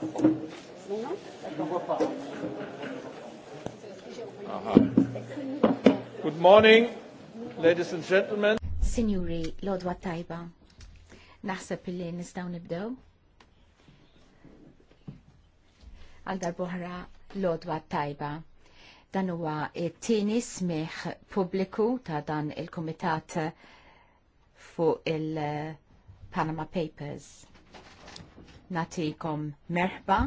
Good morning, ladies and gentlemen. Signori, lodwa odwa tajba. Naħseb li nistaw nibdew. Għal darbohra lodwa odwa tajba dan huwa it tieni smih pubbliku ta' dan il-Kumitat fuq il-Panama Papers natikom merħba.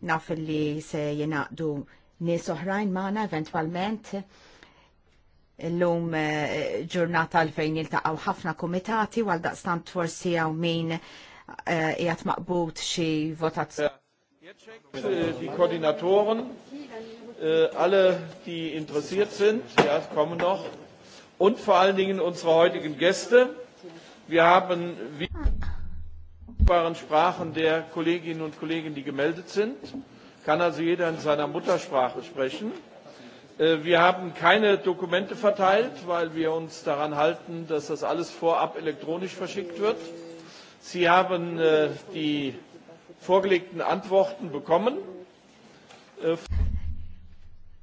Naf li se jenaqdu nis oħrajn maħna eventualment l-lum eh, ġurnata l-fejn il-taqaw ħafna komitati għal daqstant forsi għaw min jgħat eh, maqbut xie votazzjoni. Eh, die Koordinatoren, alle, die interessiert sind, ja, kommen noch, und vor allen Dingen unsere heutigen Gäste. Wir haben verfügbaren Sprachen der Kolleginnen und Kollegen, die gemeldet sind. Kann also jeder in seiner Muttersprache sprechen. Äh, wir haben keine Dokumente verteilt, weil wir uns daran halten, dass das alles vorab elektronisch verschickt wird. Sie haben äh, die vorgelegten Antworten bekommen. Äh,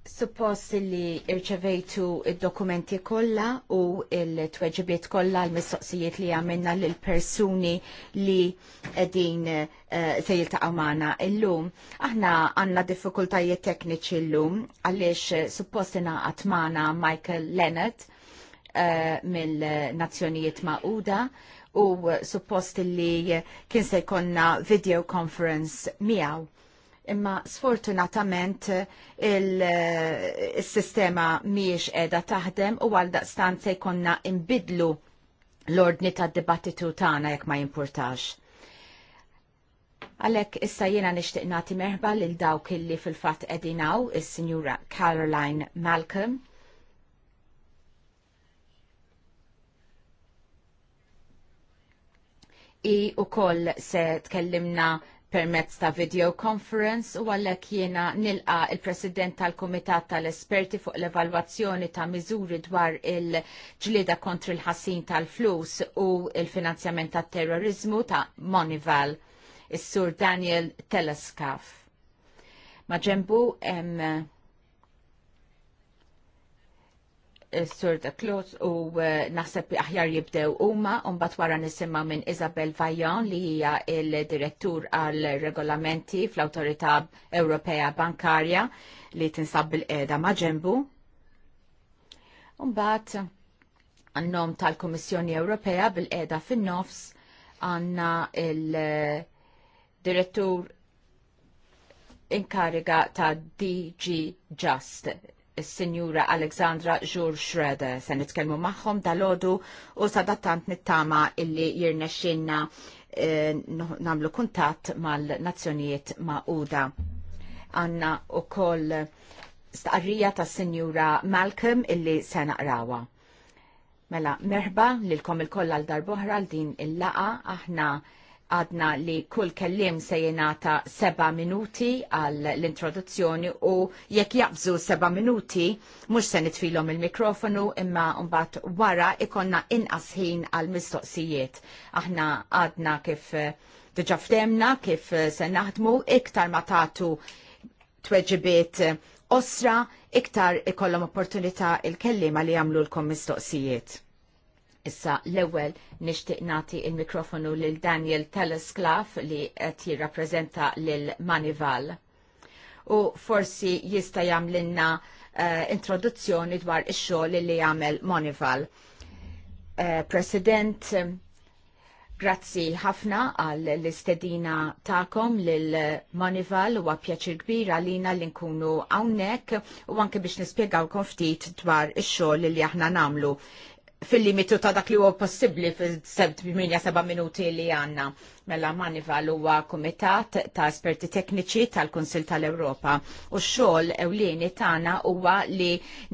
Suppost li irċevejtu il dokumenti kollha u il-tweġibiet kollha l-mistoqsijiet li għamilna l persuni li din uh, eh, se jiltaqgħu il-lum. Aħna għandna diffikultajiet tekniċi llum għaliex eh, suppost ingħaqad magħna Michael Leonard eh, mill-Nazzjonijiet Magħquda u suppost li kien se jkollna video conference miegħu imma sfortunatament eh, il-sistema miex edha taħdem u għal daqstan se jkonna imbidlu l-ordni ta' dibattitu tagħna jekk ma jimpurtax. Għalek issa jena nishtiq nati merħba lil dawk illi fil-fat edinaw is-sinjura Caroline Malcolm. I u koll se tkellimna permezz ta' video conference u għallek jiena nilqa il-President tal-Komitat tal-Esperti fuq l-evalwazzjoni ta' miżuri dwar il-ġlida kontra il-ħassin tal-flus u il-finanzjament ta' terrorizmu ta' Monival, is-Sur Daniel Telescaf. Maġembu em sur da Klot u eh, naħseb aħjar jibdew huma mbagħad wara nisimgħu minn Isabel Vajon li hija il-direttur għal regolamenti fl-Awtorità Ewropea Bankarja li tinsab bil-qeda ma' ġembu. Mbagħad għannom tal-Kummissjoni Ewropea bil-qeda fin-nofs għandna il-direttur inkariga ta' DG Just il-Sinjura Alexandra Jur Schroeder. Se nitkellmu magħhom dal-ħodu u sadattant nittama illi jirnexxinna eh, namlu kuntatt mal-nazzjonijiet ma'uda. Għanna u koll staqrija ta' Sinjura Malcolm illi se naqrawa. Mela, l lilkom il-koll għal darbohra għal din il-laqa aħna għadna li kull kellim se jenata seba minuti għall l-introduzzjoni u jekk jabżu seba minuti mux se nitfilom il-mikrofonu imma unbat wara ikonna inqas ħin għal mistoqsijiet. Aħna għadna kif eh, diġa ftemna kif eh, se naħdmu iktar ma tatu tweġibiet eh, osra iktar ikollhom opportunità il-kellima li jagħmlu l-kom mistoqsijiet. Issa l-ewwel nixtieq nagħti il-mikrofonu lil Daniel Telesklaf li qed jirrappreżenta lil Manival. U forsi jista' jagħmlilna uh, eh, introduzzjoni dwar ix-xogħol li jagħmel Manival. Uh, President, Grazzi ħafna għal l-istedina ta'kom l-Manival u għapjaċir kbir għalina li nkunu għawnek u anke biex nispiegawkom ftit dwar ix-xogħol li aħna namlu fil-limitu ta' dak li huwa possibbli fil-7 minuti li għanna. Mela Manival huwa kumitat ta' esperti tekniċi tal-Kunsil tal-Ewropa u x-xogħol ewlieni tagħna huwa li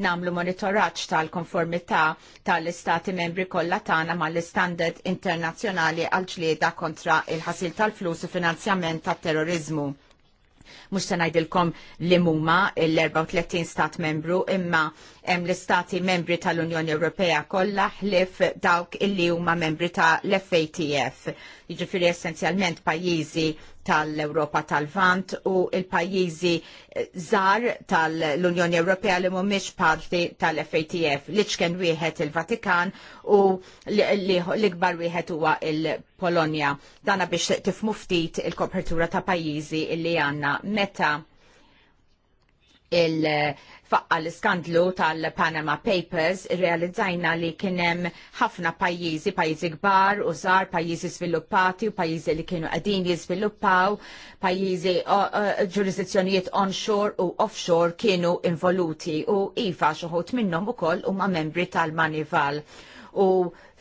namlu monitoraġġ tal-konformità tal-istati membri kollha tagħna mal-istandard internazzjonali għal ġlieda kontra il-ħasil tal-flus u finanzjament tat-terrorizmu mhux se ngħidilkom li huma l-34 stat membru imma hemm l-istati membri tal-Unjoni Ewropea kollha ħlif dawk illi huma membri tal fatf jiġifieri essenzjalment pajjiżi tal-Ewropa tal-Vant u il-pajjiżi żar tal-Unjoni Ewropea li mhumiex parti tal-FATF li ċken wieħed il-Vatikan u l-ikbar wieħed huwa il-Polonja. Dana biex tifmu ftit il-kopertura ta' pajjiżi illi għandna meta il- faqqa l-skandlu tal-Panama Papers, realizzajna li kienem ħafna pajjiżi, pajjiżi kbar, u pajjiżi sviluppati, u pajjiżi li kienu qegħdin jiżviluppaw, pajjiżi ġurisdizzjonijiet onshore u offshore kienu involuti u iva xoħut minnhom ukoll huma membri tal-Manival. U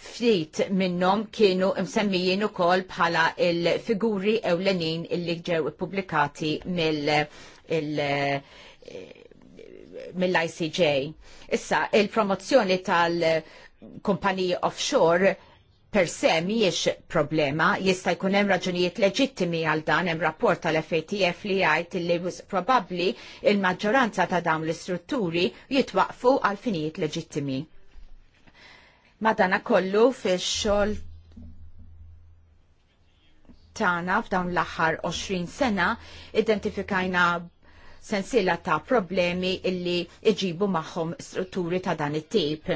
ftit minnhom kienu msemmijin ukoll bħala il-figuri ewlenin illi ġew ippubblikati mill- mill-ICJ. Issa, il-promozzjoni tal-kumpaniji offshore per se miex problema, jista' jkun hemm raġunijiet leġittimi għal dan hemm rapport tal-FATF li jgħid li probabbli il-maġġoranza ta' dawn l-istrutturi jitwaqfu għal finijiet leġittimi. Madana kollu fil-xol tana f'dawn l-aħħar 20 sena identifikajna sensiela ta' problemi illi iġibu maħħom strutturi ta' dan it-tip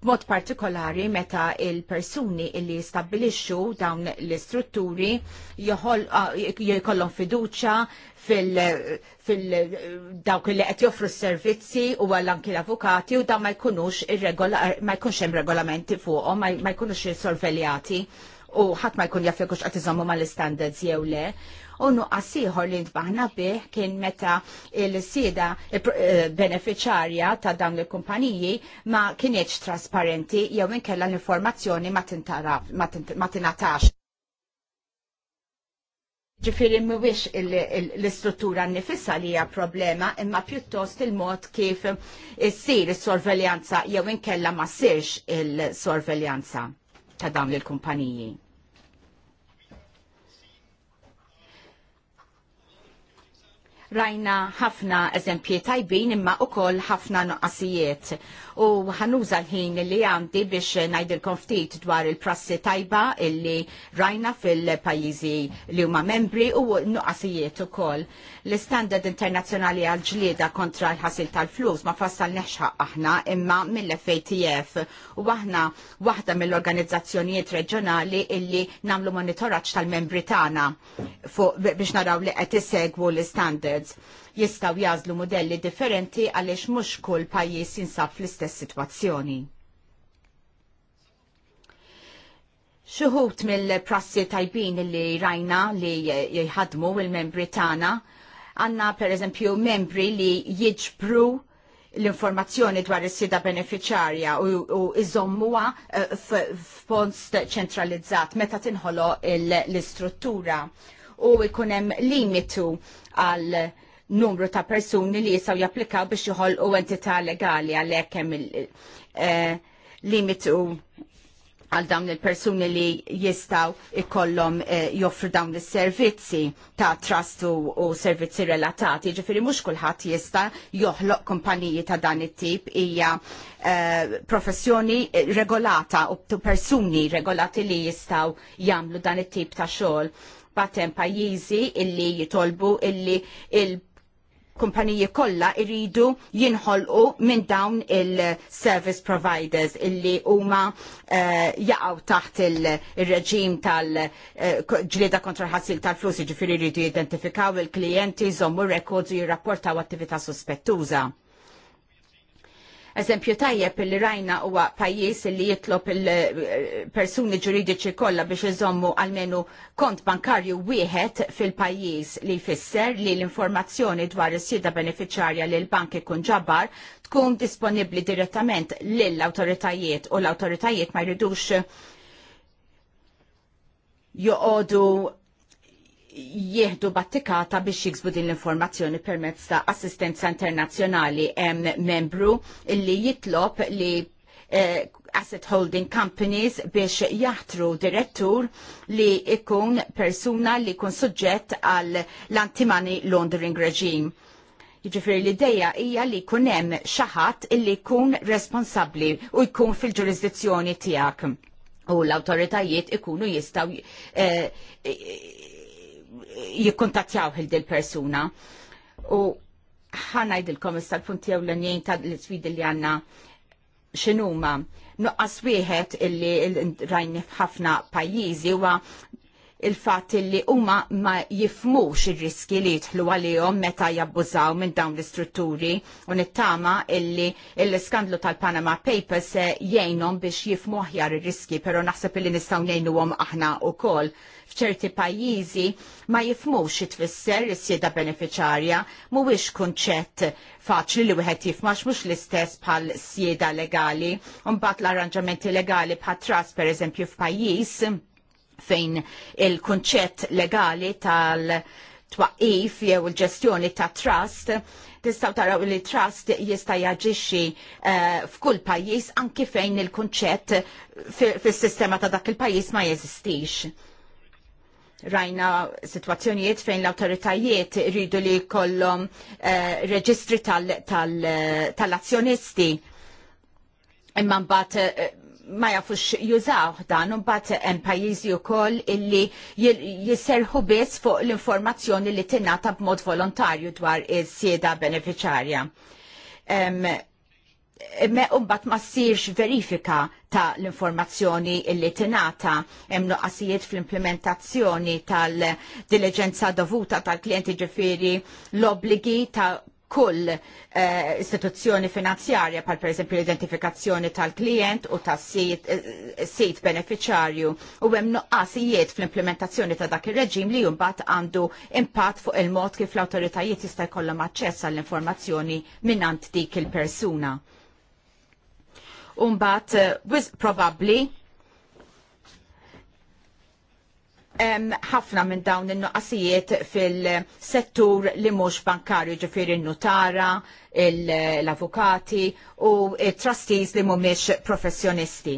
b'mod partikolari meta il-persuni illi stabbilixxu dawn l-istrutturi ah, jkollhom fiduċja fil, fil dawk li qed joffru s-servizzi u anki l-avukati u dawn ma jkunux ma jkunx hemm regolamenti fuqhom, ma jkunux sorveljati u ħadd ma jkun jafekux qed iżommu mal-istandards jew le u nuqqas ieħor li ntbaħna bih kien meta il-sieda eh, beneficjarja ta' dawn il-kumpaniji ma kienieċ trasparenti jew inkella l-informazzjoni ma tinatax ġifiri mwix l-istruttura nifissa li hija problema imma pjuttost il-mod kif issir is-sorveljanza jew inkella ma sirx il-sorveljanza ta' dawn il-kumpaniji. rajna ħafna eżempji tajbin imma u koll ħafna nuqqasijiet. U ħanuża l-ħin li għandi biex najdilkom ftit dwar il-prassi tajba illi rajna fil-pajizi li huma membri u nuqqasijiet u koll. L-standard internazzjonali għal-ġlieda kontra l-ħasil tal-flus ma fassal neħxħaq aħna imma mill-FATF u aħna waħda mill-organizzazzjonijiet reġjonali illi namlu monitoraċ tal-membri tagħna biex naraw li qed isegwu l-standard standards jistaw jazlu modelli differenti għaliex mhux kull pajjiż jinsab fl-istess sitwazzjoni. Xuhut mill-prassi tajbin li rajna li jħadmu il-membri tagħna għanna per eżempju membri li jiġbru l-informazzjoni dwar is-sida beneficjarja u, u iżommuha eh, f'post ċentralizzat meta tinħolo l-istruttura u jkun hemm limitu għal numru ta' persuni li jisaw japplikaw biex joħolqu entità legali għalhekk hemm eh, limitu għal dawn il-persuni li jistaw ikollom eh, joffru dawn is-servizzi ta' trust u servizzi relatati. Ġifiri mhux kulħadd jista' joħloq kumpaniji ta' dan it-tip hija eh, professjoni regolata u persuni regolati li jistaw jagħmlu dan it-tip ta' xogħol batem pajjiżi illi jitolbu illi il kumpaniji kollha iridu jinħolqu minn dawn il-service providers illi huma uh, jaqgħu taħt il-reġim il tal-ġlieda eh, uh, kontra ħassil tal-flus ġifiri iridu jidentifikaw il-klijenti, zommu records u jirrapportaw attività sospettuża Eżempju tajjeb li rajna huwa pajjiż li jitlob il-persuni ġuridiċi kollha biex iżommu għalmenu kont bankarju wieħed fil-pajjiż li jfisser li l-informazzjoni dwar is-sieda beneficjarja li l-bank ikun ġabbar tkun disponibbli direttament lill-awtoritajiet u l-awtoritajiet ma jridux joqogħdu jieħdu battikata biex jiksbu din l-informazzjoni permezz ta' assistenza internazzjonali hemm membru li jitlob li eh, asset holding companies biex jaħtru direttur li ikun persuna li kun suġġett għal l-antimani laundering regime. Jiġifieri l-ideja hija li jkun hemm xi ħadd illi jkun responsabbli u jkun fil-ġurisdizzjoni tiegħek. U l-awtoritajiet ikunu jistgħu eh, jikkuntattjaw il-dil persuna. U ħanajdilkom issa l-punti l-njien ta' l-sfidi li għanna xinuma. Nuqqas wieħed illi rajni f'ħafna pajjiżi huwa il-fatt li huma ma jifmux ir-riski li jidħlu għalihom meta jabbużaw minn dawn l-istrutturi u nittama illi l-iskandlu tal-Panama Papers jgħinhom biex jifmu aħjar ir-riski, però naħseb li nistgħu ngħinuhom aħna wkoll. F'ċerti pajjiżi ma jifmux it-tfisser is-sieda beneficjarja mhuwiex kunċett faċli li wieħed jifmax mhux l-istess bħal sieda legali, u mbagħad l-arranġamenti legali bħat trust pereżempju f'pajjiż fejn il-konċett legali tal- twaqif jew il-ġestjoni ta' trust, tistaw taraw li trust jista' jaġixxi eh, f'kull pajjiż anki fejn il-kunċett fis-sistema ta' dak il-pajjiż ma jeżistix. Rajna situazzjonijiet fejn l-autoritajiet rridu li kollhom eh, reġistri eh, tal-azzjonisti. Imma mbagħad ma jafux jużaw dan un bat hemm pajjiżi wkoll illi jisserħu biss fuq l-informazzjoni li tingħata b'mod volontarju dwar is-sieda beneficjarja. bat ma sirx verifika ta' l-informazzjoni illi tinata hemm nuqqasijiet fl-implementazzjoni tal-diligenza dovuta tal-klienti ġifieri l-obligi ta' kull eh, istituzzjoni finanzjarja pal per esempio l-identifikazzjoni tal-klient u tas-sit eh, sit beneficjarju u hemm nuqqasijiet fl-implementazzjoni ta' dak ir-reġim li jumbat għandu impatt fuq il-mod kif l-awtoritajiet jista' jkollhom aċċess għall-informazzjoni minnant dik il-persuna. Umbat, mbagħad eh, probabbli. ħafna minn dawn in-nuqqasijiet fil-settur li mhux bankarju ġifieri n-nutara, l-avukati u trustees li mhumiex professjonisti.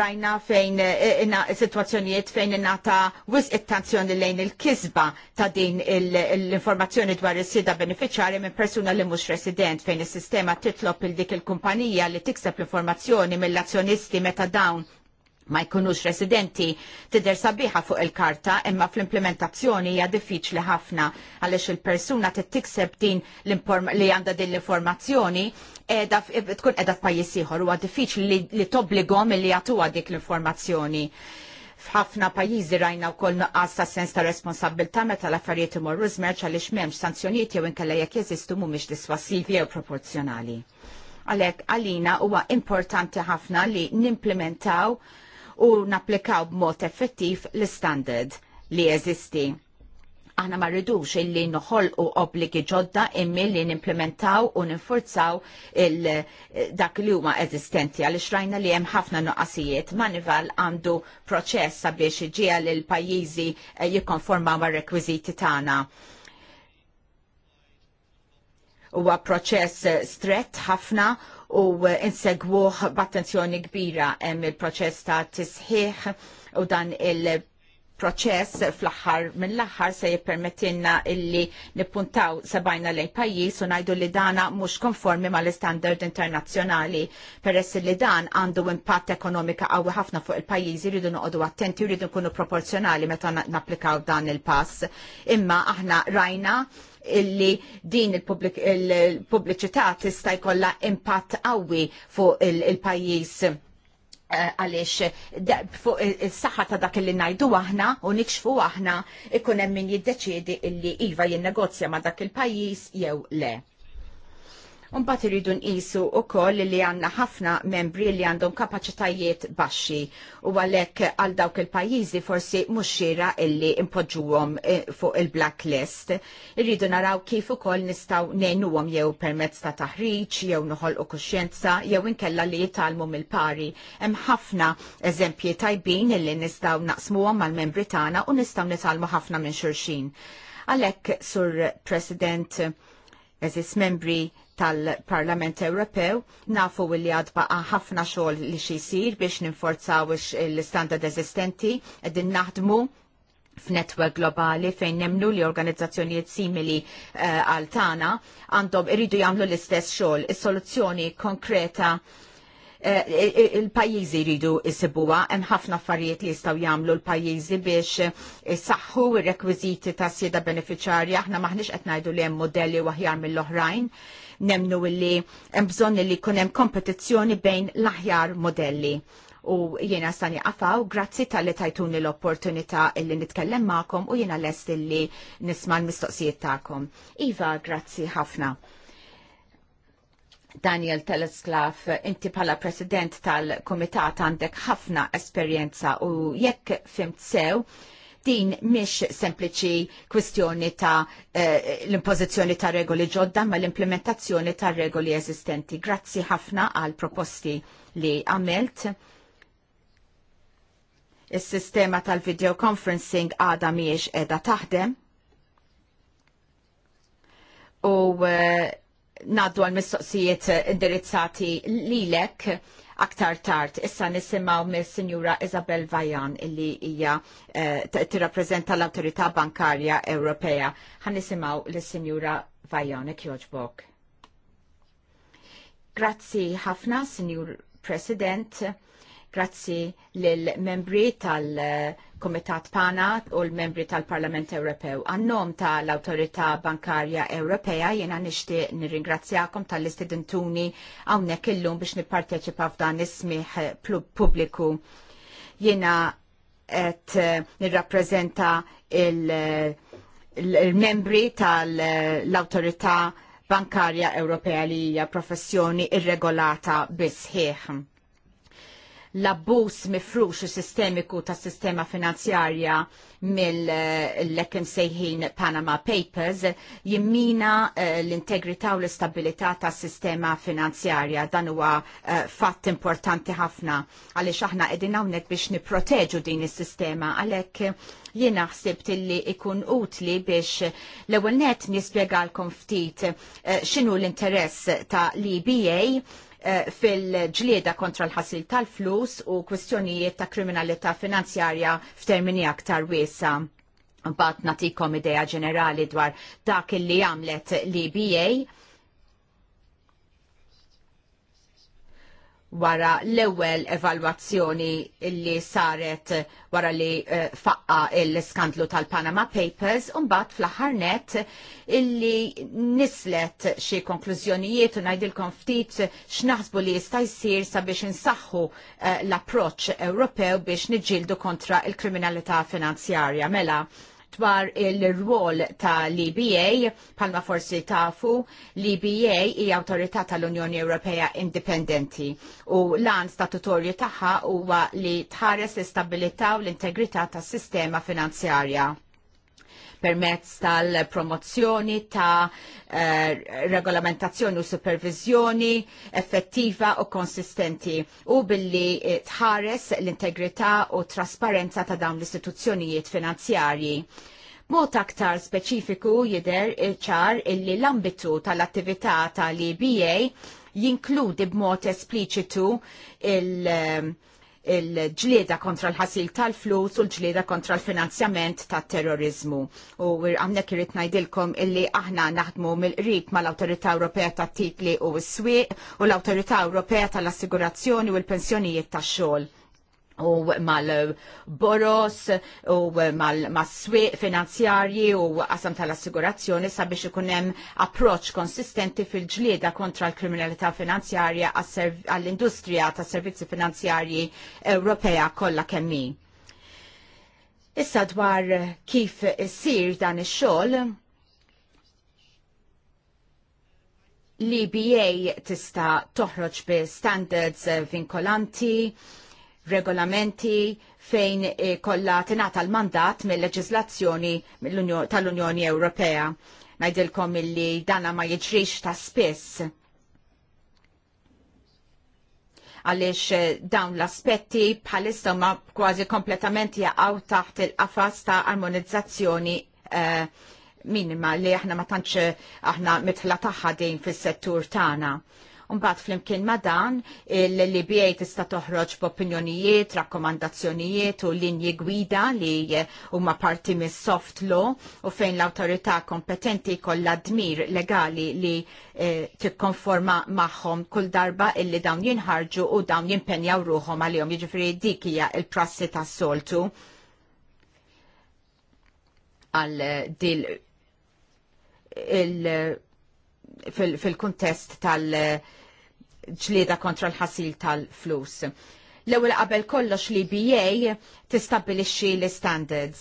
Rajna fejn eh, situazzjonijiet fejn innata wis it-tanzjoni lejn il-kisba ta' din l-informazzjoni dwar is-sida beneficjarja minn persuna li mhux resident fejn is-sistema titlob il dik il-kumpanija li tikseb l-informazzjoni mill-azzjonisti meta dawn ma jkunux residenti tidher sabiħa fuq il-karta imma fl-implementazzjoni hija diffiċli ħafna għaliex il-persuna tittikseb din li għandha din l-informazzjoni tkun qiegħda f'pajjiż ieħor huwa diffiċli li tobbligom li jagħtuha dik l-informazzjoni. F'ħafna pajjiżi rajna wkoll nuqqas ta' sens ta' responsabilità meta l-affarijiet imorru żmerġ għaliex m'hemmx sanzjonijiet jew inkella jekk jeżistu mhumiex diswassivi jew proporzjonali. Għalhekk għalina huwa importanti ħafna li nimplementaw u napplikaw b'mod effettiv l-standard li jeżisti aħna ma rridux illi noħolqu obbligi ġodda immi li nimplementaw u ninforzaw dak li huma eżistenti għal xrajna li hemm ħafna noqasijiet. Manival għandu proċess sabiex iġiha lil pajjiżi eh, jikkonformaw mar-rekwiżiti tagħna. Huwa proċess strett ħafna u insegwuħ b'attenzjoni kbira hemm il-proċess ta' tisħiħ u dan il- proċess fl-axħar mill-axħar se jippermettilna illi nippuntaw sabajna lejn pajjiż u ngħidu li dana mhux konformi mal-istandard internazzjonali peress li dan għandu impatt ekonomika qawwi ħafna fuq il-pajjiżi rridu noqogħdu attenti rridu nkunu proporzjonali meta napplikaw dan il-pass. Imma aħna rajna illi din il-pubbliċità tista' jkollha impatt qawwi fuq il-pajjiż eh, għalix fuq is saħħa ta' dak li najdu aħna u nikxfu aħna ikun hemm min jiddeċiedi illi iva jinnegozja ma' dak il-pajjiż jew le. Unbat irridu nqisu wkoll li għandna ħafna membri li għandhom kapaċitajiet baxxi u għalhekk għal dawk il-pajjiżi forsi mhux illi impoġġuhom eh, fuq il-blacklist. Irridu naraw kif ukoll nistgħu ngħinuhom jew permezz ta' taħriġ jew u kuxjenza jew inkella li jitalmu mill-pari. Hemm ħafna eżempji tajbin illi nistgħu naqsmuhom mal-membri tagħna u nistgħu nitalmu ħafna minn xulxin. Għalhekk, Sur President, eżis membri, tal-Parlament Ewropew nafu li għad baqa ħafna xogħol li xi jsir biex ninforzaw l standard eżistenti qegħdin naħdmu f'netwerk globali fejn nemnu li organizzazzjonijiet simili eh, għal uh, tana għandhom iridu jagħmlu l-istess xogħol. Is-soluzzjoni konkreta eh, il-pajjiżi jridu jisibuwa, hemm ħafna affarijiet li jistgħu jagħmlu l-pajjiżi biex saħħu ir-rekwiżiti ta' sieda beneficjarja aħna maħniex qed ngħidu li hemm modelli waħjar mill-oħrajn nemnu illi hemm bżonn li jkun hemm kompetizzjoni bejn l-aħjar modelli. U jiena sani għafaw, grazzi tal-li tajtuni l-opportunità illi nitkellem ma'kom u jiena lest illi nisma l-mistoqsijiet ta'kom. Iva, grazzi ħafna. Daniel Telesklav, inti pala president tal-komitat għandek ħafna esperjenza u jekk fimt sew, din mhix sempliċi kwestjoni ta' eh, l-impożizzjoni ta' regoli ġodda ma l-implementazzjoni ta' regoli eżistenti. Grazzi ħafna għal proposti li għamilt. Is-sistema tal-video conferencing għada miex edha taħdem. U eh, naddu għal mistoqsijiet indirizzati lilek aktar tard. Issa nisimaw mill sinjura Isabel Vajan illi hija eh, tirrappreżenta l Autorità Bankarja Ewropea. Ħan nisimgħu lis-Sinjura Vajan jogħġbok. Grazzi ħafna, Sinjur President Grazzi lill-membri tal-Komitat Pana u l-membri tal-Parlament Ewropew. Għannom tal-Autorità Bankarja Ewropea jena nishti nirringrazzjakom tal-istidentuni għawnek illum biex nipparteċipa f'dan ismiħ pubbliku. Jena et nirrapprezenta il-membri il membri tal autorità bankarja Ewropea li hija professjoni irregolata bisħieħ l-abbus mifrux sistemiku ta' sistema finanzjarja mill eh, lekken sejħin Panama Papers jimmina eh, l-integrità u l-istabilità ta' sistema finanzjarja. Dan huwa eh, fatt importanti ħafna għaliex aħna qegħdin hawnhekk biex nipproteġu din is-sistema għalhekk jiena ħsibt tilli ikun utli biex l-ewwel net nispjegalkom ftit x'inhu l-interess ta' l-EBA Eh, fil-ġlieda kontra l-ħasil tal-flus u kwistjonijiet ta' kriminalità finanzjarja f'termini aktar wiesa. Bat natikom idea ġenerali dwar dak li għamlet l-EBA wara l-ewwel evalwazzjoni li saret wara li uh, faqqa l-skandlu tal-Panama Papers un bat fl-aħħar net illi nislet xi konklużjonijiet u ngħidilkom ftit x'naħsbu li jista' jsir sabiex insaħħu uh, l-approċċ Ewropew biex niġġieldu kontra l kriminalità finanzjarja. Mela, dwar il-rwol ta' l-EBA, palma forsi tafu, l-EBA hija autorità tal-Unjoni Ewropea indipendenti u lan statutorju tagħha huwa li tħares l-istabilità u l-integrità tas sistema finanzjarja permezz tal-promozzjoni ta' eh, regolamentazzjoni u supervizjoni effettiva u konsistenti u billi eh, tħares l-integrità u trasparenza ta' dawn l-istituzzjonijiet finanzjarji. Mod aktar speċifiku jider ċar illi l-ambitu tal-attività tal-EBA jinkludi b'mod espliċitu il- eh, il-ġlieda kontra l-ħasil tal-flus u l-ġlieda kontra l-finanzjament tat terrorizmu. U għamnek irrit najdilkom illi aħna naħdmu mill-qrib mal l-Autorità Ewropea tat titli u s-swieq u l-Autorità Ewropea tal-Assigurazzjoni u l-Pensjonijiet tax-xogħol u mal-boros u mal-swiq finanzjarji u qasam tal-assigurazzjoni sabiex ikun hemm approċ konsistenti fil-ġlieda kontra l-kriminalità finanzjarja għall-industrija ta' servizzi finanzjarji Ewropea kollha kemm hi. Issa dwar kif issir dan ix-xogħol l-EBA tista' toħroġ bi standards vinkolanti regolamenti fejn eh, kollha tingħata l-mandat mill-leġiżlazzjoni tal-Unjoni Ewropea. Ngħidilkom illi dana ma jiġrix ta' spiss għaliex eh, dawn l-aspetti bħalissa ma kważi kompletament jaqgħu taħt il-qafas ta' armonizzazzjoni eh, minima li aħna ma tantx aħna mitħla tagħha din fis-settur tagħna. Umbat flimkien ma dan l-LBA tista' toħroġ b'opinjonijiet, rakkomandazzjonijiet u linji gwida li huma parti mis soft law u fejn l-awtorità kompetenti kollha dmir legali li eh, tikkonforma magħhom kull darba illi dawn jinħarġu u dawn jimpenjaw ruhom għalihom jiġifieri dik hija l-prassi tas-soltu għal dil il fil-kontest tal- ġlieda kontra l-ħasil tal-flus. L-ewwel qabel kollox li BA tistabbilixxi l-standards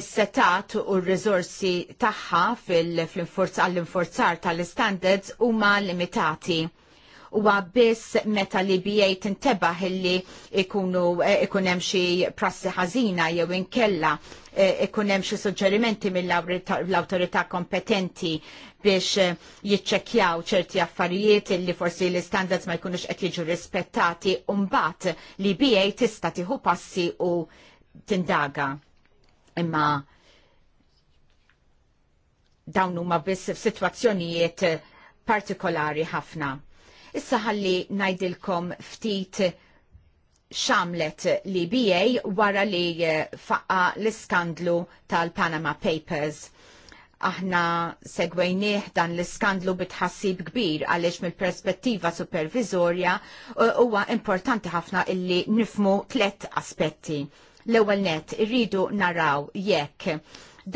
is-setat u r-riżorsi tagħha fil-infurzar tal-standards huma limitati huwa biss meta li BA tintebaħ illi ikunu ikun hemm xi prassi ħażina jew inkella ikun e, e hemm xi suġġerimenti mill-awtorità kompetenti biex e, jiċċekkjaw ċerti affarijiet li forsi l-standards ma jkunux qed jiġu rispettati u mbagħad li BA tista' tieħu passi u tindaga. Imma dawn huma biss f'sitwazzjonijiet partikolari ħafna. Issa ħalli ngħidilkom ftit xamlet li BA wara li eh, faqa l-iskandlu tal-Panama Papers aħna segwejnieh dan l-iskandlu bitħassib kbir għaliex mill-perspettiva supervizorja eh, huwa importanti ħafna illi nifmu tlet aspetti. L-ewwel net irridu naraw jekk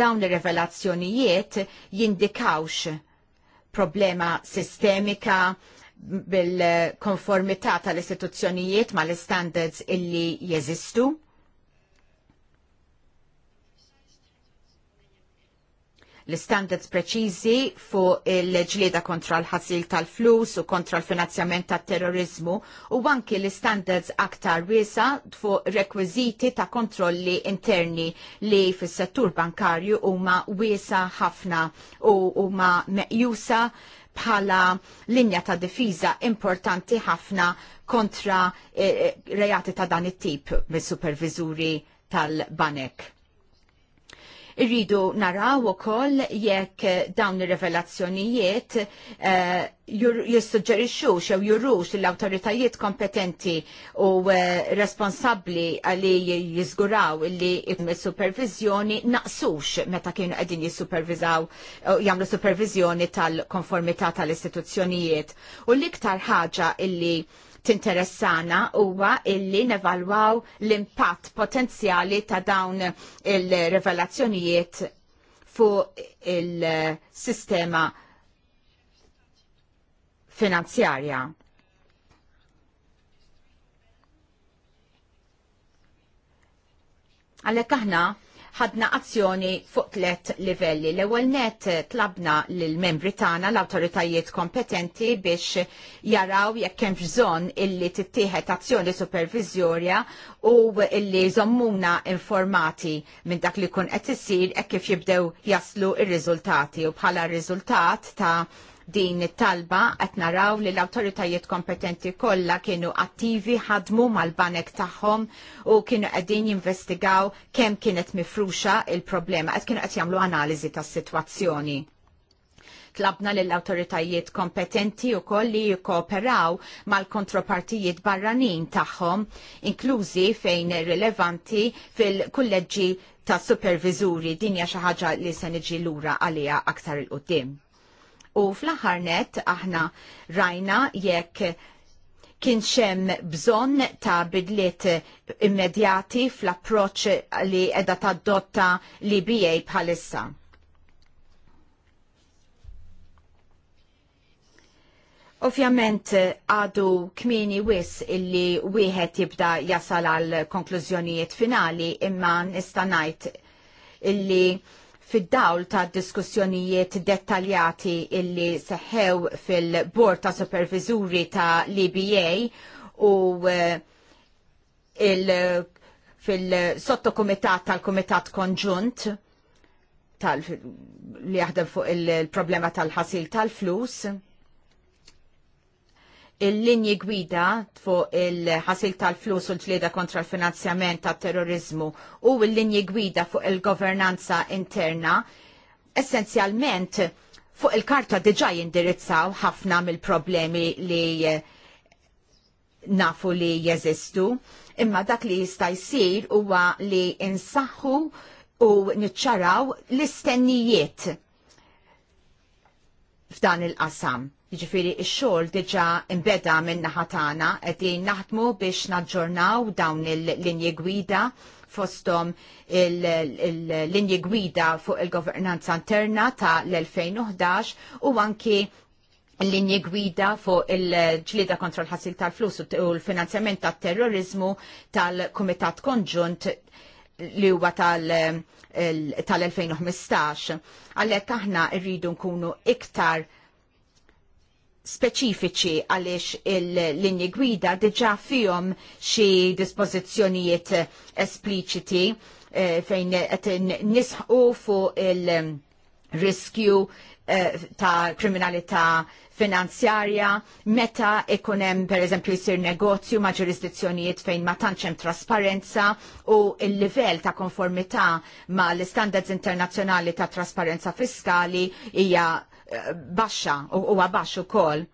dawn ir-revelazzjonijiet jindikawx problema sistemika, bil-konformità tal-istituzzjonijiet ma l-standards illi jeżistu. L-standards preċiżi fuq il-ġlieda kontra l-ħasil tal-flus u kontra l-finanzjament tal-terrorizmu u anki l-standards aktar wiesa fuq rekwiziti ta' kontrolli interni li fis settur bankarju huma wiesa ħafna u huma meqjusa bħala linja ta' difiża importanti ħafna kontra eh, eh reati ta' dan it-tip mis-supervizuri tal-banek. Irridu naraw ukoll jekk dawn ir-revelazzjonijiet eh, jissuġġerixxu xew jurux l-awtoritajiet kompetenti u eh, responsabbli għali jiżguraw li il-supervizjoni naqsux meta kienu qegħdin jissupervizaw eh, jagħmlu supervizjoni tal-konformità tal-istituzzjonijiet. U l-iktar ħaġa illi tinteressana huwa illi nevalwaw l-impatt potenzjali ta' dawn il-revelazzjonijiet fuq il-sistema finanzjarja. Għalhekk aħna ħadna azzjoni fuq tlet livelli. L-ewwel net tlabna lill-membri tagħna l-awtoritajiet kompetenti biex jaraw jekk hemm bżonn illi tittieħed azzjoni superviżorja u illi żommuna informati minn dak li jkun qed isir hekk kif jibdew jaslu ir-riżultati u bħala riżultat ta' din it-talba qed naraw li l-awtoritajiet kompetenti kollha kienu attivi ħadmu mal-banek tagħhom u kienu qegħdin jinvestigaw kemm kienet mifruxa il-problema qed kienu qed jagħmlu analiżi tas-sitwazzjoni tlabna lill awtoritajiet kompetenti u koll li jikkooperaw mal-kontropartijiet barranin tagħhom, inklużi fejn rilevanti fil-kulleġġi ta' supervizuri dinja xi ħaġa li se niġi lura għaliha aktar il qudiem U fl-aħħar net aħna rajna jekk kien xem bżon ta' bidliet immedjati fl-approċ li edha tad-dotta li bijej bħalissa. Ovvjament għadu kmini wis illi wieħed jibda jasal għal konklużjonijiet finali imma nistanajt illi fid-dawl ta' diskussjonijiet dettaljati illi seħħew fil-Bord ta' Supervizuri ta' l-EBA u eh, fil-sottokomitat tal-Komitat Konġunt tal li jaħdem fuq il-problema tal-ħasil tal-flus il-linji gwida fuq il-ħasil tal-flus u l-ġlieda kontra l-finanzjament tat terrorizmu u l-linji gwida fuq il-governanza interna, essenzjalment fuq il-karta diġa jindirizzaw ħafna mill-problemi li nafu li jeżistu, imma dak li jista' jsir huwa li insaħħu u niċċaraw l-istennijiet f'dan il-qasam Jiġifieri x-xogħol diġà imbeda minn naħa tagħna qegħdin naħdmu biex naġġornaw dawn il-linji gwida fosthom il-linji gwida fuq il-governanza interna ta' l-2011 u anki l-linji gwida fuq il-ġlida kontra l-ħasil tal-flus u l-finanzjament tal-terrorizmu tal-Kumitat Konġunt li huwa tal-2015. Għalhekk aħna rridu nkunu iktar speċifiċi għaliex il-linji gwida diġa fihom xi dispożizzjonijiet espliċiti eh, fejn qed nisħu fuq il-riskju eh, ta' kriminalità finanzjarja meta ikun hemm pereżempju jsir negozju ma' ġurisdizzjonijiet fejn ma tantx hemm trasparenza u l-livell ta' konformità ma' l-standards internazzjonali ta' trasparenza fiskali hija baxxa u huwa baxx ukoll.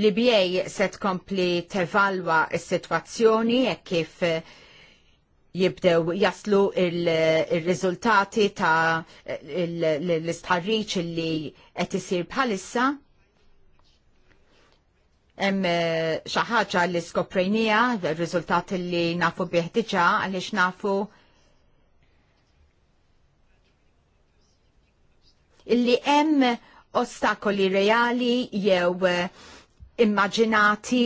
L-IBA se tkompli tevalwa s-sitwazzjoni e kif eh, jibdew jaslu il-riżultati il eh, ta' eh, l-istħarriċ il li qed isir bħalissa hemm eh, xi ħaġa li skoprejnija, r rizultat li nafu bih diġà għaliex nafu illi hemm ostakoli reali jew eh, immaġinati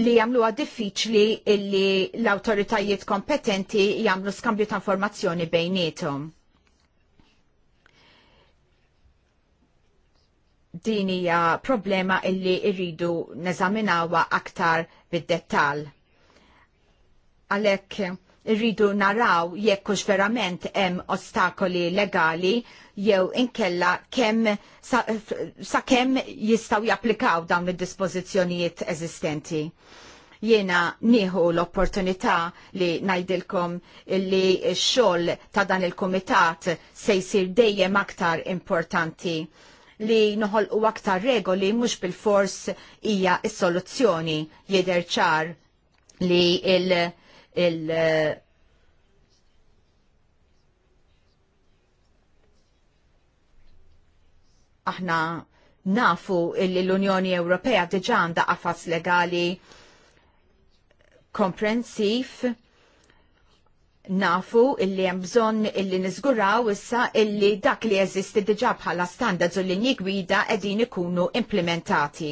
li jagħmluha diffiċli illi l awtoritajiet kompetenti jagħmlu skambju ta' informazzjoni bejniethom din hija problema illi irridu neżaminawha aktar bid-dettall. Għalhekk irridu naraw jekk hux verament hemm ostakoli legali jew inkella kemm sa, sa kemm jistgħu japplikaw dawn id-dispożizzjonijiet eżistenti. Jiena nieħu l-opportunità li ngħidilkom li x-xogħol ta' dan il-kumitat se jsir dejjem aktar importanti li noħolqu aktar regoli mhux bil-fors hija s-soluzzjoni jidher ċar li il- il- aħna nafu li l-Unjoni Ewropea diġanda għandha qafas legali komprensiv nafu illi hemm bżonn illi niżguraw issa illi dak li jeżisti diġà bħala standards u linji gwida qegħdin ikunu implementati.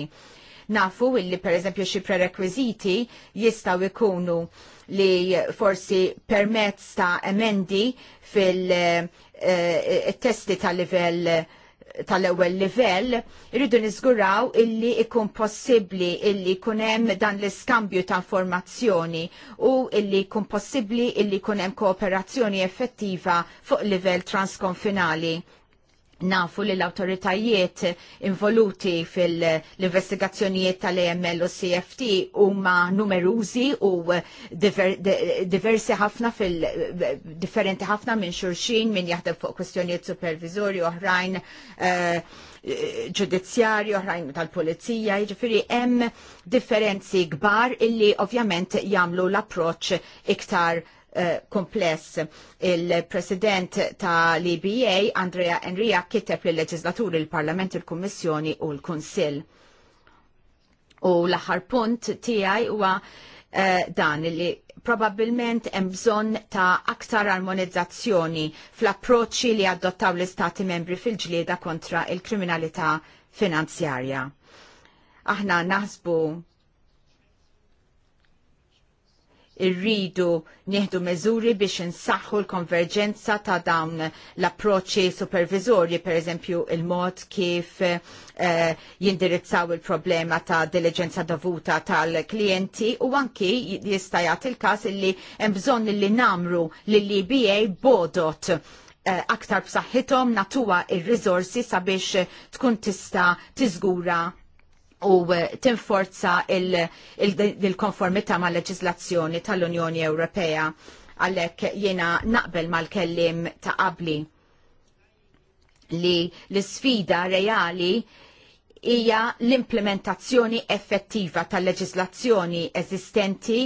Nafu illi pereżempju xi prerekwiżiti jistgħu jkunu li forsi permezz ta' emendi fil-testi eh, eh, ta' livell tal-ewwel livell, rridu niżguraw illi ikun possibbli illi jkun hemm dan l-iskambju ta' informazzjoni u illi jkun possibbli illi jkun hemm kooperazzjoni effettiva fuq livell transkonfinali nafu li l-autoritajiet involuti fil-investigazzjonijiet tal-EML u CFT huma numerużi u diver, diversi ħafna fil differenti ħafna minn xurxin minn jaħdem fuq kwestjonijiet supervizorju oħrajn eh, ġudizzjarju oħrajn tal-pulizija, jiġifieri hemm differenzi kbar illi ovvjament jagħmlu l-approċċ iktar kompless. Il-President ta' l-EBA, Andrea Enria, kiteb l leġislaturi il-Parlament, il-Kommissjoni u l-Kunsill. U l-aħħar punt tiegħi huwa eh, dan li probabilment hemm bżonn ta' aktar armonizzazzjoni fl-approċċi li adottaw l-Istati membri fil-ġlieda kontra il-kriminalità finanzjarja. Aħna naħsbu irridu nieħdu meżuri biex insaħħu l-konverġenza ta' dawn l-approċċi supervizorji, per eżempju il-mod kif eh, jindirizzaw il-problema ta' diligenza dovuta tal-klienti u anki jista' jagħti il-każ illi hemm bżonn li namru lill-EBA bodot eh, aktar b'saħħithom natuha ir-riżorsi sabiex tkun tista' tiżgura u eh, tinforza il-konformita il, il ma' leġislazzjoni tal-Unjoni Ewropea għalek jena naqbel mal-kellim ta' qabli li l-sfida reali hija l-implementazzjoni effettiva tal-leġislazzjoni eżistenti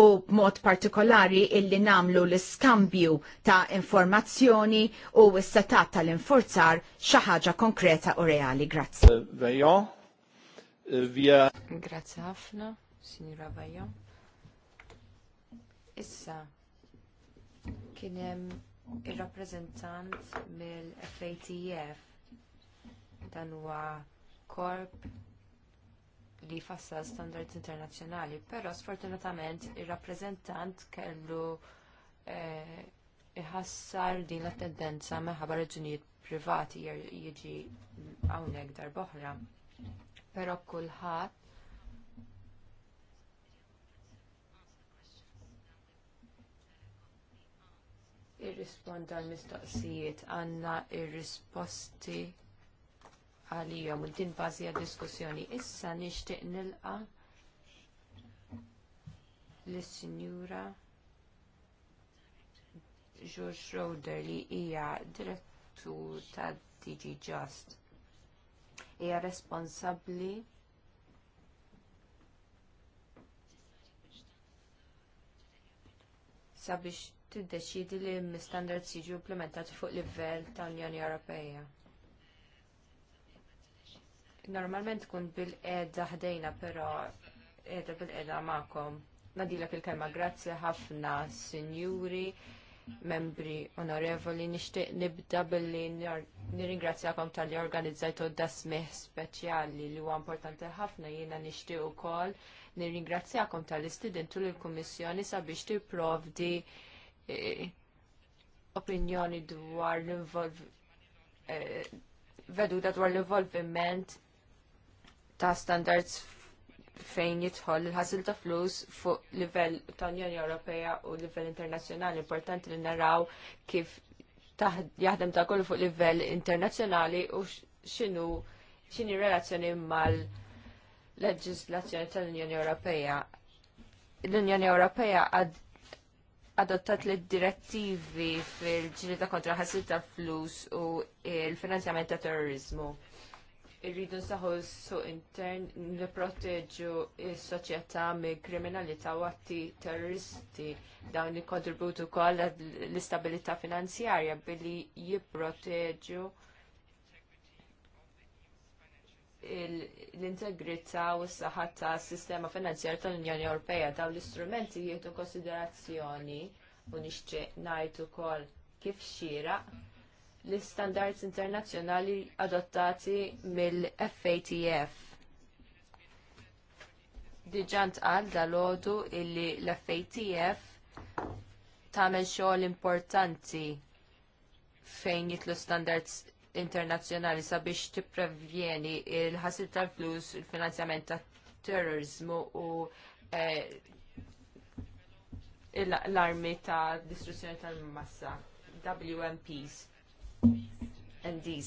u b'mod partikolari illi namlu l-iskambju ta' informazzjoni u s-setat tal inforzar xi ħaġa konkreta u reali. Grazzi. Eh, via. Grazie ħafna, signora Bajon. Issa, kien hemm ir-rappreżentant mill-FATF dan huwa korp li fassa standards internazzjonali, però sfortunatament ir-rappreżentant kellu eh, iħassar din l tendenza meħabar raġunijiet privati jiġi hawnhekk darboħra però kulħadd irrisponda l-mistoqsijiet għandna ir-risposti għalihom u din bażi għad-diskussjoni. Issa nixtieq nilqa lis-Sinjura George Schroeder li hija direttur ta' DG Just hija responsabbli sabiex tiddeċidi li l-standards jiġu implementati fuq livell tal-Unjoni Ewropea. Normalment tkun bil-qeda ħdejna, però qiegħda bil-qeda magħkom. Nadilek il-kelma grazzi ħafna, sinjuri membri onorevoli, nixtieq nibda billi nirringrazzjakom tal-li organizzajtu dasmih speċjali li huwa importanti ħafna jiena nixtieq ukoll nirringrazzjakom tal-istidentu l kummissjoni sabiex tipprovdi e, opinjoni dwar l-involv e, veduta dwar l-involviment ta' standards fejn jidħol il-ħasil ta' flus fuq livell ta' Unjoni Ewropea u livell internazzjonali. Importanti li naraw kif jaħdem ta' kollu fuq livell internazzjonali u xinu xini relazzjoni mal leġislazzjoni tal-Unjoni Ewropea. L-Unjoni Ewropea għad adottat li direttivi fil-ġilita kontra ħasil ta' flus u il-finanzjament ta' terrorizmu irridu nsaħu s-suq intern nipproteġu s-soċjetà mill kriminalità u atti terroristi dawn li kontributu wkoll l-istabilità finanzjarja billi jipproteġu l-integrità u s-saħħa tas sistema finanzjarja tal-Unjoni Ewropea dawn l-istrumenti jieħdu konsiderazzjoni u nixtieq ngħid ukoll kif xieraq l-standards internazzjonali adottati mill-FATF. Diġant għal dal-ħodu illi l-FATF tamel xogħol importanti fejn jitlu standards internazzjonali sabiex tipprevjeni il-ħasil tal-flus, il-finanzjament tat-terrorizmu u eh, l-armi ta' distruzzjoni tal-massa, WMPs. MDs.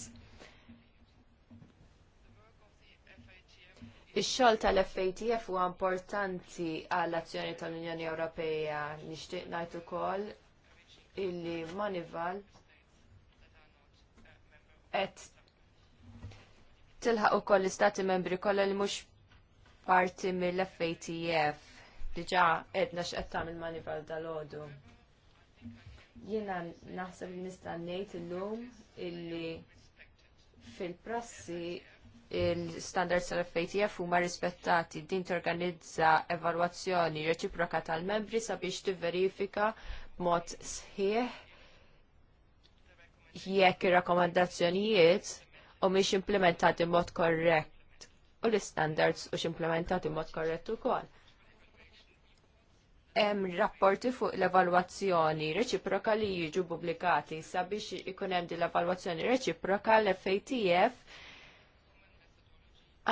Ix-xogħol tal-FATF huwa importanti għall azzjoni tal-Unjoni Ewropea nixtieq ngħid ukoll illi Manival qed tilħaq ukoll l-istati membri kollha li mhux parti mill-FATF. Diġà qedna x'qed tagħmel Manival dal-għodu. Jiena naħseb li nista' ngħid illum illi fil-prassi il-standards tal-FATF huma rispettati din torganizza evalwazzjoni reċiproka tal-membri sabiex tivverifika b'mod sħiħ jekk ir-rakkomandazzjonijiet u implementati b'mod korrett u l-standards u implementati b'mod korrett ukoll hemm rapporti fuq l-evalwazzjoni reċiproka li jiġu pubblikati sabiex ikun hemm din l-evalwazzjoni reċiproka l-FATF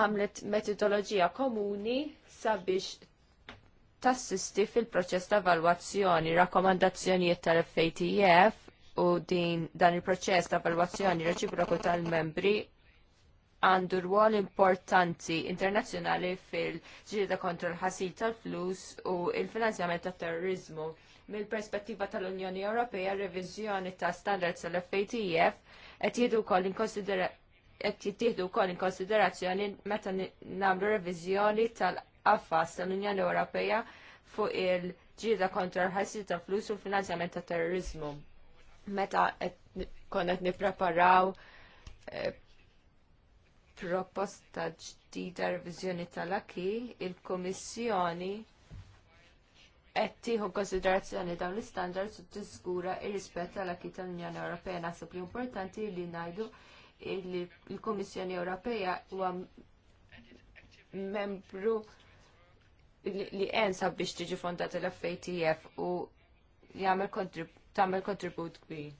għamlet metodoloġija komuni sabiex tassisti fil-proċess ta' evalwazzjoni, rakkomandazzjonijiet tal-FATF u din dan il-proċess ta' evalwazzjoni reċiproku tal-membri għandu rwol importanti internazzjonali fil-ġirida kontra l-ħasil tal-flus u il-finanzjament tat terrorizmu. Mill-perspettiva tal-Unjoni Ewropea, reviżjoni ta' standards tal-FATF qed jiedu wkoll jittieħdu in konsiderazzjoni meta nagħmlu reviżjoni tal affas tal-Unjoni Ewropea fuq il-ġieda kontra l ħasil tal flus u l-finanzjament ta' terrorizmu. Meta konna qed nippreparaw eh, proposta ġdida revizjoni tal-aki, il-Komissjoni qed tieħu konsiderazzjoni dawn l-istandards u tiżgura r rispett tal-aki tal-Unjoni Ewropea naħseb li importanti li ngħidu li l komissjoni Ewropea huwa membru li sab biex tiġi fondata l-FATF u jagħmel kontribut kbir.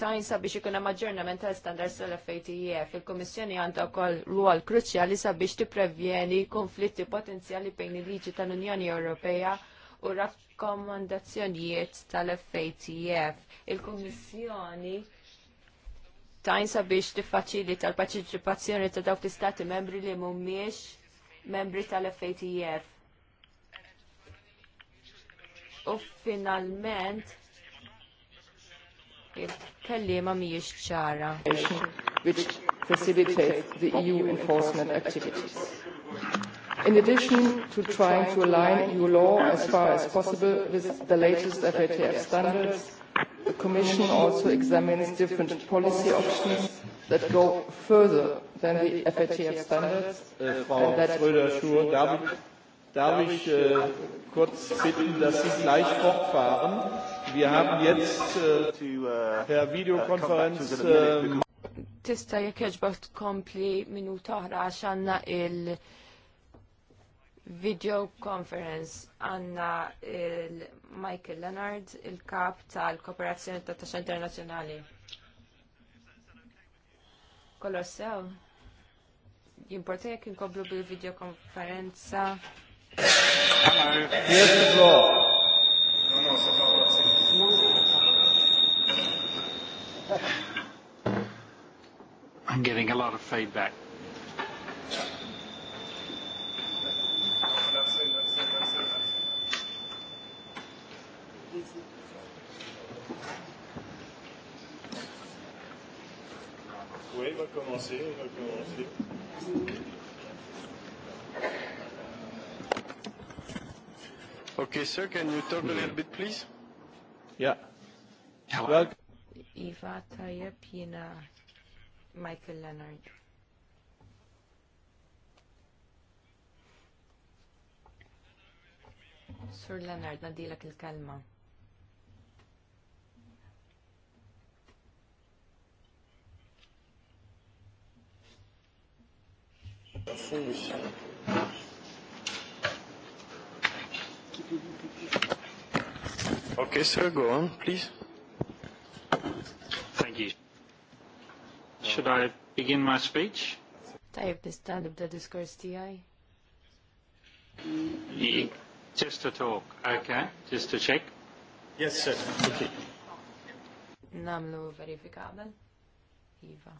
tajnsa biex ikun hemm aġġornament tal-standards tal-FATF. E Il-Kummissjoni għandha wkoll rwol kruċjali sabiex tipprevjeni konflitti potenzjali bejn il-liġi tal-Unjoni Ewropea u rakkomandazzjonijiet tal-FATF. E Il-Kummissjoni tajnsa biex tiffaċili tal-paċiċipazzjoni ta' dawk l-istati membri li mhumiex membri tal-FATF. E u finalment, kellima mhijiex ċara. Which facilitates the EU enforcement activities. In addition to trying to align EU law as far as possible with the latest FATF standards, the Commission also examines different policy options that go further than the FATF standards. Uh, Frau Schröder-Schur, darf ich, darf ich äh, kurz bitten, dass Sie gleich fortfahren? Wir haben jetzt äh, äh per Videokonferenz. Äh, Tista jekk jaġbak tkompli minuta oħra għax il video conference għanna il-Michael Leonard, il-kap tal-Kooperazzjoni ta' Taxxa Internazzjonali. Kolor sew, jimporta jekk inkomplu bil-video konferenza. Here's the floor. I'm getting a lot of feedback. Oui, va commencer, va commencer. Okay, sir, can you talk a little bit, please? Yeah. Hello. Welcome. Iva, tajjeb jina Michael Leonard. Sur Leonard, nadilak il kalma Okay, sir, go on, please. Thank you. Should I begin my speech? Tajib nista' nibda diskors tiegħi. Just to talk, okay, just to check. Yes, sir. Namlu verifikabel. Iva.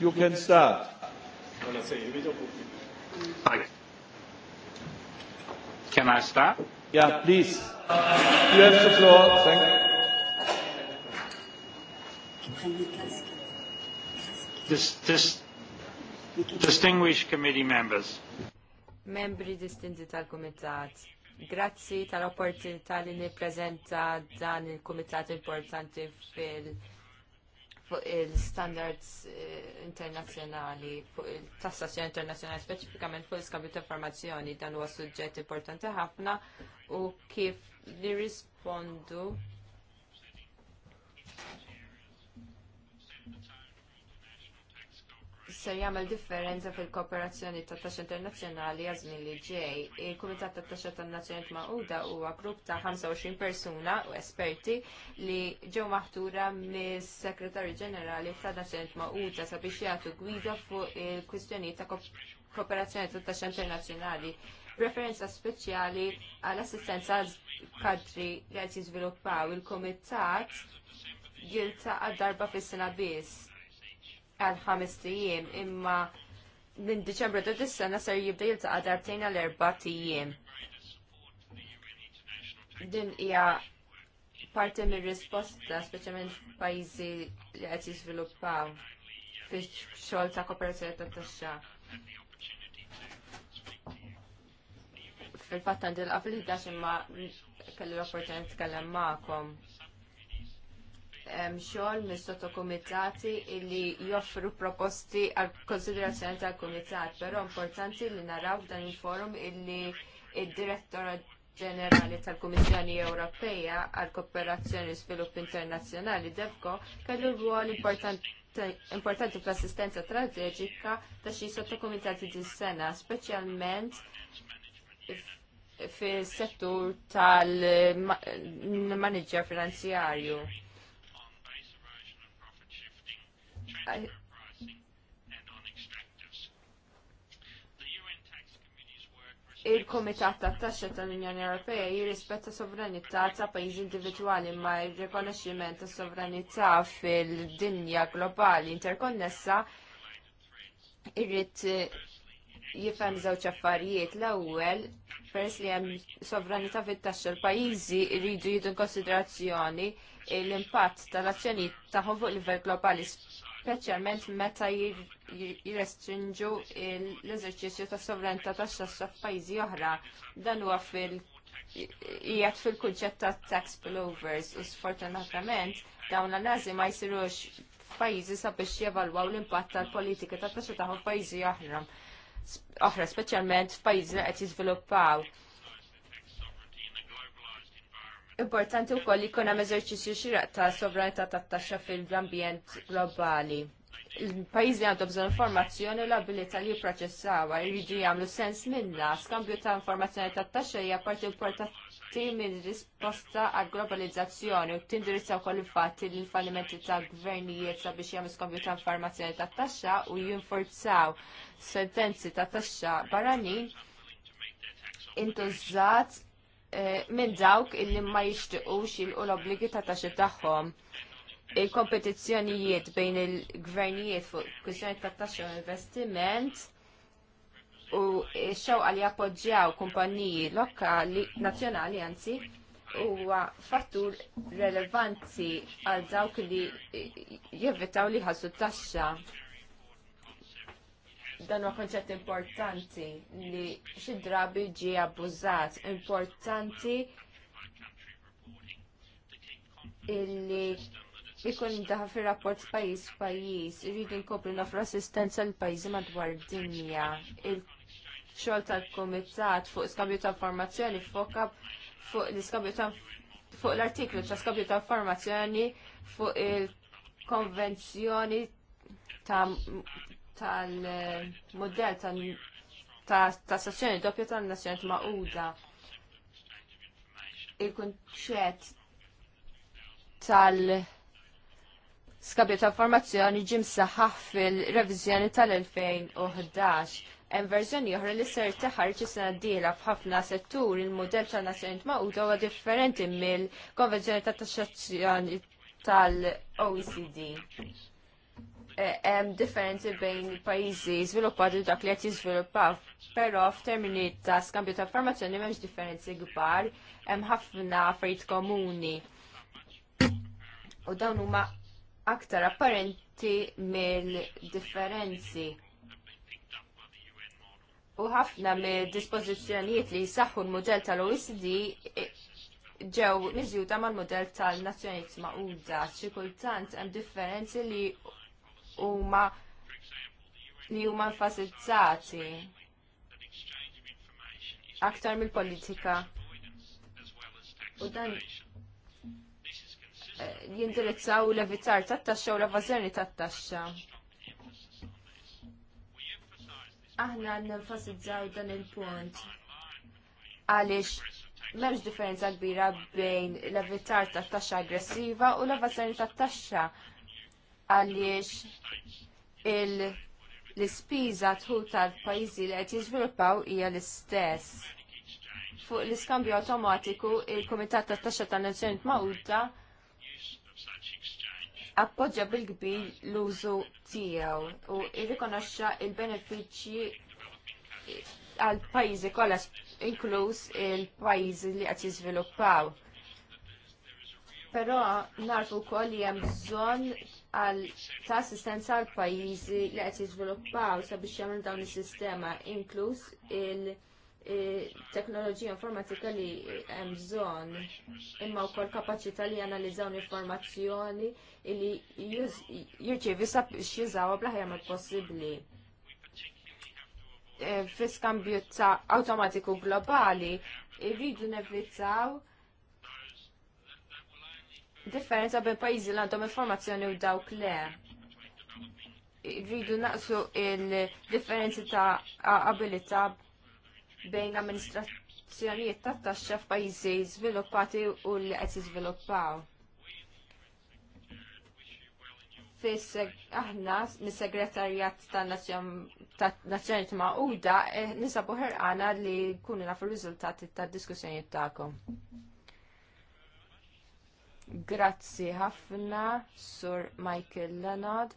You can start. Okay. Can I start? Yeah, please. You have the floor. Thank you. This, this, distinguished committee members. Membri distinti tal komitat grazzi tal-opportunità li nipprezenta dan il-Kumitat importanti fil- fuq il-standards eh, internazzjonali, fuq il-tassazzjoni internazzjonali, speċifikament fuq il-skambju ta' informazzjoni, dan huwa suġġett importanti ħafna u kif nirrispondu ser jagħmel differenza fil-kooperazzjoni tat taxxa internazzjonali għażmin li ġej. Il-Kumitat tat taxxa tan-Nazzjonijiet Magħquda huwa grupp ta' 25 persuna u esperti li ġew maħtura mis-Sekretarju Ġenerali tan-Nazzjonijiet Magħquda sabiex jagħtu gwida fuq il-kwistjonijiet ta' kooperazzjoni tat taxxa internazzjonali referenza speċjali għall-assistenza kadri li qed jiżviluppaw il-Kumitat jiltaqa' darba fis-sena biss għal ħames tijiem imma minn Diċembru ta' dis-sena ser jibda jiltaqa' darbtejn għal erba' tijiem. Din hija parti mir risposta speċjalment f'pajjiżi li qed jiżviluppaw fix-xogħol ta' kooperazzjoni ta' taxxa. Fil-fatt għandil qabel ħidax imma kellu l-opportunità nitkellem magħkom hemm xogħol mis-sottokumitati li joffru proposti għal konsiderazzjoni tal-kumitat, però importanti li naraw f'dan il-forum illi d direttora ġenerali tal-Kummissjoni Ewropea għal Kooperazzjoni u Svilupp Internazzjonali DEVCO kellu rwol importanti fl-assistenza strateġika ta' xi sottokumitati dis-sena, speċjalment fis settur tal-manager finanzjarju. il-Komitat ta' Taxxa tal-Unjoni Ewropea jirrispetta sovranità ta' pajjiżi individwali ma r-rikonoxximent ta' sovranità fil-dinja globali interkonnessa irrid jifhem żewġ affarijiet l-ewwel peress li hemm sovranità fit-taxxa l-pajjiżi jridu in konsiderazzjoni l-impatt tal-azzjonijiet tagħhom fuq livell globali speċjalment meta jirrestrinġu l-eżerċizzju ta' sovranità tax xassa f'pajjiżi oħra. Dan huwa fil qiegħed fil-kunċett ta' tax spillovers u sfortunatament dawn l-analiżi ma jsirux f'pajjiżi sabiex jevalwaw l-impatt tal-politika ta' taxxa tagħhom f'pajjiżi oħra. Oħra speċjalment f'pajjiżi li qed jiżviluppaw Importanti u koll li kuna meżerċisju xiraq ta' sovranità ta' taxxa fil-ambjent globali. Il-pajizi għandu bżon informazzjoni u l-abilita li jiproċessawa, jridu jgħamlu sens minna, skambju ta' informazzjoni ta' taxxa hija parti importanti minn risposta għal globalizzazzjoni u tindirizza wkoll il-fatt li l-fallimenti ta' gvernijiet sabiex jagħmlu skambju ta' informazzjoni ta' taxxa u jinforzaw sentenzi ta' taxxa barranin intużat Eh, minn dawk illi ma jixtiequx jilqu l-obbligi ta' taxxi tagħhom. Il-kompetizzjonijiet bejn il-gvernijiet fuq kwistjoni ta' taxxi u investiment u xewqa li jappoġġjaw kumpaniji lokali nazzjonali anzi huwa fattur relevanti għal dawk li jevitaw li ħassu taxxa dan huwa konċett importanti li xi drabi ġie abbużat, importanti illi ikun daħ fir rapport pajis pajis, irridu nkopri nofru assistenza l pajjiżi madwar dinja. Il-xogħol tal-kumitat fuq skambju ta' informazzjoni foka fuq l-iskambju ta' fuq l-artiklu ta' skambju ta' informazzjoni fuq il-konvenzjoni ta' tal-modell ta' stazzjoni doppja tal-Nazzjoniet Mauda. Il-kunċett tal- skabju ta' formazzjoni ġim saħħaħ fil-revizjoni tal-2011. Hemm verżjoni oħra li ser teħarġ sena d f'ħafna settur il-mudell tan nazzjonijiet Magħquda huwa differenti mill-Konvenzjoni ta' Taxxazzjoni tal-OECD hemm differenzi bejn pajjiżi żviluppati u dak li qed jiżviluppaw. Però f'termini ta' skambju ta' informazzjoni m'hemmx differenzi kbar, hemm ħafna affarijiet komuni. U dawn huma aktar apparenti mill-differenzi. U ħafna mill-dispożizzjonijiet li jsaħħu l-modell tal-OECD ġew miżjuta mal-modell tal-Nazzjonijiet Magħquda. Xi kultant hemm differenzi li huma li huma enfasizzati aktar mill-politika. U dan eh, jindirizzaw l-evitar tat-taxxa u l-evażjoni tat-taxxa. Aħna nenfasizzaw dan il-punt għaliex m'hemmx differenza kbira bejn l-evitar tat-taxxa aggressiva u l-evażjoni tat-taxxa għaliex l-ispiża tħut tal-pajjiżi li qed jiżviluppaw hija l-istess. Fuq l-iskambju awtomatiku, il-Kumitat tat-Taxxa tan-Nazzjonijiet Magħquda appoġġja bil-kbir l-użu tiegħu u jirrikonoxxa il-benefiċċji għal pajjiżi kollha inkluż il-pajjiżi li qed jiżviluppaw. Però nafu wkoll li hemm bżonn għal ta' assistenza għal pajjiżi li qed jiżviluppaw sabiex jagħmlu dawn is-sistema inkluż il-teknoloġija informatika li hemm bżonn imma wkoll kapaċità li janalizzaw l-informazzjoni li jirċevi sabiex jużawha bl-aħjar mod possibbli. E, Fi skambju ta' awtomatiku globali irridu nevitaw differenza bejn pajjiżi li għandhom informazzjoni u dawk le. Rridu naqsu il-differenzi ta' abilità bejn amministrazzjonijiet tat taxxa f'pajjiżi żviluppati u li qed jiżviluppaw. aħna mis-segretarjat tan ta' Magħquda eh, nisabu ħerqana li jkunu nafu r-riżultati tad-diskussjonijiet tagħkom. Grazzi ħafna, Sur Michael Leonard.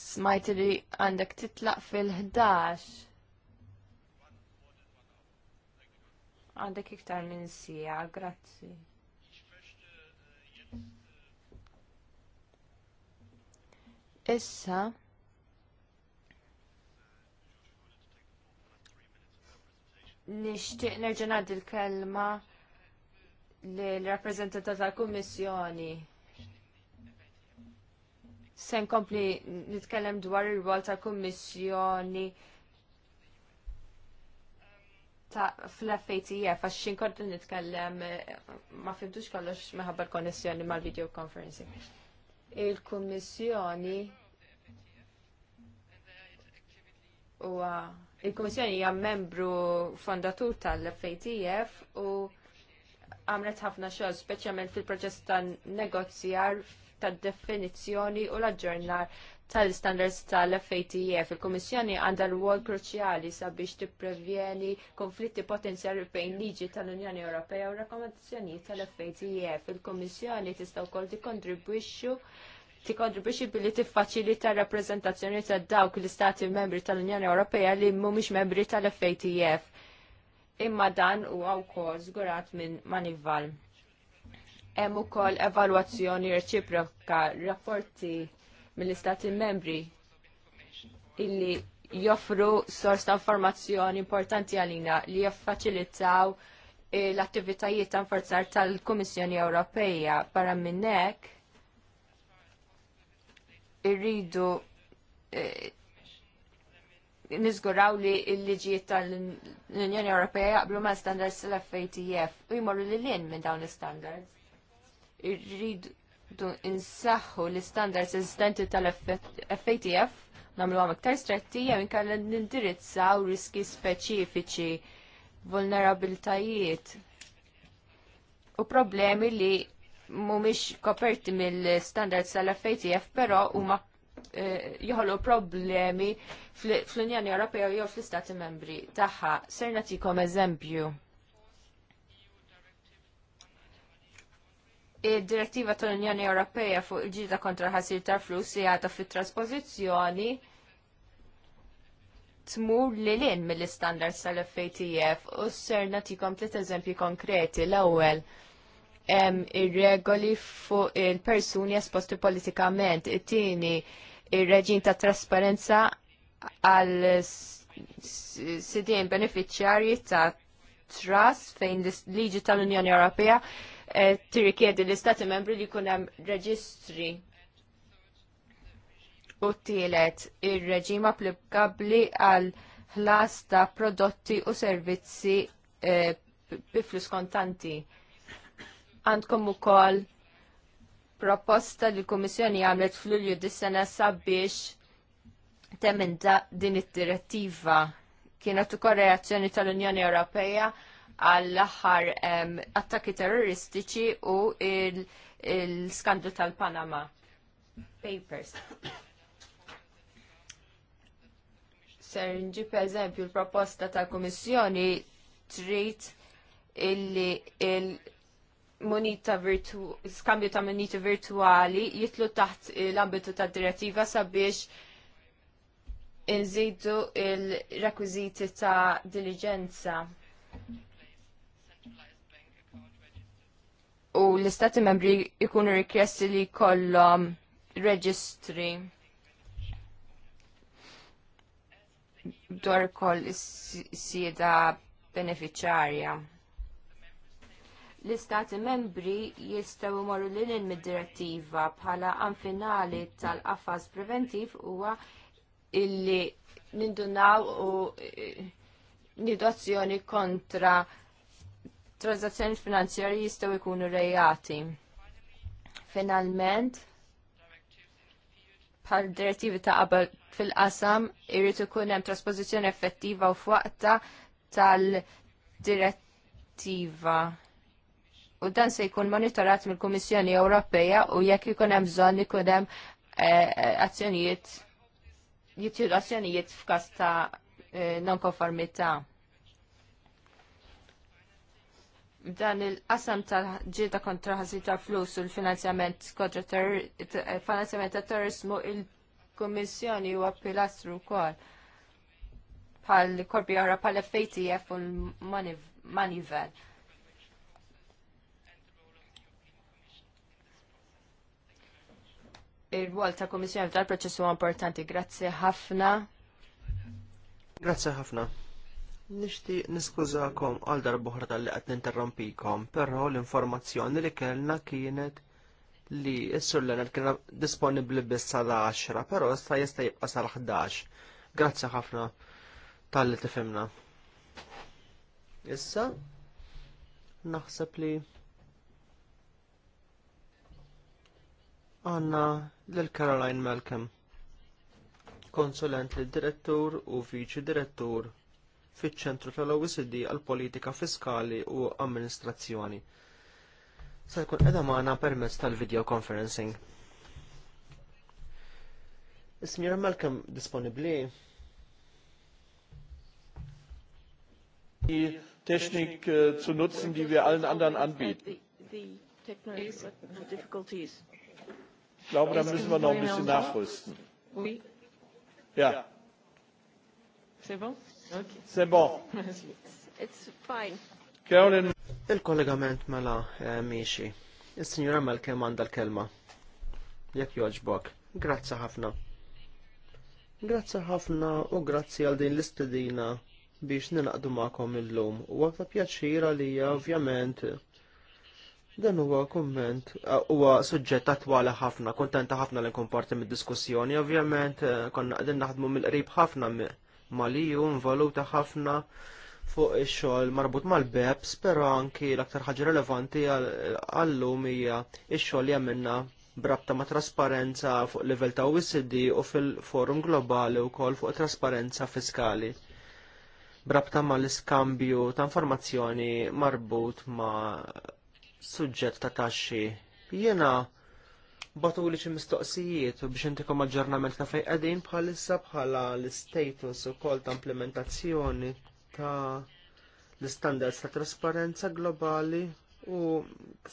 Smajt li għandek titlaq fil-11. Għandek iktar minn sija, grazzi. Issa, nishtiq nerġa' ngħaddi l-kelma l-rappresentanta tal-Kummissjoni. Sen kompli nitkellem dwar ir-rwol tal-Kummissjoni ta' fl-FATF, għax xinkort nitkellem ma' fimtux kollox meħabba l-konnessjoni mal-video conferencing. Il-Kummissjoni u il-Kummissjoni hija membru fondatur tal-FATF u għamlet ħafna xogħol speċjalment fil-proċess ta' negozjar tad definizzjoni u l-aġġornar tal-standards tal-FATF. E Il-Kummissjoni għandha rwol kruċjali sabiex tipprevjeni konflitti potenzjali bejn liġi tal-Unjoni Ewropea u rakkomandazzjonijiet tal-FATF. E Il-Kummissjoni tista' wkoll tikkontribwixxu tikkontribwixxi billi tiffaċilita r-rappreżentazzjoni ta' dawk l-istati membri tal-Unjoni Ewropea li mhumiex membri tal-FATF e imma dan huwa wkoll żgurat minn Manival. Hemm ukoll evalwazzjoni reċiproka rapporti mill-Istati membri illi joffru sors ta' informazzjoni importanti għalina li jaffaċilitaw eh, l-attivitajiet ta' forzar tal-Kummissjoni Ewropeja barra minnek irridu eh, nizguraw li l-liġijiet tal-Unjoni Ewropea jaqblu ma' standards tal-FATF u jmorru li l-in minn dawn l-standards. Irridu insaħħu l-standards esistenti tal-FATF namlu għam iktar stretti jew inkalla nindirizzaw riski speċifiċi, vulnerabiltajiet u problemi li mumiex koperti mill-standards tal-FATF, pero huma Eh, joħolu problemi fl-Unjoni Ewropea jew fl-Istati Membri tagħha. Ser nagħtikom eżempju. Id-direttiva tal-Unjoni Ewropea fuq il-ġita kontra ħasir ta' flus li għata fit-traspożizzjoni tmur li lin mill-istandards tal-FATF u ser nagħtikom tliet eżempji konkreti l-ewwel ir-regoli fuq il-persuni esposti politikament, it-tieni ir-reġim ta' trasparenza għal sidien beneficjarji ta' trust fejn liġi tal-Unjoni Ewropea eh, tirrikjedi l-Istati membri li jkun hemm reġistri u tielet ir-reġim applikabbli għal ħlas ta' prodotti u servizzi eh, biflus kontanti. Għandkom ukoll proposta li l-Kummissjoni għamlet fl-Ulju dis-sena sabiex teminta din id-direttiva kienet ukoll reazzjoni tal-Unjoni Ewropea għall-aħħar attakki terroristiċi u il-skandlu il tal-Panama Papers. Ser nġi per eżempju l-proposta tal-Kummissjoni trid illi il-, il monita virtu, skambju ta' monita virtuali jitlu taħt l-ambitu ta' direttiva sabiex inżidu il-rekwiziti ta' diligenza. U l-istati membri ikunu rikjesti li kollom reġistri dwar kol s sieda beneficjarja l-istati membri jistgħu jmorru lil hinn mid-direttiva bħala għanfinali finali tal-qafas preventiv huwa illi nindunaw u eh, nidozzjoni kontra transazzjoni finanzjarji jistgħu jkunu rejati. Finalment, bħal direttivi ta' qabel fil-qasam irrid ikun hemm trasposizzjoni effettiva u fuqta tal-direttiva u dan se jkun monitorat mill-Kummissjoni Ewropea u jekk ikun hemm bżonn ikun hemm eh, azzjonijiet jittieħdu azzjonijiet f'każ ta' eh, non-konformità. Dan il-qasam tal ġieda kontra ħasil tal-flus u l-finanzjament kontra eh, finanzjament ta' terrorismu il-Kummissjoni huwa pilastru wkoll bħal korpi għara pal FATF u l-Manivel. ir-rwol ta' Komissjoni f'dal proċess huwa importanti. Grazzi ħafna. Grazzi ħafna. Nishti niskużakom għal darbohra tal-li qed ninterrompikom, però l-informazzjoni li kellna kienet li s-sur Leonard kien disponibli biss sal-10, però issa jista' jibqa' sal-11. Grazzi ħafna tal-li tifhimna. Issa naħseb li għanna lil Caroline Malcolm, konsulent lid direttur u viċi direttur fiċ-ċentru tal-OECD għall politika fiskali u amministrazzjoni. Se jkun qiegħda magħna permezz tal-video conferencing. Malcolm Die Technik äh, zu nutzen, die wir allen anderen anbieten. The, the glaube, da müssen wir noch ein bisschen nachrüsten. Oui. Ja. C'est bon? Okay. C'est bon. It's fine. Carolyn. Il-kollegament mela eh, Mishi. Il-Sinjora mal-kem għanda l-kelma. Jek joġbok. Grazzi ħafna. Grazzi ħafna u grazzi għal din l-istedina biex ninaqdu ma'kom il-lum. U għakta pjaċira li ovvjament Dan huwa komment, huwa suġġett attwali ħafna, kontenta ħafna li parti mid-diskussjoni, ovvjament eh, konna qegħdin naħdmu mill-qrib ħafna maliju, involuta ħafna fuq ix-xogħol marbut mal-BEPS, però anki l-aktar ħaġa relevanti għallum hija x-xogħol li għamilna brabta ma' trasparenza fuq livell ta' OECD u fil-forum globali wkoll fuq trasparenza fiskali. Brabta mal iskambju ta' informazzjoni marbut ma' suġġett ta' taxxi. Jiena batuli xi mistoqsijiet u biex intikom aġġornament ta' fejn qegħdin bħalissa bħala l-status ukoll ta' implementazzjoni ta' l-standards ta' trasparenza globali u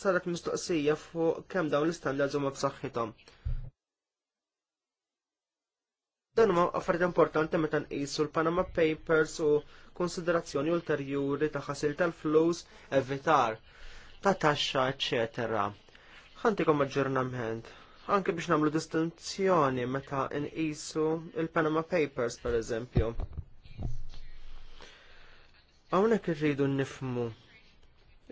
saret mistoqsija fuq kemm dawn l-standards huma f'saħħithom. Dan huma affarijiet importanti meta nqisu l-Panama Papers u konsiderazzjoni ulterjuri ta' ħasil tal-flus evitar ta' taxxa, eċetera. Ħantikom aġġornament. Anke biex nagħmlu distinzjoni meta nqisu il-Panama Papers pereżempju. Hawnhekk irridu nifmu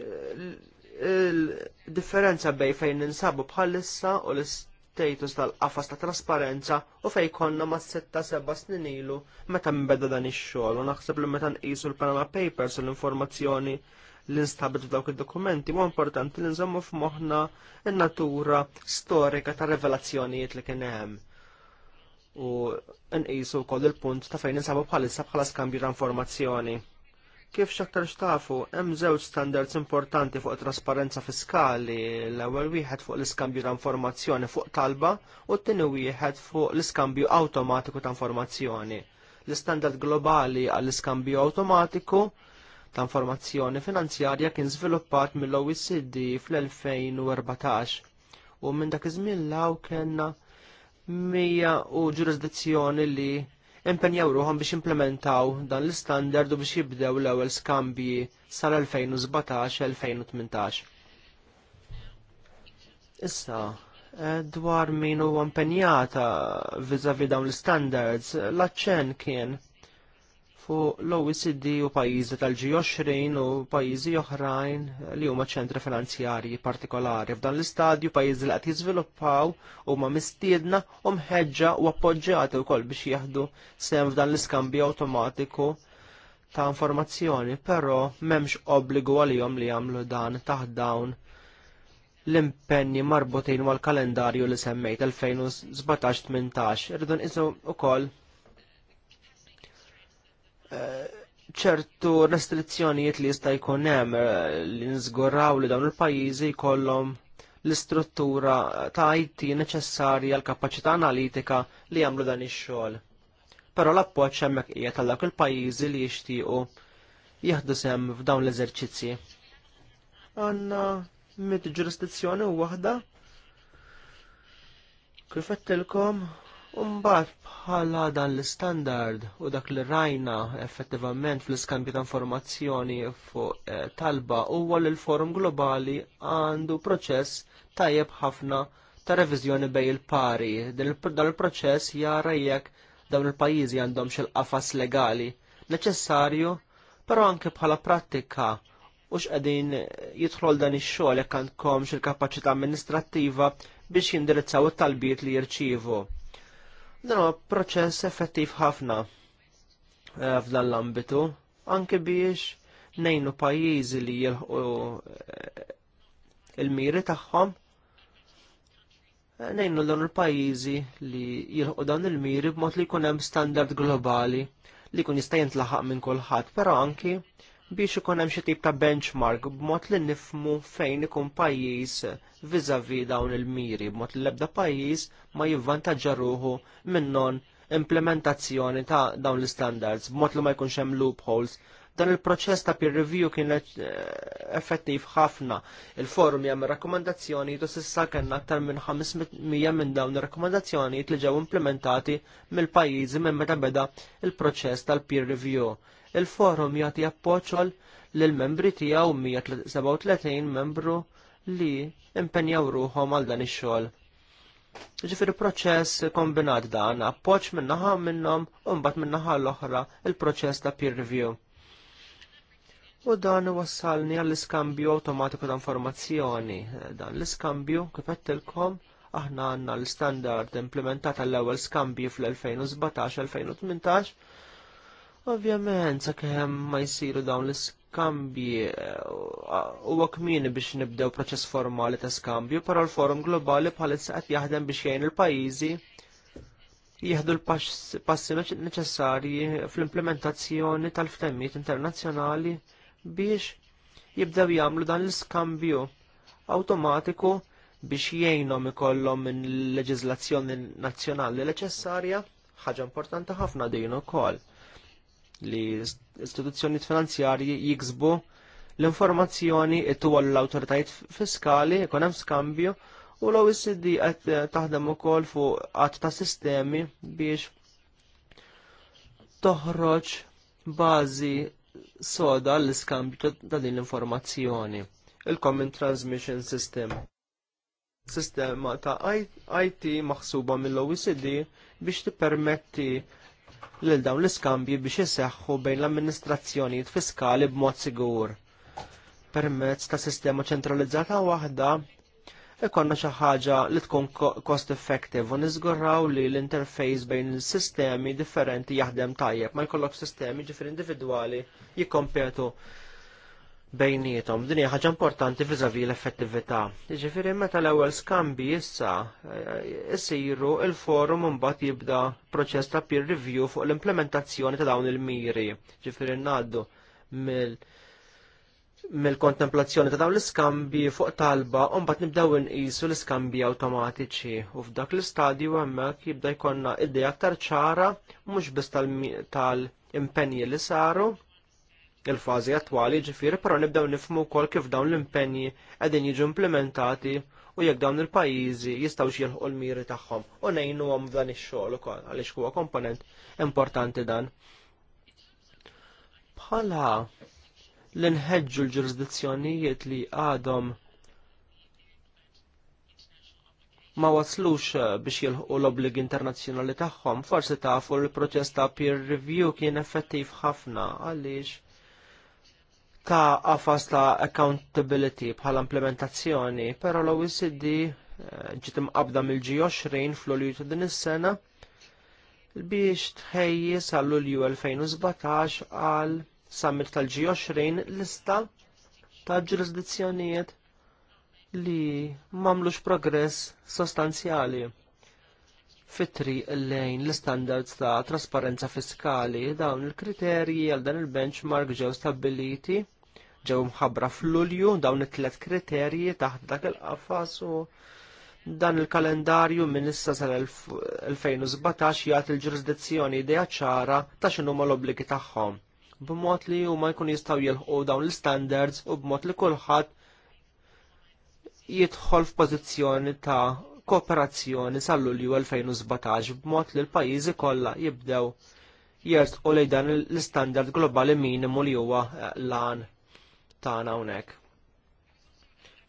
il-differenza eh, bej fejn ninsabu bħalissa u l-istatus tal-qafas ta' trasparenza u fejn konna ma' setta seba snin ilu meta nbeda dan ix-xogħol u naħseb li meta nqisu l-Panama Papers u l-informazzjoni li nstabet f'dawk id-dokumenti huwa importanti li nżommu f'moħħna n-natura storika ta' revelazzjonijiet li kien hemm. U nqisu wkoll il-punt ta' fejn insabu bħalissa bħala skambju ta' informazzjoni. Kif xaktar xtafu, hemm żewġ standards importanti fuq trasparenza fiskali, l-ewwel wieħed fuq l-iskambju ta' informazzjoni fuq talba u t-tieni wieħed fuq l-iskambju awtomatiku ta' informazzjoni. L-istandard globali għall-iskambju awtomatiku ta' informazzjoni finanzjarja kien żviluppat mill-OECD fl-2014 u minn dak iż-żmien law kellna mija u ġurisdizzjoni li impenjaw ruħom biex implementaw dan l-standard u biex jibdew l-ewwel skambji sal-2017-2018. Issa, eh, dwar min huwa impenjata viżavi dawn l-standards, l-aċċen kien fuq l-OECD u pajjiżi tal-G20 u pajjiżi oħrajn li huma ċentri finanzjarji partikolari. F'dan l-istadju pajjiżi li qed jiżviluppaw huma mistiedna u mħeġġa u appoġġjati wkoll biex jaħdu sem f'dan l-iskambju awtomatiku ta' informazzjoni, però m'hemmx obbligu għalihom li jagħmlu dan taħt dawn l-impenni marbutin mal kalendarju li semmejt 2017-18 irridu nqisu wkoll ċertu restrizzjonijiet li jista' jkun hemm eh, li nżgurraw li dawn il-pajjiżi jkollhom l-istruttura ta' IT neċessarja l kapaċità analitika li jagħmlu dan ix-xogħol. Però l-appoġġ hemmhekk hija tal dak il-pajjiżi li jixtiequ jieħdu sem f'dawn l-eżerċizzji. Għanna mit ġurisdizzjoni waħda kif qedtilkom Umbat bħala dan l-standard u dak li rajna effettivament fl-iskambju ta' informazzjoni fuq eh, talba huwa li l-forum globali għandu proċess tajjeb ħafna ta' reviżjoni bej il-pari. Dan il-proċess jara jekk dawn il-pajjiżi għandhom xil-qafas legali neċessarju, però anke bħala prattika u x'qegħdin eh, jidħol dan ix-xogħol jekk għandkom xil-kapaċità amministrattiva biex jindirizzaw it-talbiet li jirċievu Dan huwa proċess effettiv ħafna eh, f'dan l-ambitu, anke biex nejnu pajjiżi li jilħu eh, il-miri tagħhom eh, nejnu dawn il-pajjiżi li jilħu dan il-miri b'mod li jkun hemm standard globali li jkun jista' jintlaħaq minn kulħadd, però anki biex ikun hemm xi tip ta' benchmark b'mod li nifmu fejn ikun pajjiż viżavi dawn il-miri, b'mod li l-ebda pajjiż ma jivvantaġġa ruħu minnhom implementazzjoni ta' dawn l-standards, b'mod li ma jkunx hemm loopholes. Dan il-proċess ta' peer review kien eh, effettiv ħafna. Il-forum jagħmel rakkomandazzjoni u s'issa kellna aktar minn 500 minn dawn ir-rakkomandazzjonijiet li ġew implementati mill-pajjiżi minn meta beda il-proċess tal-peer review il-forum jagħti appoġġ lill membri tiegħu 137 membru li impenjaw ruhom għal dan ix-xogħol. Ġifieri proċess kombinat dan appoġġ min-naħa minnhom u mbagħad min-naħa l-oħra il-proċess ta' peer review u dan wassalni għall-iskambju awtomatiku ta' informazzjoni. Dan l-iskambju kif għettilkom aħna għandna l-standard implementat għall ewwel skambju fl-2017-2018 Ovvjament, sakemm ma jsiru dawn l-iskambji eh, huwa kmieni biex nibdew proċess formali ta' skambju, però l-forum globali bħalissa qed jaħdem biex jgħin il-pajjiżi jieħdu l-passi neċessarji fl-implementazzjoni tal-ftemmijiet internazzjonali biex jibdew jagħmlu dan l-iskambju awtomatiku biex jgħinhom ikollhom minn leġiżlazzjoni nazzjonali neċessarja, ħaġa importanti ħafna din ukoll li istituzzjoni finanzjarji jiksbu l-informazzjoni it-tuwa e l-autoritajiet fiskali, ikun hemm skambju, u l-OECD qed eh, taħdem ukoll fuq qatt ta' sistemi biex toħroġ bażi soda l-iskambju ta' din l-informazzjoni. Il-Common Transmission System. Sistema ta' IT maħsuba mill-OECD biex tippermetti lil dawn l-iskambji biex iseħħu bejn l-amministrazzjonijiet fiskali b'mod sigur. Permezz ta' sistema ċentralizzata waħda ikonna xi ħaġa li tkun cost effective u niżgurraw li l-interface bejn sistemi differenti jaħdem tajjeb ma jkollok sistemi ġifir individwali jikkompetu bejnietom. Din hija ħaġa importanti viżavi l-effettività. Jiġifieri meta l-ewwel skambi issa eh, isiru il-forum imbagħad jibda proċess ta' peer review fuq l-implementazzjoni ta' dawn il-miri. Ġifieri ngħaddu mill mill-kontemplazzjoni ta' dawn l-iskambi fuq talba u mbagħad nibdew inqisu l-iskambi awtomatiċi u f'dak l-istadju hemmhekk jibda jkollna idea aktar ċara mhux biss tal-impenji li saru il-fażi attwali ġifiri però nibdew nifhmu wkoll kif dawn l-impenji qegħdin jiġu implementati u jekk dawn il-pajjiżi jistgħu jilħqu l-miri tagħhom u ngħinuhom f'dan ix-xogħol ukoll għaliex huwa komponent importanti dan. Bħala l inħedġu l-ġurisdizzjonijiet li għadhom ma waslux biex jilħu l-obligi internazzjonali tagħhom, forsi tafu l proċesta ta' peer review kien effettiv ħafna għaliex ta' għafas ta' accountability bħala implementazzjoni, pero l-OECD eh, ġiet imqabda mill-G20 fl-Ulju ta' din is-sena biex tħejjis għal Lulju 2017 għal summit tal-G20 lista ta' ġurisdizzjonijiet li mamlux progress sostanzjali fitri lejn l-standards ta' trasparenza fiskali dawn il-kriterji għal dan il-benchmark ġew stabiliti ġew mħabbra f'Lulju dawn it-tlet kriterji taħt dak il-qafas u dan il-kalendarju minn issa sal-2017 jagħti l-ġurisdizzjoni idea ċara ta' x'inhuma l-obbligi tagħhom b'mod li huma jkun jistgħu jilħqu dawn l-standards u b'mod li kulħadd jidħol f'pożizzjoni ta' kooperazzjoni sal-Lulju 2017 b'mod li l-pajjiżi kollha jibdew jersqu lejn dan l-istandard globali minimu li huwa lan tagħna hawnhekk.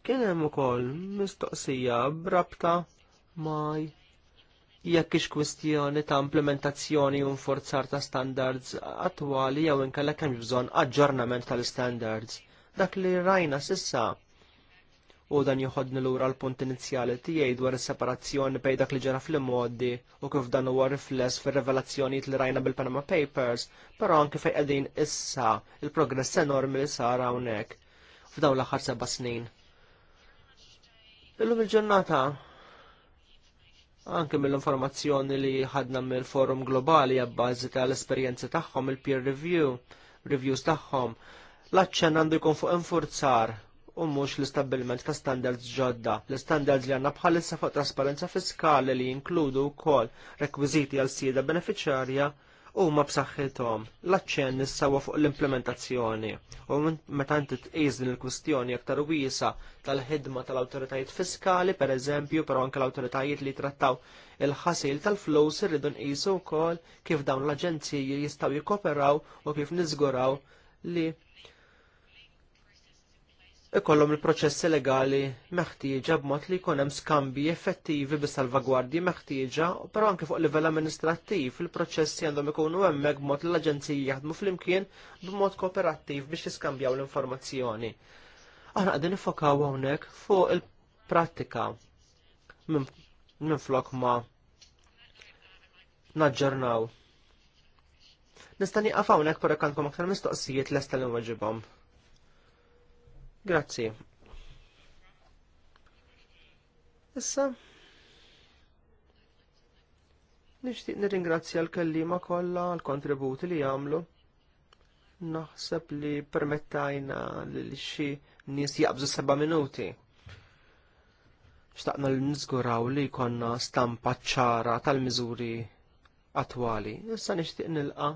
Kien hemm ukoll mistoqsija brabta maj jekk ix kwistjoni ta' implementazzjoni u nforzar ta' standards attwali jew inkella kemm bżonn aġġornament tal-standards. Dak li rajna sissa u dan joħodni lura l-punt inizjali tiegħi dwar is-separazzjoni bejn dak li ġara fl immodi u kif dan huwa rifless fir-revelazzjonijiet li rajna bil-Panama Papers, però anke fejn qegħdin issa il-progress enormi li sar hawnhekk f'dawn l-aħħar seba' snin. Illum il-ġurnata anke mill-informazzjoni li ħadna mill-forum globali għabbażi tal-esperjenzi tagħhom il-peer review, reviews tagħhom, l-aċċen għandu jkun fuq infurzar u mhux l-istabbilment ta' standards ġodda. L-standards li għandna bħalissa fuq trasparenza fiskali li jinkludu wkoll rekwiżiti għal sieda beneficjarja huma b'saħħithom. L-aċċenn nissawa fuq l-implementazzjoni u meta inti tqis din il-kwistjoni aktar wiesa tal-ħidma tal-awtoritajiet fiskali, pereżempju, però anke l-awtoritajiet li trattaw il-ħasil tal-flows irridu nqisu wkoll kif dawn l-aġenziji jistgħu jikkoperaw u kif niżguraw li ikollhom il-proċessi legali meħtieġa b'mod li jkun hemm skambji effettivi bi salvagwardji meħtieġa, però anke fuq livell amministrattiv il-proċessi għandhom ikunu hemmhekk b'mod li l-aġenziji jaħdmu flimkien b'mod kooperattiv biex jiskambjaw l-informazzjoni. Aħna qegħdin nifokaw hawnhekk fuq il-prattika minn flok ma naġġornaw. Nista' nieqaf hawnhekk però aktar mistoqsijiet lesta li nwaġibhom. Grazzi. Issa, nixtieq nirringrazzja l-kellima kollha għall-kontributi li jamlu. Naħseb li permettajna li xi nies jaqbżu seba' minuti. Xtaqna li nizguraw li jkollna stampa ċara tal-miżuri attwali. Issa nixtieq nilqa'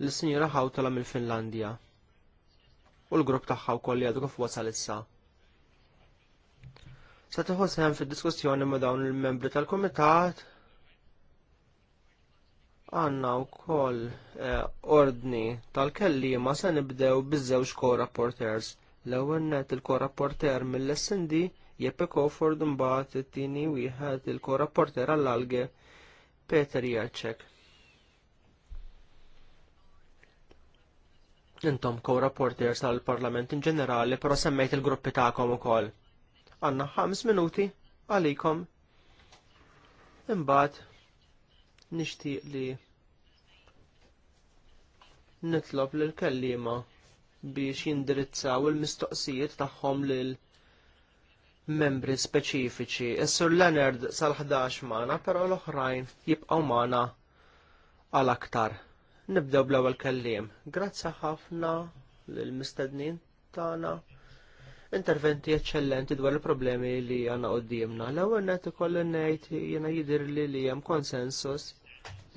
l-Sinjora Hawtala mill-Finlandja u l-grupp tagħha wkoll li għadu kif wasal issa. Sa tieħu sehem fid-diskussjoni ma' dawn il-membri tal-Kumitat għanna wkoll eh, ordni tal-kellima se nibdew biż-żewġ co-rapporters. L-ewwel net il-co-rapporter mill-SND Jeppe Koford mbagħad it-tieni wieħed il-co-rapporter għall-Alge Peter Jaċek. Intom co-rapporters tal-Parlament in ġenerali, però semmejt il-gruppi tagħkom ukoll. Għanna ħams minuti għalikom. Imbagħad nixtieq li nitlob l kellima biex jindirizzaw il-mistoqsijiet tagħhom lil membri speċifiċi. Is-Sur Leonard sal-11 mana, però l-oħrajn jibqgħu mana għal aktar. Nibdew bl-ewwel kelliem. Grazzi ħafna lill-mistednin tagħna. Interventi eċċellenti dwar il-problemi li għanna qoddimna. L-ewwel qed ikolli ngħid jiena jidher li li hemm konsensus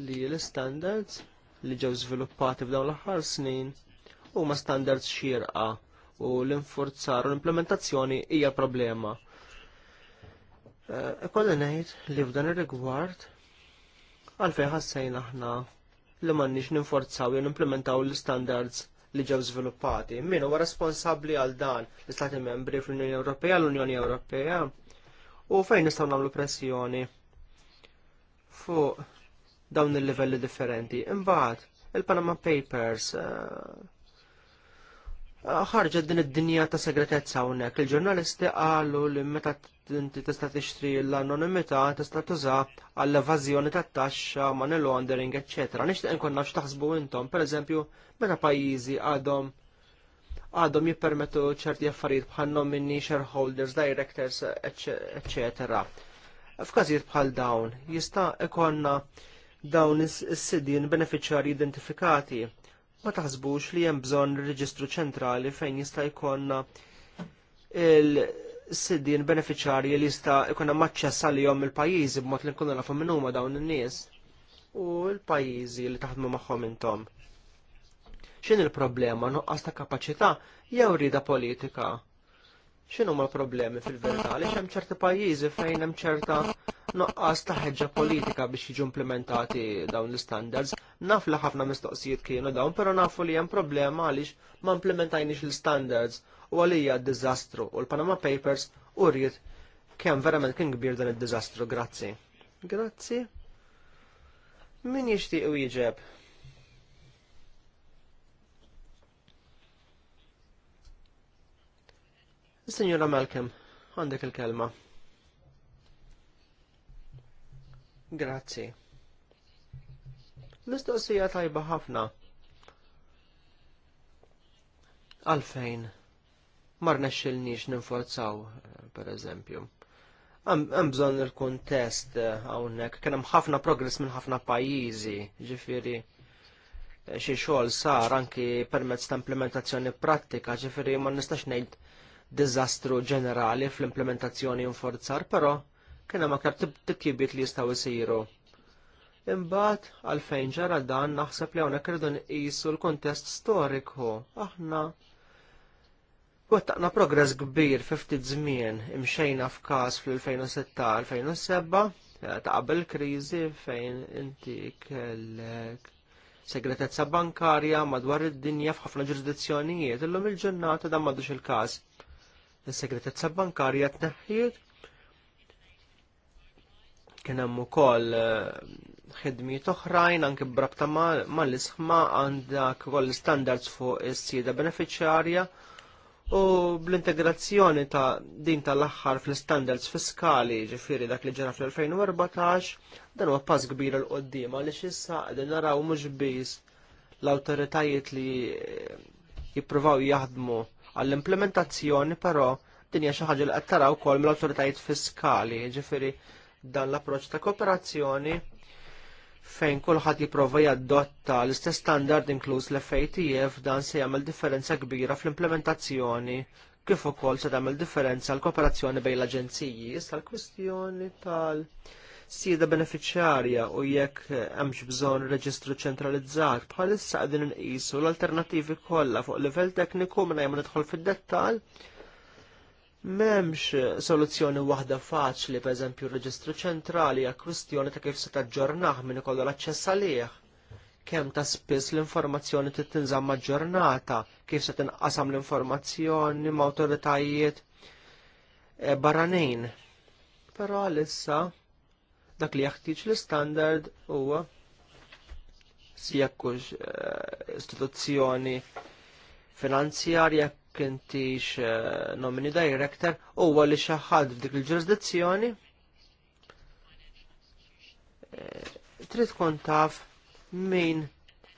li l-standards li ġew żviluppati f'dawn l-aħħar snin huma standards xierqa u l-infurzar u l-implementazzjoni hija problema. Ikolli eh, ngħid li f'dan ir-rigward għalfejn ħassejn aħna li m'għandniex ninforzaw jew nimplementaw l-standards li ġew żviluppati. Min huwa responsabbli għal dan l-Istati Membri fl-Unjoni Ewropea, l-Unjoni Ewropea u fejn nistgħu nagħmlu pressjoni fuq dawn il-livelli differenti. Imbagħad il-Panama Papers eh, ħarġet din id-dinja ta' segretezza hawnhekk. Il-ġurnalisti qalu li meta inti tista' tixtri l-anonimità tista' tuża għall-evażjoni tat-taxxa, money laundering, eċċetera. Nixtieq inkun nafx taħsbu intom, pereżempju, meta pajjiżi għadhom għadhom jippermettu ċerti affarijiet bħal nomini, shareholders, directors, eċċetera. F'każijiet bħal dawn jista' ikonna dawn is-sidin beneficjari identifikati ma taħsbux li hemm bżonn reġistru ċentrali fejn jista' jkollna il-siddin beneficjarji li jista' jkollna maċċess għalihom il-pajjiżi b'mod li nkunu nafu minn huma dawn in-nies u l-pajjiżi li taħdmu magħhom intom. X'in il-problema nuqqas ta' kapaċità jew rida politika? X'inhuma l-problemi fil-verità li hemm ċerti pajjiżi fejn hemm ċerta Noqqas ta' ħeġġa politika biex jiġu implementati dawn l-standards. Naf li ħafna mistoqsijiet kienu dawn, pero nafu li hemm problema għaliex ma implementajniex l-standards u għalija d-dizastru u l-Panama Papers u rrit kemm verament kien kbir dan id-dizastru, grazzi. Grazzi. Min jixtieq u jiġeb? Signora Malcolm, għandek il-kelma. Grazzi. Mistoqsija tajba ħafna. Għalfejn. Marna nexxilniex ninforzaw, per eżempju. Għam bżon il-kontest għawnek, eh, kena ħafna progress minn ħafna pajizi, ġifiri eh, xie xogħol sar anki permezz ta' implementazzjoni prattika, ġifiri ma nistax ngħid diżastru ġenerali fl-implementazzjoni infurzar, però ma hemm t titjibiet li jistgħu jsiru. Imbagħad għalfejn ġara dan naħseb li hawnhekk n nqisu l-kuntest storiku. Aħna Wettaqna progress kbir fi ftit żmien imxejna f'każ fl-2006-2007 eh, ta' qabel kriżi fejn inti kellek segretezza bankarja madwar id-dinja f'ħafna ġurisdizzjonijiet illum il-ġurnata dan madux il-każ. Is-segretezza bankarja tneħħiet Kien hemm ukoll eh, ħidmijiet oħrajn anke brabta mal-isħma għandak ukoll standards fuq is-sieda beneficjarja u bl-integrazzjoni ta' din tal-aħħar fl-standards fiskali ġifieri dak li ġara fl-2014 dan huwa pass kbir l qoddim għaliex issa qegħdin naraw mhux biss l-awtoritajiet li eh, jippruvaw jaħdmu għall-implementazzjoni però dinja xi ħaġa li qed taraw ukoll mill-awtoritajiet fiskali, ġifieri dan l-approċċ ta' kooperazzjoni fejn kulħadd jipprova jaddotta l-istess standard inkluż l-FATF dan se jagħmel differenza kbira fl-implementazzjoni kif ukoll se tagħmel differenza l-kooperazzjoni bejn l-aġenziji. Issa l-kwistjoni tal-sida beneficjarja u jekk hemmx bżonn reġistru ċentralizzat bħalissa qegħdin inqisu l-alternattivi kollha fuq livell tekniku mingħajr ma nidħol fid-dettall M'hemmx soluzzjoni waħda faċli, pereżempju r-reġistru ċentrali għal kwistjoni ta' kif se taġġornah min ikollu l-aċċess għalih. Kemm ta' spiss l-informazzjoni trid tinżamm ġurnata, kif se tinqasam l-informazzjoni ma' awtoritajiet eh, barranin. Però għalissa dak li jaħtieġ l-standard huwa si jekkux eh, istituzzjoni finanzjarja Kintix eh, nomini director huwa li xi ħadd f'dik il-ġurisdizzjoni eh, trid tkun taf min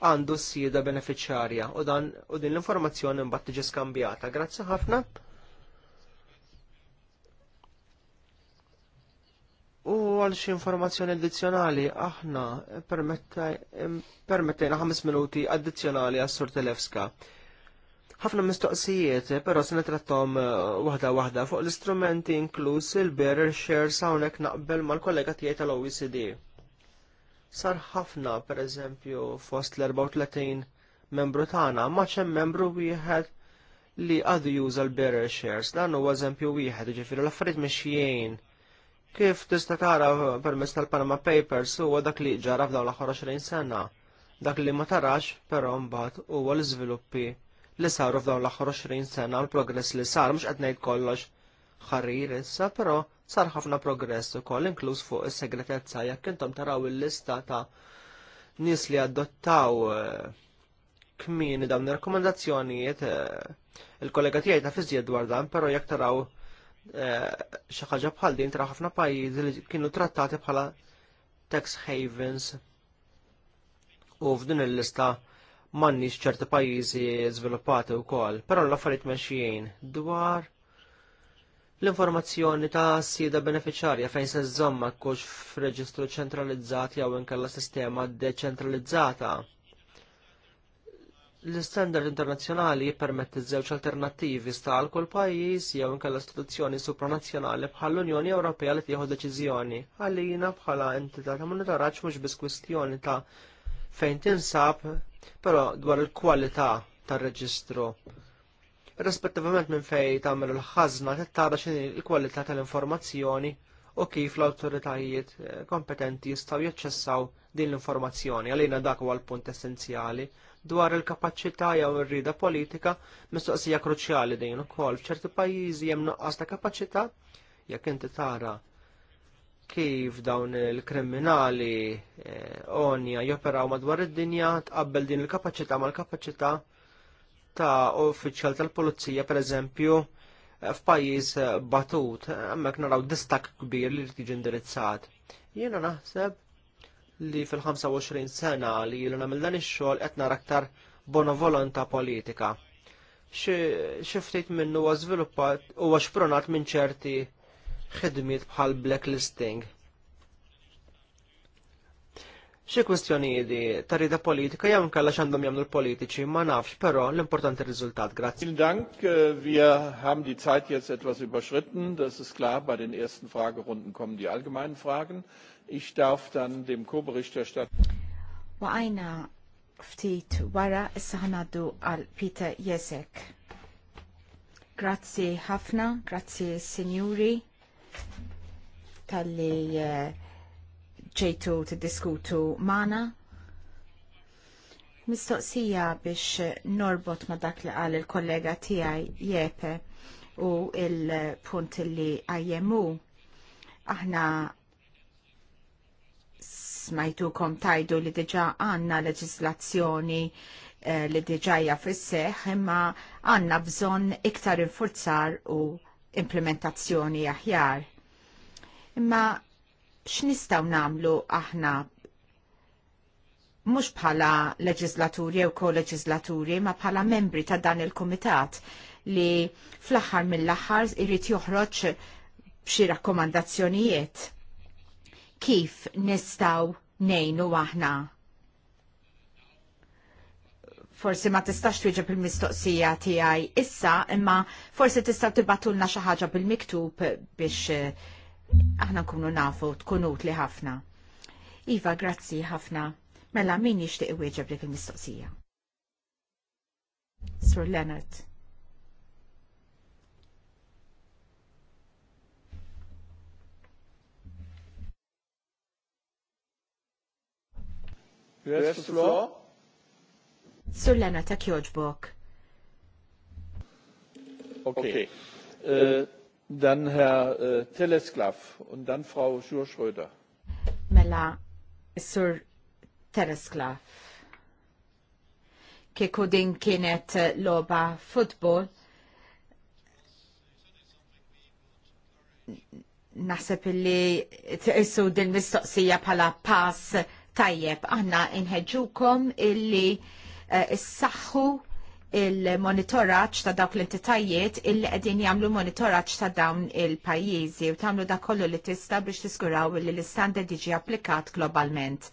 għandu s-sieda beneficjarja u dan u din l-informazzjoni mbagħad tiġi skambjata. Grazzi ħafna. U għal xi informazzjoni addizzjonali aħna permettejna ħames minuti addizzjonali għas-Sur Telewska ħafna mistoqsijiet, però se nitrattom eh, waħda waħda fuq l-istrumenti inkluż il-bearer shares hawnhekk naqbel mal-kollega tiegħi tal-OECD. Sar ħafna, pereżempju, fost l-34 membru tagħna, ma hemm membru wieħed li għadu juża l-bearer shares, dan huwa eżempju wieħed, ġifieri l-affarijiet mexjien. Kif tista' tara permezz tal-Panama Papers huwa dak li ġara f'dawn l-aħħar 20 sena. Dak li ma tarax però mbagħad huwa l-iżviluppi li saru f'dawn l-aħħar 20 sena l-progress li sar mhux qed ngħid kollox ħarir issa, però sar ħafna progress ukoll inkluż fuq is-segretezza jekk intom taraw il-lista ta' nies li adottaw eh, kmin dawn ir-rakkomandazzjonijiet eh, il-kollega tiegħi ta' fiżjed dwar dan, però jekk taraw eh, xi ħaġa bħal din tra ħafna pajjiżi li kienu trattati bħala tax havens u f'din il-lista m'għandniex ċerti pajjiżi żviluppati wkoll, però l-affarijiet mexjin dwar l-informazzjoni ta' sida beneficjarja fejn se żżomma kux f'reġistru ċentralizzat jew inkella sistema deċentralizzata. L-istandard internazzjonali jippermetti żewġ alternattivi stal kull pajjiż jew inkella istituzzjoni supranazzjonali bħal l-Unjoni Ewropea li tieħu deċiżjoni. Għalina bħala entità ta' monitoraġġ mhux biss kwistjoni ta' fejn tinsab Però dwar il-kwalità tar-reġistru rispettivament minn fej tagħmel il-ħażna tittara x'inhi l-kwalità tal-informazzjoni u kif l-awtoritajiet eh, kompetenti jistgħu jaċċessaw din l-informazzjoni. Għalina dak huwa l-punt essenzjali dwar il-kapaċità jew ir-rida politika mistoqsija kruċjali din ukoll f'ċerti pajjiżi hemm noqqas ta' kapaċità jekk inti tara kif dawn il-kriminali eh, onja joperaw madwar id-dinja tqabbel din il-kapaċità mal-kapaċità ta' uffiċjal tal-pulizija pereżempju f'pajjiż batut, hemmhekk naraw distak kbir li tiġi indirizzat. Jiena naħseb li fil-25 sena li jilu nagħmel dan ix-xogħol qed nara aktar bonovolonta politika. Xi ftit minnu huwa żviluppat huwa xpronat minn ċerti ħedmiet bħal blacklisting. Xi kwestjonijiet ta' rida politika jew inkella x'għandhom jagħmlu l-politiċi ma nafx, però l-importanti r-riżultat. Grazzi. Vielen Dank. Wir haben die Zeit jetzt etwas überschritten. Das ist klar. Bei den ersten Fragerunden kommen die allgemeinen Fragen. Ich darf dann dem Co-Berichterstatter Waqajna ftit wara issa ħanaddu għal Peter Jesek. Grazzi ħafna, grazzi Signuri tal-li eh, ġejtu t-diskutu maħna. Mistoqsija biex norbot ma dak li għal il-kollega tijaj Jepe u il-punt li għajjemu. Aħna smajtukom tajdu li diġa għanna leġislazzjoni eh, li diġa hija fis-seħ imma għanna bżonn iktar infurzar u implementazzjoni aħjar. Imma x'nistgħu nagħmlu aħna mhux bħala leġislaturi jew ko-leġislaturi ma bħala membri ta' dan il-kumitat li fl-aħħar mill-aħħar irid joħroġ b'xi rakkomandazzjonijiet. Kif nistgħu ngħinu aħna forsi ma tistax twieġeb il-mistoqsija tiegħi issa, imma forsi tista' tibatulna xi ħaġa bil-miktub biex eh, aħna nkunu nafu tkun utli ħafna. Iva, grazzi ħafna. Mela min jixtieq iwieġeb dik il-mistoqsija? Sur Leonard. Yes, floor? Sur Lena ta' Kjoġbok. Okay. Uh, äh, dan Herr uh, Telesklav und dan Frau Schurschröder. Mela, Sur Telesklav. Kieku din kienet loba futbol, naħseb illi issu din mistoqsija bħala pass tajjeb aħna inħedġukom illi Eh, issaħħu il-monitoraċ ta' dawk l-entitajiet illi qegħdin jagħmlu monitoraċ ta' dawn il-pajjiżi u tagħmlu da kollu li tista' biex tiskuraw li l-istandard jiġi applikat globalment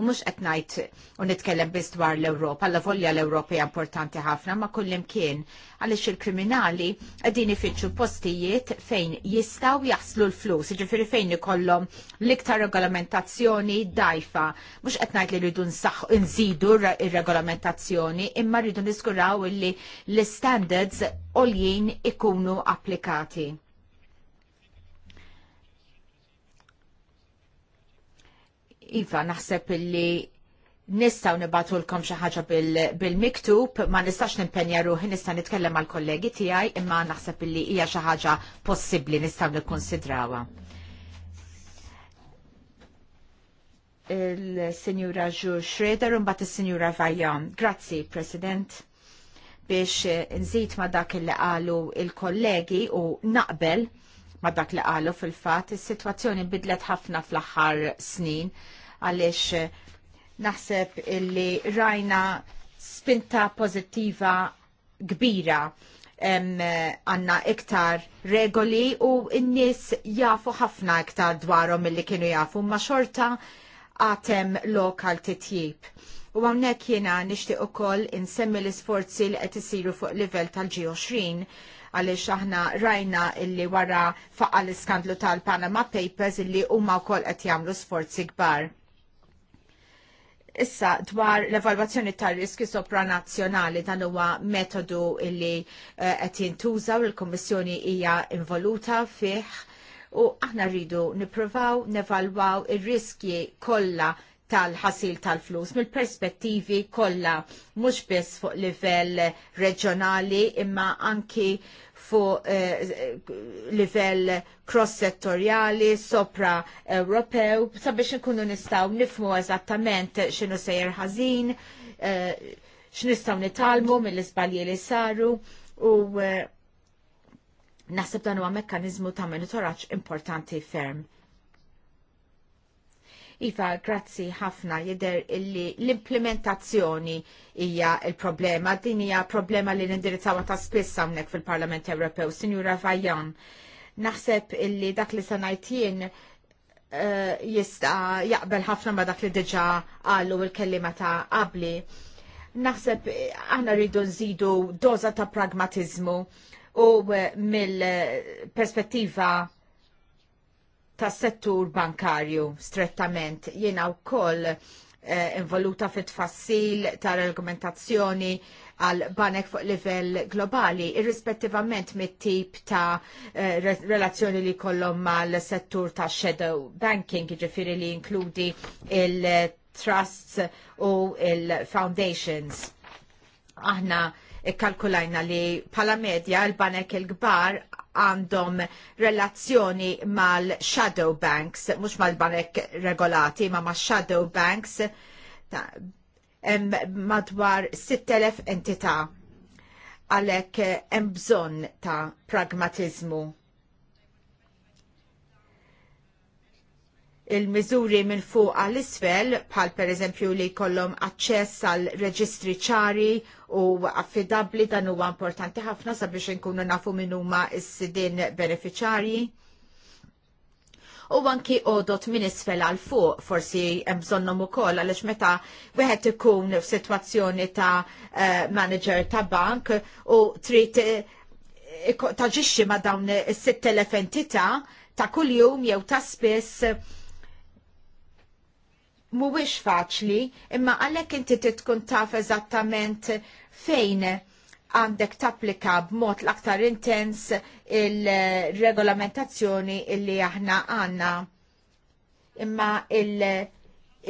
u mhux qed ngħid u nitkellem biss dwar l-Ewropa, la volja l-Ewropa hija importanti ħafna ma kullimkien għaliex il-kriminali qegħdin ifitxu postijiet fejn jistgħu jaslu l-flus, jiġifieri fejn ikollhom l-iktar regolamentazzjoni dajfa. Mhux qed ngħid li rridu nżidu ir-regolamentazzjoni, imma rridu niskuraw illi l-standards oljien ikunu applikati. Iva, naħseb illi nistaw nibatu l-kom xaħġa bil-miktub, ma nistax nimpenja ruħi, nista' nitkellem għal kollegi tijaj, imma naħseb li hija xaħġa possibli nistaw nikkonsidrawa. Il-Sinjura Ġu Schroeder un il-Sinjura Vajjan. Grazzi, President, biex eh, nżid ma dak il qalu il-kollegi u naqbel ma dak li qalu fil-fat, il-situazzjoni bidlet ħafna fl-axħar snin għaliex eh, naħseb illi rajna spinta pozittiva kbira eh, għanna iktar regoli u n-nis jafu ħafna iktar dwarhom mill-li kienu jafu ma xorta għatem lokal titjib. U għawnek jena nishti u koll insemmi l-sforzi li qed isiru fuq livell tal-G20 għaliex aħna rajna illi wara faqqa l skandlu tal-Panama Papers illi huma wkoll qed jagħmlu sforzi kbar Issa dwar l-evalwazzjoni tar-riski sopranazzjonali dan huwa metodu illi eh, qed jintuża u l-Kummissjoni hija involuta fih u aħna rridu nippruvaw nevalwaw ir-riskji kollha tal-ħasil tal-flus mill-perspettivi kollha mhux biss fuq livell reġjonali imma anki fuq eh, livell cross-settorjali, sopra Ewropew, sabiex nkunu nistaw nifmu eżattament xinu sejjer ħażin, eh, x'nistgħu nitalmu mill-iżbalji li saru u eh, naħseb dan huwa mekkaniżmu ta' monitoraġġ importanti ferm. Iva, grazzi ħafna jider illi l-implementazzjoni hija il-problema. Din hija problema li nindirizzawa ta' spiss hawnhekk fil-Parlament Ewropew. Sinjura Vajan, naħseb illi dak li sanajtien jien eh, jista jaqbel ħafna ma dak li diġà qalu il-kellima ta' qabli. Naħseb eh, aħna rridu nżidu doza ta' pragmatizmu u eh, mill-perspettiva tas settur bankarju strettament jiena wkoll eh, involuta fit tfassil ta' argumentazzjoni għal banek fuq livell globali, irrispettivament mit-tip ta' eh, relazzjoni li kollhom mal-settur ta' shadow banking, ġifiri li inkludi il-trusts u il-foundations. Aħna ikkalkulajna li pala medja l-banek il-gbar għandhom relazzjoni mal-shadow banks, mux mal-banek regolati, ma ma' shadow banks madwar 6.000 entità għalek hemm bżonn ta' pragmatizmu il-miżuri minn fuq għall isfel bħal per eżempju li kollom aċċess għal reġistri ċari u affidabli dan huwa importanti ħafna sabiex inkunu nafu minn huma s-sidin beneficjarji. U anki odot minn isfel għal fuq forsi hemm bżonnhom ukoll għaliex meta wieħed ikun f'sitwazzjoni ta' eh, manager ta' bank u trid eh, taġixxi ma' dawn is-sitt entità ta' kuljum jew ta' spiss mhuwiex faċli, imma għalhekk inti titkun taf eżattament fejn għandek tapplika b'mod l-aktar intens il-regolamentazzjoni illi aħna għanna. Imma il-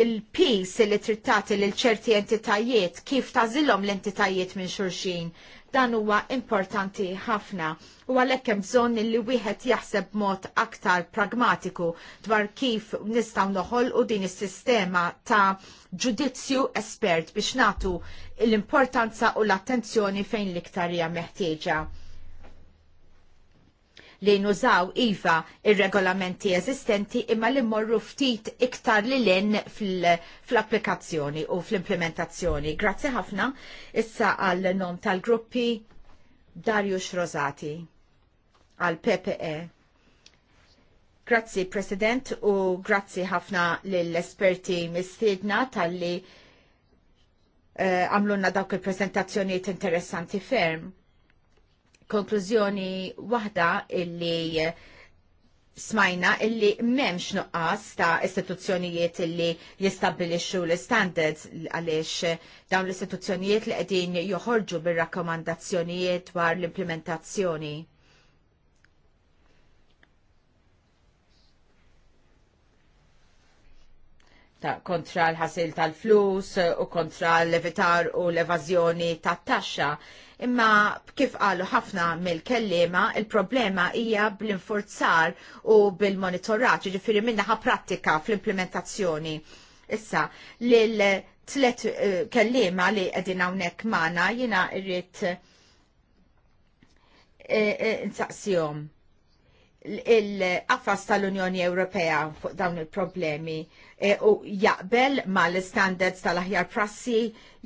il-peace li trittati l ċerti entitajiet kif tażilhom l-entitajiet minn xurxin Dan huwa importanti ħafna u għalhekk hemm bżonn li wieħed jaħseb mod aktar pragmatiku dwar kif nistgħu noħolqu din is-sistema ta' ġudizzju espert biex nagħtu l-importanza u l-attenzjoni fejn l-iktar hija meħtieġa li nużaw iva il regolamenti eżistenti imma li morru ftit iktar li len fl-applikazzjoni u fl-implementazzjoni. Grazzi ħafna issa għal nom tal-gruppi Darius Rosati għal PPE. Grazzi President u grazzi ħafna l-esperti mistiedna tal-li eh, għamlunna dawk il-prezentazzjoniet interessanti ferm konklużjoni waħda illi smajna illi memx nuqqas ta' istituzzjonijiet illi jistabilixxu l-standards għaliex dawn l-istituzzjonijiet li qegħdin joħorġu bir-rakkomandazzjonijiet dwar l-implementazzjoni. ta' kontra l-ħasil tal-flus u kontra l-evitar u l-evazjoni ta' taxxa Imma kif qalu ħafna mill-kellima, il-problema hija bl-infurzar u bil-monitoraġġ, ġifieri minnaħa prattika fl-implementazzjoni. Issa, l tlet eh, kellima li qegħdin hawnhekk Mana jiena irrit eh, eh, insaqsihom. E, il-qafas tal-Unjoni Ewropea fuq dawn il-problemi e, u jaqbel ma l-standards tal-aħjar prassi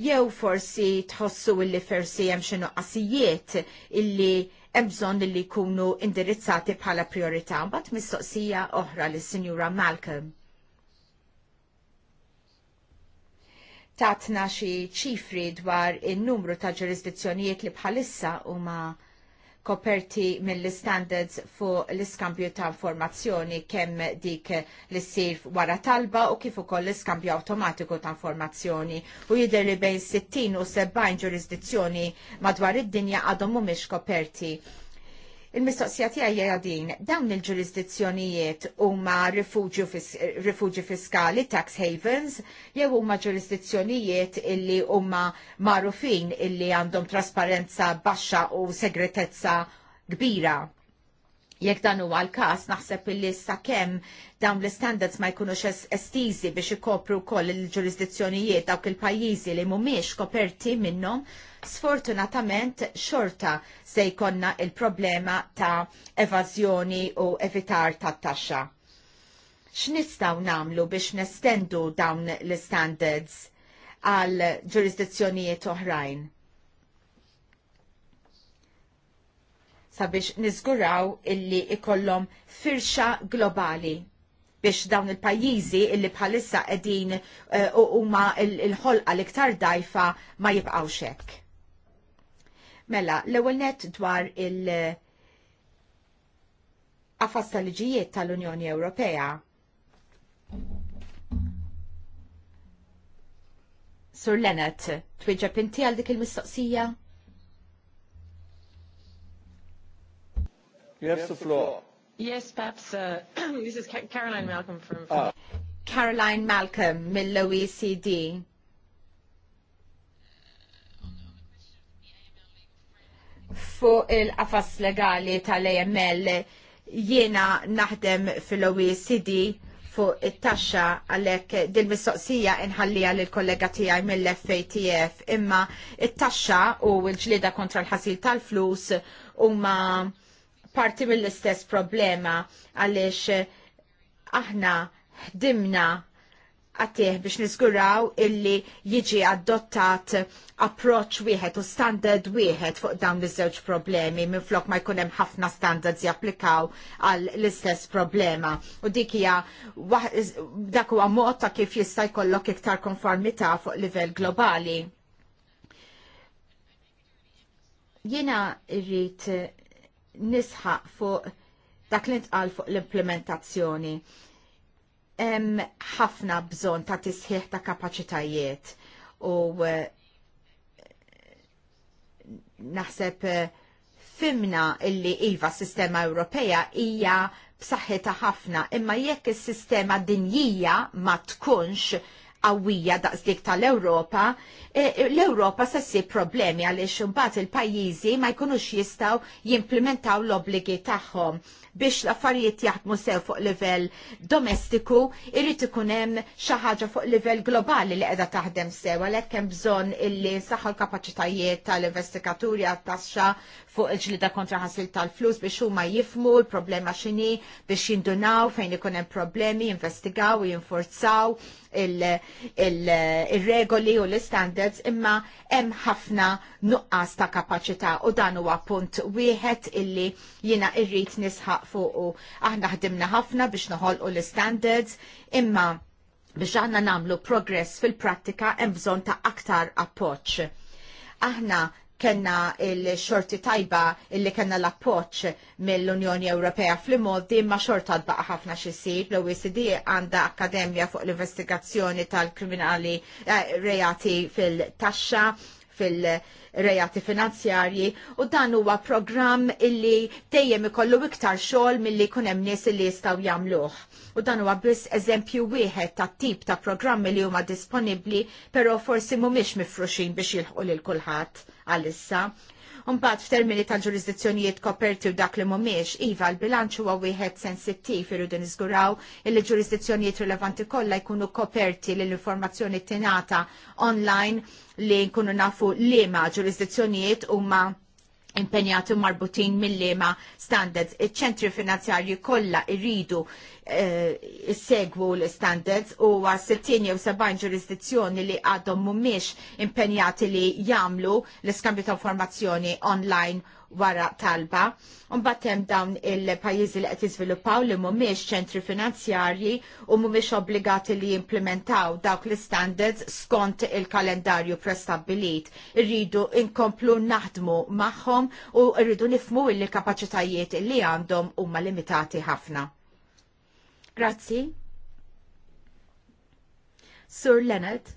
jew forsi tħossu illi forsi hemm xi nuqqasijiet illi hemm bżonn illi jkunu indirizzati bħala priorità. Mbagħad mistoqsija oħra lis-Sinjura Malcolm. tatna xi ċifri dwar in-numru ta' ġurisdizzjonijiet li bħalissa huma koperti mill-standards fuq l-iskambju ta' informazzjoni kemm dik li ssir wara talba u kif ukoll l-iskambju awtomatiku ta' informazzjoni u jidher li bejn 60 u 70 ġurisdizzjoni madwar id-dinja għadhom mhumiex koperti Il-mistoqsija tiegħi hija din, dawn il-ġurisdizzjonijiet huma rifuġi fiskali, tax havens, jew huma ġurisdizzjonijiet illi huma magħrufin illi għandhom trasparenza baxxa u segretezza kbira. Jekk dan huwa l-każ, naħseb illi sakemm dawn l istandards ma jkunux estiżi biex ikopru wkoll il-ġurisdizzjonijiet dawk il-pajjiżi li mhumiex koperti minnhom, sfortunatament xorta se jkonna il-problema ta' evażjoni u evitar ta' taxxa. X'nistgħu namlu biex nestendu dawn l-standards għal ġurisdizzjonijiet oħrajn? sabiex nizguraw illi ikollhom firxa globali biex dawn il-pajjiżi illi bħalissa qegħdin eh, huma uh, l-ħolqa l-iktar dajfa ma jibqgħux hekk. Mela, l-ewwel net dwar il- għafas tal-liġijiet tal-Unjoni Ewropea. Sur Lenet, twiġa pinti għal dik il-mistoqsija? Yes, the floor. Yes, perhaps uh, this is Caroline Malcolm from. Ah. Caroline Malcolm mill-OECD. fuq il-qafas legali tal-AML jiena naħdem fil-OECD fuq it-taxxa għalhekk din mistoqsija inħallija lil kollega tiegħi mill-FATF imma it-taxxa u l-ġlieda kontra l-ħasil tal-flus huma parti mill-istess problema għaliex aħna ħdimna għattieħ biex nizguraw illi jiġi adottat approċ wieħed u standard wieħed fuq dawn iż-żewġ problemi minn flok ma jkun hemm ħafna standards japplikaw għal l-istess problema. U dik hija dak huwa mod ta' kif jista' jkollok iktar konformità fuq livell globali. Jiena irrid nisħaq fuq dak li ntqal fuq l-implementazzjoni hemm ħafna bżonn ta' tisħiħ ta' kapaċitajiet u eh, naħseb eh, fimna illi iva sistema Ewropea hija b'saħħitha ħafna imma jekk is-sistema dinjija ma tkunx qawwija daqsdik tal-Ewropa, eh, l-Ewropa se ssib problemi għaliex imbagħad il-pajjiżi ma jkunux jistgħu jimplementaw l-obbligi tagħhom biex l-affarijiet jaħdmu sew fuq livell domestiku, irrid ikun hemm xi ħaġa fuq livell globali li qiegħda taħdem sew għalhekk hemm bżonn illi saħħu l-kapaċitajiet tal-investigaturi għat-taxxa fuq il-ġlida kontra ħasil tal-flus biex huma jifmu l-problema x'inhi biex jindunaw fejn ikun hemm problemi, investigaw, jinforzaw il-regoli u l-standards imma hemm ħafna nuqqas ta' kapaċità u dan huwa punt wieħed illi jiena irrid nisħaq nisħaq Aħna ħdimna ħafna biex noħolqu l-standards, imma biex aħna namlu progress fil-prattika hemm bżonn ta' aktar appoċ. Aħna kellna il-xorti tajba illi kellna l-appoċ mill-Unjoni Ewropea fl-modi ma xorta tbaqa ħafna xisib l-OECD għanda Akademja fuq l-investigazzjoni tal-kriminali eh, reati fil-taxxa fil-rejati finanzjarji u dan huwa programm illi dejjem ikollu iktar xogħol milli jkun hemm nies illi jistgħu jagħmluh. U dan huwa biss eżempju wieħed tat tip ta' programmi li huma disponibbli però forsi mhumiex mifruxin biex jilħqu lil kulħadd għalissa. Unbat f'termini tal-ġurisdizzjonijiet koperti u dak li mhumiex, iva l-bilanċ huwa wieħed sensittiv irridu niżguraw li ġurisdizzjonijiet rilevanti kollha jkunu koperti l informazzjoni tingħata online li nkunu nafu liema ġurisdizzjonijiet huma impenjati marbutin mill-lema standards. Iċ-ċentri finanzjarji kollha irridu eh, segwu l-standards u għas-60 jew 70 ġurisdizzjoni li għadhom mhumiex impenjati li jagħmlu l-iskambju ta' informazzjoni online wara talba. Mbagħad hemm dawn il pajizi li qed jiżviluppaw li mhumiex ċentri finanzjarji u mhumiex obbligati li implementaw dawk l-standards skont il-kalendarju prestabbilit. Irridu inkomplu naħdmu magħhom u rridu nifmu li kapaċitajiet li għandhom huma limitati ħafna. Grazzi. Sur Leonard.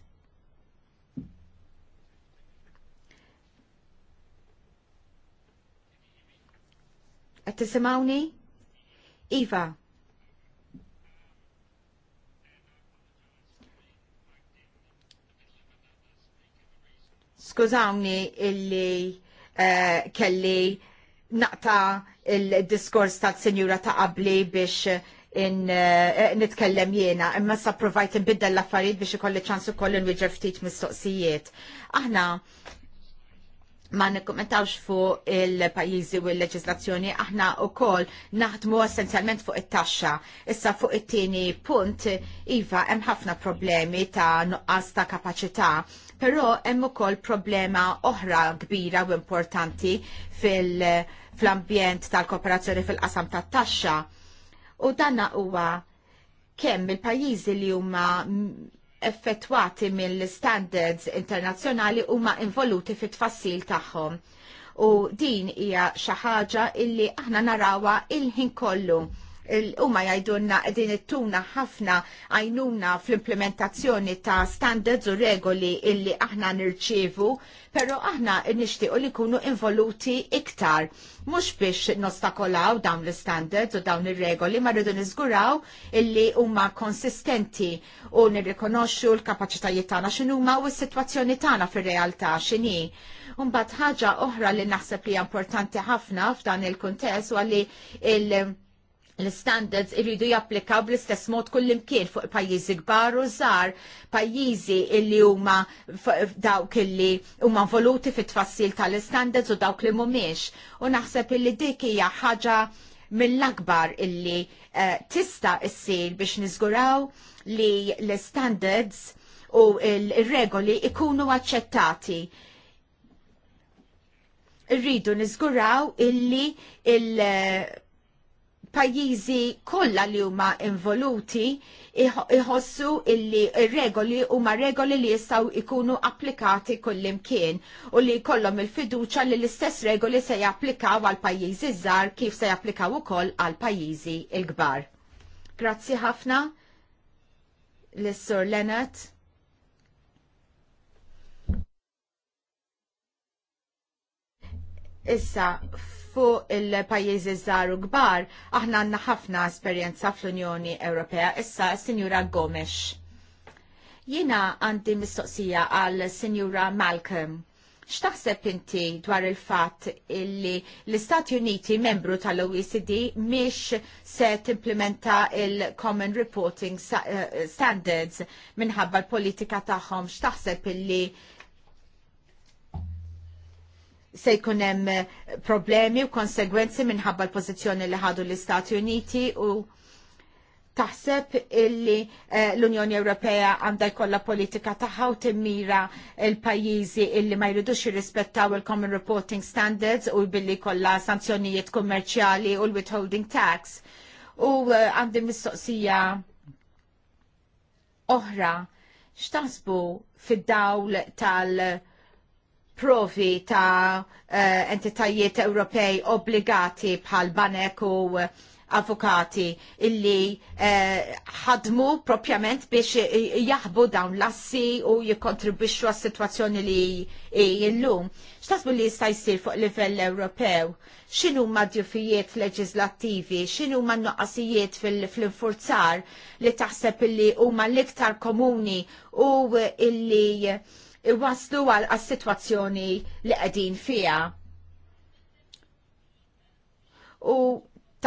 Qed tisimgħuni? Iva. Skużawni illi uh, kelli naqta il-diskors tal-senjura ta' qabli biex in uh, nitkellem jiena, imma sa provajt nbiddel l-affarijiet biex ikolli ċans ukoll inwieġeb ftit mistoqsijiet. Aħna ma nikkommentawx fuq il-pajjiżi u l-leġislazzjoni aħna wkoll naħdmu essenzjalment fuq it-taxxa. Issa fuq it-tieni punt iva hemm ħafna problemi ta' nuqqas ta' kapaċità, però hemm ukoll problema oħra kbira u importanti fil-ambjent tal-kooperazzjoni fil-qasam tat-taxxa. U danna huwa kemm il-pajjiżi li huma effettwati mill-standards internazzjonali huma involuti fit tfassil tagħhom. U din hija xi ħaġa illi aħna narawha il-ħin kollu huma jgħidulna qegħdin ittuna ħafna għajnuna fl-implementazzjoni ta' standards u regoli illi aħna nirċievu, pero aħna nixtiequ li jkunu involuti iktar. Mhux biex nostakolaw dawn l-standards u dawn ir-regoli, ma rridu niżguraw illi huma konsistenti u nirrikonoxxu l-kapaċitajiet tagħna x'inhuma u s-sitwazzjoni tagħna fir-realtà x'inhi. Mbagħad ħaġa oħra li naħseb li importanti ħafna f'dan il-kuntest u għalli il- l-standards irridu japplikaw bl-istess mod kullimkien fuq pajjiżi kbar u żgħar, pajjiżi illi huma dawk illi huma voluti fit-tfassil tal-standards u dawk li mhumiex. U naħseb illi dik hija ħaġa mill-akbar illi eh, tista' issir biex niżguraw li l-standards u l-regoli ikunu aċċettati irridu nizguraw illi il- pajjiżi kollha li huma involuti iħossu illi regoli huma regoli li jistgħu jkunu applikati kullimkien u li jkollhom il-fiduċa li l-istess regoli se japplikaw għal pajjiżi żgħar kif se japplikaw ukoll għal pajjiżi l-kbar. Grazzi ħafna lis-Sur Lenet. Issa, fuq il-pajjiżi żgħar u kbar, aħna għandna ħafna esperjenza fl-Unjoni Ewropea. Issa Sinjura Gomes. Jiena għandi mistoqsija għal Sinjura Malcolm. X'taħseb inti dwar il-fatt illi l-Istati Uniti membru tal-OECD miex se timplementa il-Common Reporting eh, Standards minħabba l-politika tagħhom x'taħseb illi se jkun hemm eh, problemi u konsegwenzi minħabba l-pożizzjoni li ħadu l-Istati Uniti u taħseb illi eh, l-Unjoni Ewropea għandha jkollha politika tagħha u timmira l-pajjiżi illi ma jridux jirrispettaw il-Common Reporting Standards u billi kollha sanzjonijiet kummerċjali u l-withholding tax. U eh, għandi mistoqsija oħra x'taħsbu fid-dawl tal- provi ta' uh, entitajiet Ewropej obbligati bħal banek u eh, avukati illi eh, ħadmu propjament biex jaħbu dawn lassi u jikontribwixxu għas situazzjoni li jillum. X'tasbu li jista' jsir fuq livell Ewropew? Xinu ma djufijiet leġislattivi, Xinu ma nuqqasijiet fil-infurzar li taħseb illi huma l-iktar komuni u illi iwaslu għal situazzjoni sitwazzjoni li qegħdin fiha. U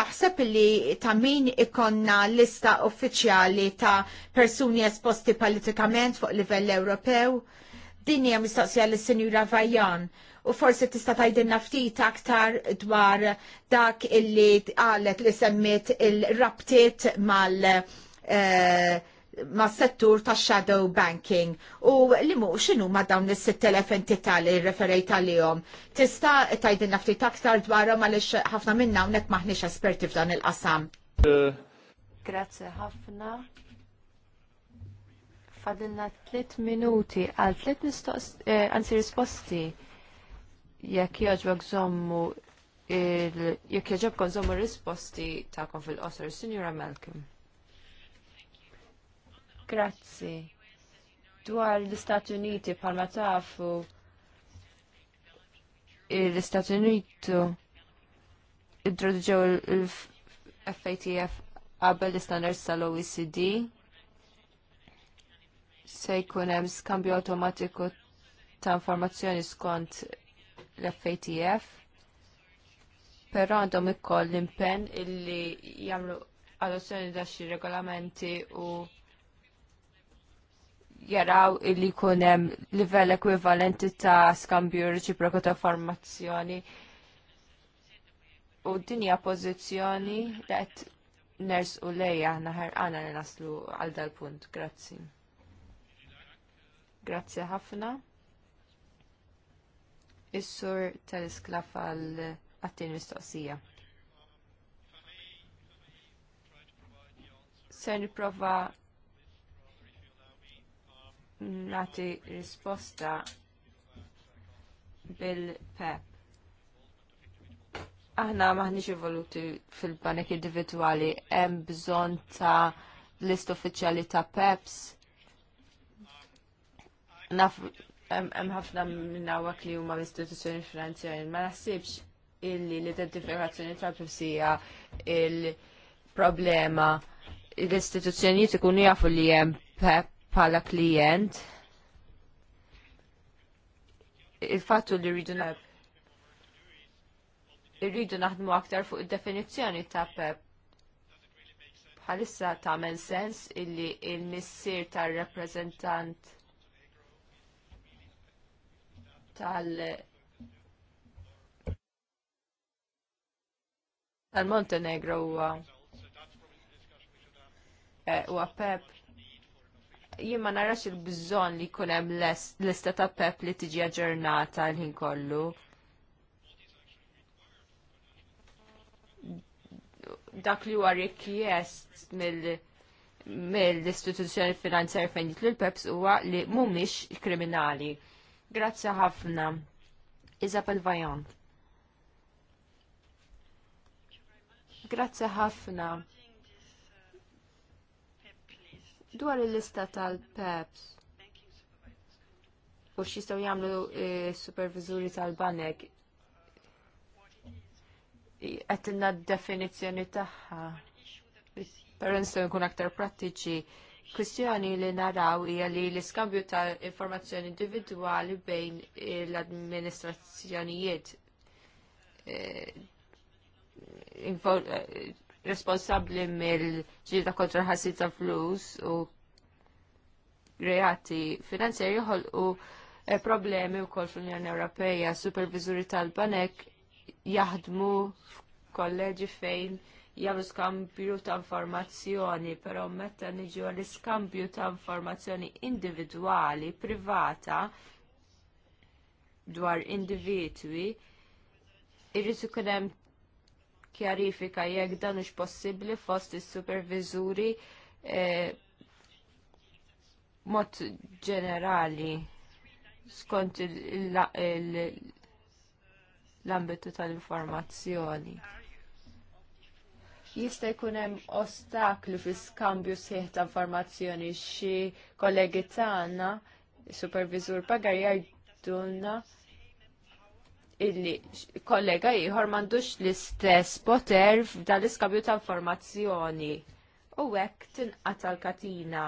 taħseb li ta' min ikonna lista uffiċjali ta' persuni esposti politikament fuq livell Ewropew? Din hija mistoqsija lis sinjura Vajjan u forsi tista' tgħidilna ftit aktar dwar dak illi qalet li semmit il-rabtiet mal- uh, ma' settur ta' shadow banking u li mu xinu ma' dawn is 6000 entità li referejt għalihom. Tista' tajdinna ftit aktar dwarhom għaliex ħafna minna hawnhekk maħniex esperti f'dan il-qasam. Grazzi ħafna. Fadilna tliet minuti għal tliet mistoqs, eh, anzi risposti jekk jogħġbok żommu jekk jogħġobkom żommu risposti ta' fil-qosor, Signora Malcolm. Grazzi. Dwar l-Istati Uniti palma tafu l-Istati Uniti introduġew l fatf qabel l-standards tal-OECD se jkun hemm skambju awtomatiku ta' informazzjoni skont l-FATF però għandhom ikoll l-impenn illi jagħmlu adozzjoni da xi regolamenti u jaraw li kunem livell ekwivalenti ta' skambju reċiproku ta' formazzjoni. U dinja pozizjoni għet ners u leja naħar għana li naslu għal dal-punt. Grazzi. Grazzi ħafna. Is-sur tal-isklaf għal għattin mistoqsija. Se niprofa Nati risposta bil-PEP. Aħna maħniċ evoluti fil panik individuali, hemm bżonn ta' list uffiċjali ta' PEPs. Naf, hemm ħafna minn hawnhekk li huma l-istituzzjoni finanzjarji, ma naħsibx illi l-identifikazzjoni tal-pepsija il-problema l-istituzzjonijiet ikunu jafu li hemm PEP pala klient il-fattu li rridu nab irridu naħdmu aktar fuq id-definizzjoni ta' PEP. Bħalissa tagħmel sens illi il-missier tar-rappreżentant tal- tal-Montenegro huwa eh, huwa PEP jien ma narax il-bżonn li jkun hemm lista ta' pep li tiġi aġġornata l-ħin kollu. Dak li huwa rikjest mill- istituzzjoni finanzjari fejn jitlu l-peps huwa li mhumiex kriminali. Grazzi ħafna. Isabel Vajon. Grazzi ħafna. Dwar il-lista tal-PEPs u x'jistgħu jagħmlu eh, supervizuri tal-banek qed d-definizzjoni tagħha. Per instance nkun aktar prattiċi. Kwistjoni li naraw hija li l-iskambju ta' informazzjoni individwali bejn l administrazzjonijiet eh, eh, responsabbli mill-ġilda kontra ħassit ta' flus u reati finanzjari joħolqu eh, problemi wkoll fl-Unjoni Ewropeja, superviżuri tal-banek jaħdmu f'kolleġi fejn jagħmlu skambju ta' informazzjoni, però meta niġu għall-iskambju ta' informazzjoni individwali, privata, dwar individwi, irrid ikun hemm kjarifika jekk dan ix possibbli fost is-supervizuri eh, mod ġenerali skont l-ambitu tal-informazzjoni. Jista' jkun hemm ostaklu fi skambju sieħ ta' informazzjoni xi kollegi tagħna, supervisur pagar jgħidulna illi kollega ieħor m'għandux l-istess poter f'dan l-iskabju ta' informazzjoni. U hekk tinqata' l-katina.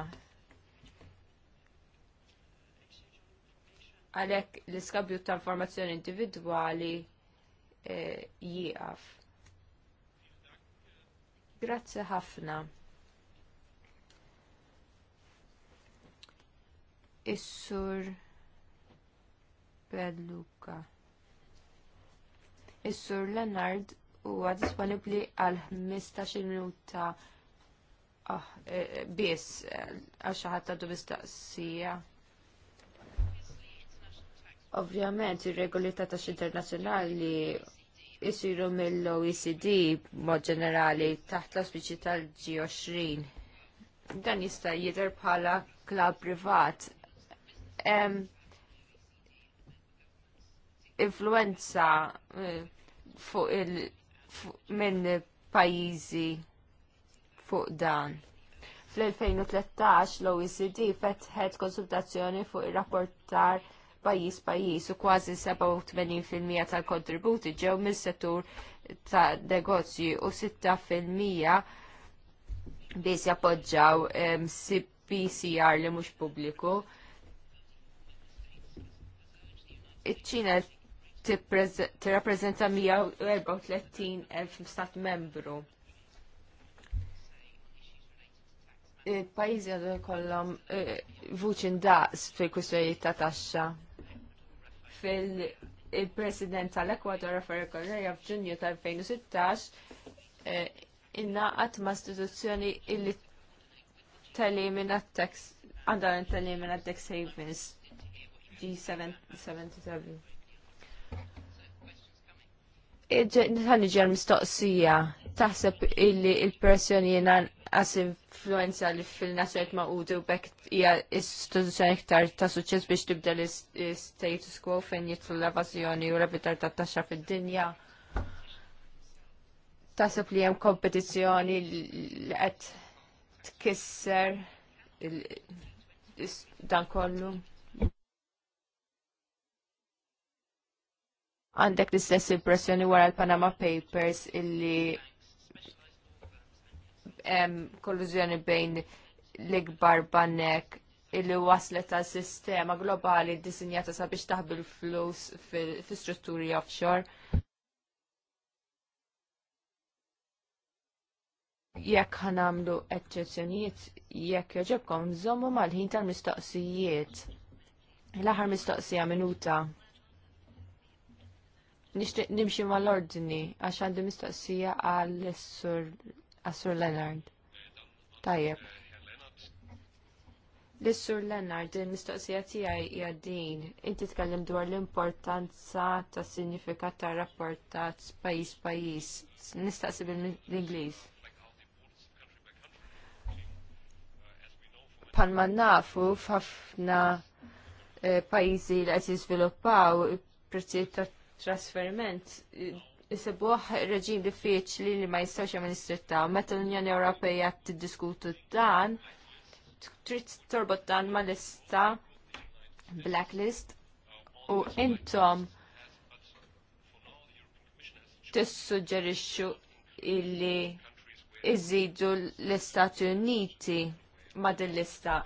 Għalhekk l-iskabju ta' informazzjoni individwali eh, jieqaf. Grazzi ħafna. Is-sur Luca. Is-Sur Leonard huwa disponibbli għal 15 minuta ah, eh, eh, biss eh, għal xi ħadd għadu mistaqsija. Ovvjament ir-regoli ta' tax internazzjonali jisiru mill-OECD mod ġenerali taħt l-ospiċi tal-G20. Dan jista' jidher bħala klab privat influenza eh, fuq il minn pajjiżi fuq dan. Fl-2013 l-OECD fetħet konsultazzjoni fuq ir-rapportar pajjiż pajjiż u kważi 87% tal-kontributi ġew mis-settur ta' negozji u 6% biss jappoġġaw CPCR li mhux pubbliku. Iċ-Ċina tirrappreżenta 134,000 stat membru. Il-pajjiżi għadu kollom eh, vuċi ndaqs fil-kwistjonijiet ta' taxxa. Fil-President tal-Ekwador Rafael Correa f'Ġunju tal-2016 eh, innaqat ma' istituzzjoni illi tal-elimina tax għandha tal-elimina tax havens G77. Nħanġi mistoqsija taħseb illi il persjoni jena għas influenza li fil-nasret ma' u bekk hija istituzzjoni iktar ta' suċċess biex tibda l-status quo fejn jitlu l-evazjoni u l-evitar ta' taxxa fid-dinja. Taħseb li hemm kompetizzjoni li qed tkisser dan kollu. għandek l-istess impressjoni wara l-Panama Papers illi hemm kollużjoni bejn l-ikbar bannek illi waslet għal sistema globali ddisinjata sabiex taħbil flus fil-strutturi offshore. Jekk għamlu eċċezzjonijiet, jekk joġobkom zommu mal-ħin tal-mistoqsijiet. L-aħħar mistoqsija minuta nishtiq nimxi mal ordini għax għandi mistoqsija għal sur Leonard. Tajjeb. L-Sur Leonard, il-mistoqsija tijaj jaddin, Inti tkellem dwar l-importanza ta' sinifikat ta' rapportat pajjiż pajis, Nistaqsi bil-Ingliż. Palma nafu f'ħafna eh, pajjiżi li qed jiżviluppaw il-prezzijiet ta' trasferiment Isibuħ reġim diffiċli li ma jistawx jagħmel istritta. Meta l-Unjoni Ewropea tiddiskutu dan, trid torbot dan ma lista blacklist u intom tissuġġerixxu illi iżidu l-Istati Uniti ma din lista.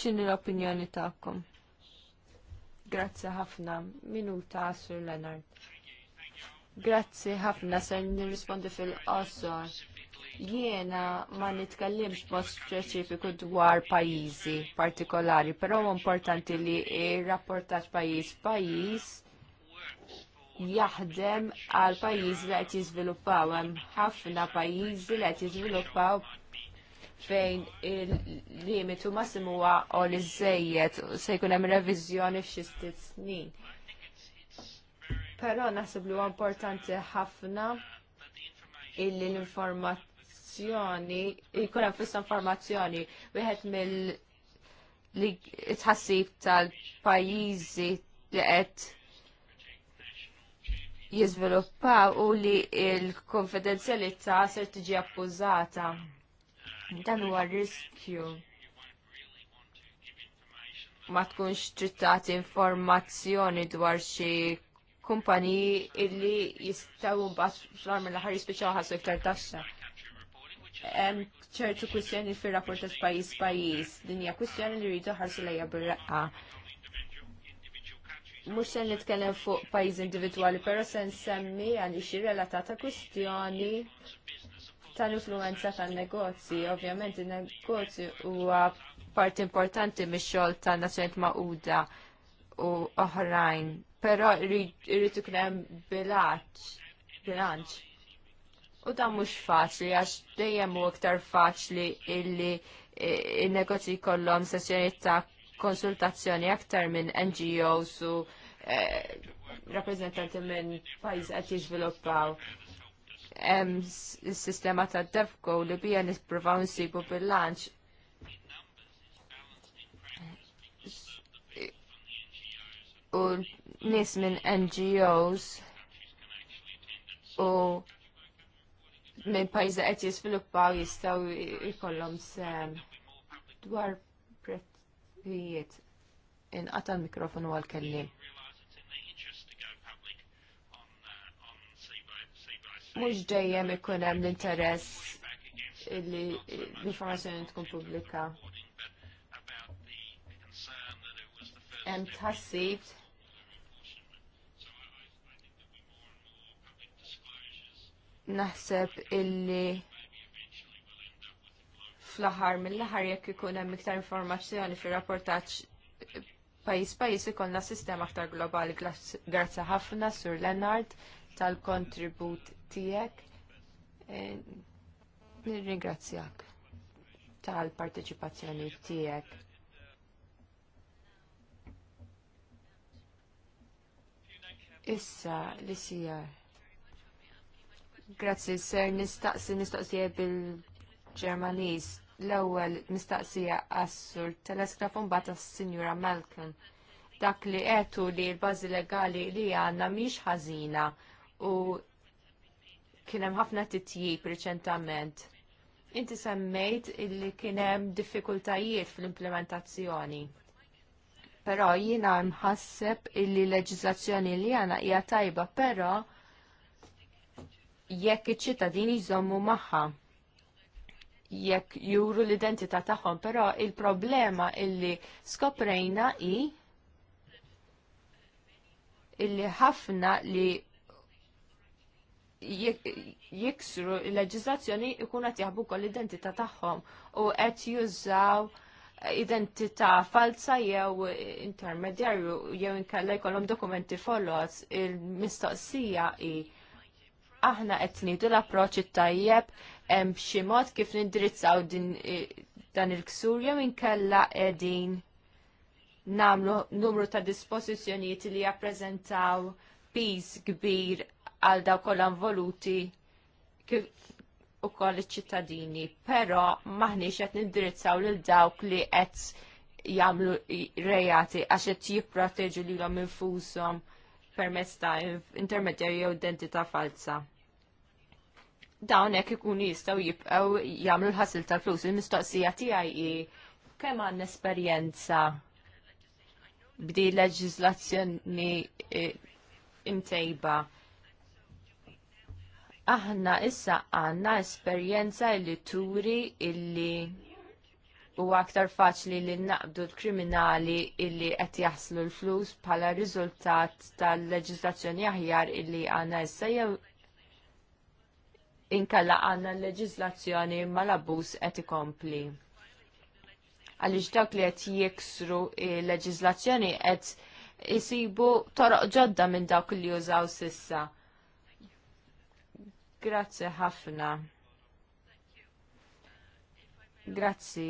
X'inhi l-opinjoni tagħkom? Grazzi ħafna. Minuta Sur Leonard. Grazzi ħafna sen nirrispondi fil-qosor. Jiena ma nitkellimx mod speċifiku dwar pajjiżi partikolari, però importanti li rrapportax pajjiż pajjiż jaħdem għal pajjiżi li qed jiżviluppaw hemm ħafna pajjiżi li qed jiżviluppaw fejn il-limitu massimu huwa o li żejjed se jkun hemm reviżjoni f'xi ftit snin. Però naħseb li huwa importanti ħafna illi l-informazzjoni jkun hemm fissa informazzjoni wieħed mill li tħassib tal-pajjiżi li qed jizviluppaw u li l konfidenzjalità ser tiġi appużata. Dan huwa riskju. Ma tkunx trittat informazzjoni dwar xi kumpaniji illi jistaw mbagħad fl-arm l-aħħar jispiċċaw ħassu iktar taxxa. Hemm ċertu kwistjoni fir-rapport ta' pajjiż pajjiż. Din hija kwistjoni li rridu ħarsu lejja bir Mhux se nitkellem fuq pajjiż individwali, però se nsemmi għaliex irrelatata kwistjoni tal-influenza tan-negozji. Ovvjament in-negozju huwa parti importanti mix-xogħol tan-nazzjonijiet maquda u oħrajn, però irrid ikun hemm bilanċ. U dan mhux faċli għax dejjem hu aktar faċli illi e, il negozji jkollhom sessjonijiet ta' konsultazzjoni aktar minn NGOs u e, rappresentanti minn pajjiż qed jiżviluppaw hemm is-sistema ta' defco li bija nippruvaw nsibu bil-lanċ. U nis minn NGOs u minn pajza qed jiżviluppaw jistgħu jkollhom sem dwar prezzijiet. Inqata' l-mikrofonu għal-kellim. mhux dejjem ikun hemm l-interess li l-informazzjoni tkun pubblika. Hemm tħassib naħseb illi fl-aħħar mill-aħħar jekk ikun hemm iktar informazzjoni fir-rapportaġġ pajjiż pajjiż ikollna sistema aktar globali grazzi ħafna sur Lennart tal-kontribut tiegħek. E, nirringrazzjak tal-parteċipazzjoni tiegħek. Issa li sijar. Grazzi, ser nistaqsi nistaqsi bil-Ġermaniż. L-ewwel mistaqsija għassur telesgrafon bat għas-Sinjura Malcolm. Dak li għetu li l-bażi legali li għanna miex ħażina u kien hemm ħafna titjib riċentament. Inti semmejt illi kien hemm diffikultajiet fl-implementazzjoni. Però jina nħasseb illi leġizazzjoni li għana hija tajba, però jekk iċ-ċittadini jżommu magħha jekk juru l-identità tagħhom, però il-problema illi skoprejna hi illi ħafna li jiksru l-leġizlazzjoni ikun qed jaħbu kol l-identità tagħhom u qed jużaw identità falsa jew intermedjarju jew inkella jkollhom dokumenti follows il-mistoqsija i aħna qed nidu l-approċċ tajjeb hemm b'xi mod kif nindirizzaw din e, dan il-ksur jew inkella qegħdin nagħmlu numru ta' dispożizzjonijiet li jappreżentaw piż kbir għal daw kollha involuti kif ukoll iċ-ċittadini, però maħniex qed nindirizzaw lil dawk li qed jagħmlu rejati għax qed jipproteġu lilhom infushom permezz ta' intermedjarju jew identità falsa dawn hekk ikunu jistgħu jibqgħu jagħmlu l-ħasil tal-flus. Il-mistoqsija tiegħi hi kemm għandna esperjenza b'di leġiżlazzjoni eh, imtejba aħna issa għanna esperjenza li turi illi u aktar faċli li naqdu l-kriminali illi qed jaħslu l-flus bħala riżultat tal-leġislazzjoni aħjar illi għanna issa jew inkella għanna l-leġizlazzjoni mal-abbuż qed ikompli. Għaliex dak li qed jiksru l-leġizlazzjoni qed isibu toroq ġodda minn dawk li jużaw sissa. Grazzi ħafna. Grazzi.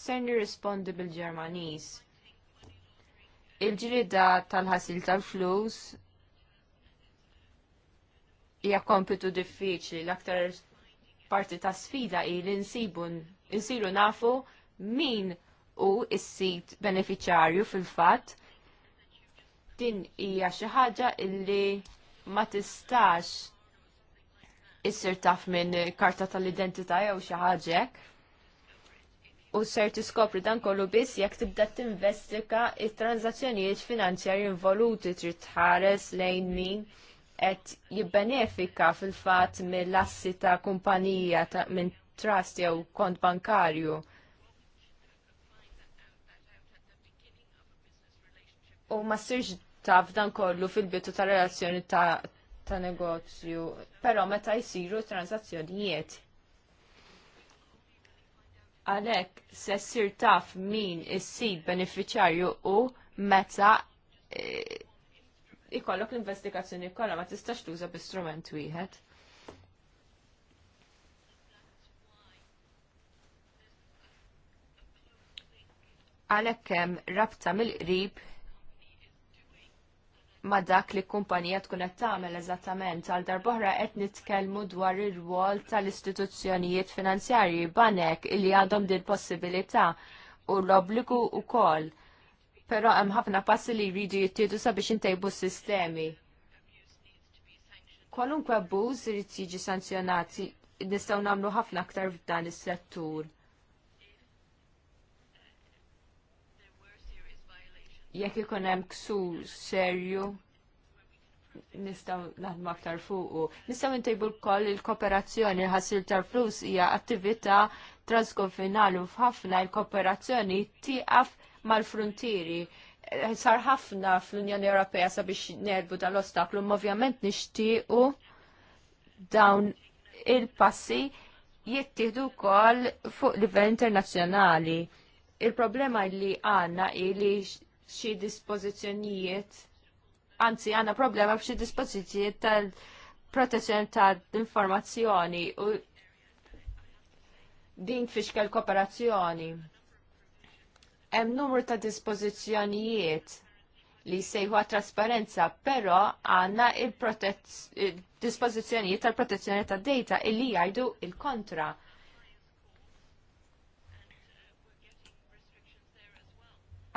Senior nirrispondi bil-Ġermaniż. Il-ġrida tal-ħasil tal-flus hija kompitu diffiċli l-aktar parti ta' sfida hi li nsibu nsiru nafu min u s-sit beneficjarju fil-fatt din hija xi ħaġa illi ma tistax issir taf minn karta tal-identità jew xi ħaġek. U ser tiskopri dan kollu biss jekk tibda tinvestika it-tranzazzjonijiet finanzjarji involuti trid tħares lejn min qed jibbenefika fil-fatt mill-assi ta' kumpanija ta' minn trust jew kont bankarju. U ma sirx taf dan kollu fil-bitu ta' relazzjoni ta' ta' negozju, però meta jsiru transazzjonijiet. Għalhekk se ssir taf min issib beneficjarju u meta e, ikollok l-investigazzjoni kollha ma tistax tuża b'istrument wieħed. Għalhekk hemm rabta mill-qrib ma dak li kumpanija tkun qed tagħmel eżattament għal darbohra qed nitkellmu dwar ir-rwol tal-istituzzjonijiet finanzjarji banek illi għandhom din possibilità u l-obbligu wkoll. Però hemm ħafna passi li jridu jittiedu sabiex intejbu s-sistemi. Kwalunkwe abbuż irid jiġi sanzjonati nistgħu nagħmlu ħafna aktar f'dan is-settur. jekk ikun hemm ksur serju nistgħu naħdmu aktar fuqu. Nistaw intejbu wkoll il-kooperazzjoni ħassil tal-flus hija attività transkonfinali u f'ħafna l-kooperazzjoni tieqaf mal-frontieri. Sar ħafna fl-Unjoni Ewropea sabiex nerbu dal-ostaklu, ovvjament nixtiequ dawn il-passi jittieħdu wkoll fuq livell internazzjonali. Il-problema li għandna hi li xi dispożizzjonijiet anzi għandna problema b'xi dispozizjonijiet tal-protezzjoni tal-informazzjoni u din tfixkel kooperazzjoni. Hemm numru ta' dispożizzjonijiet li sejħu trasparenza, pero għanna il-dispozizjonijiet tal-protezzjoni tad data illi jgħidu il-kontra.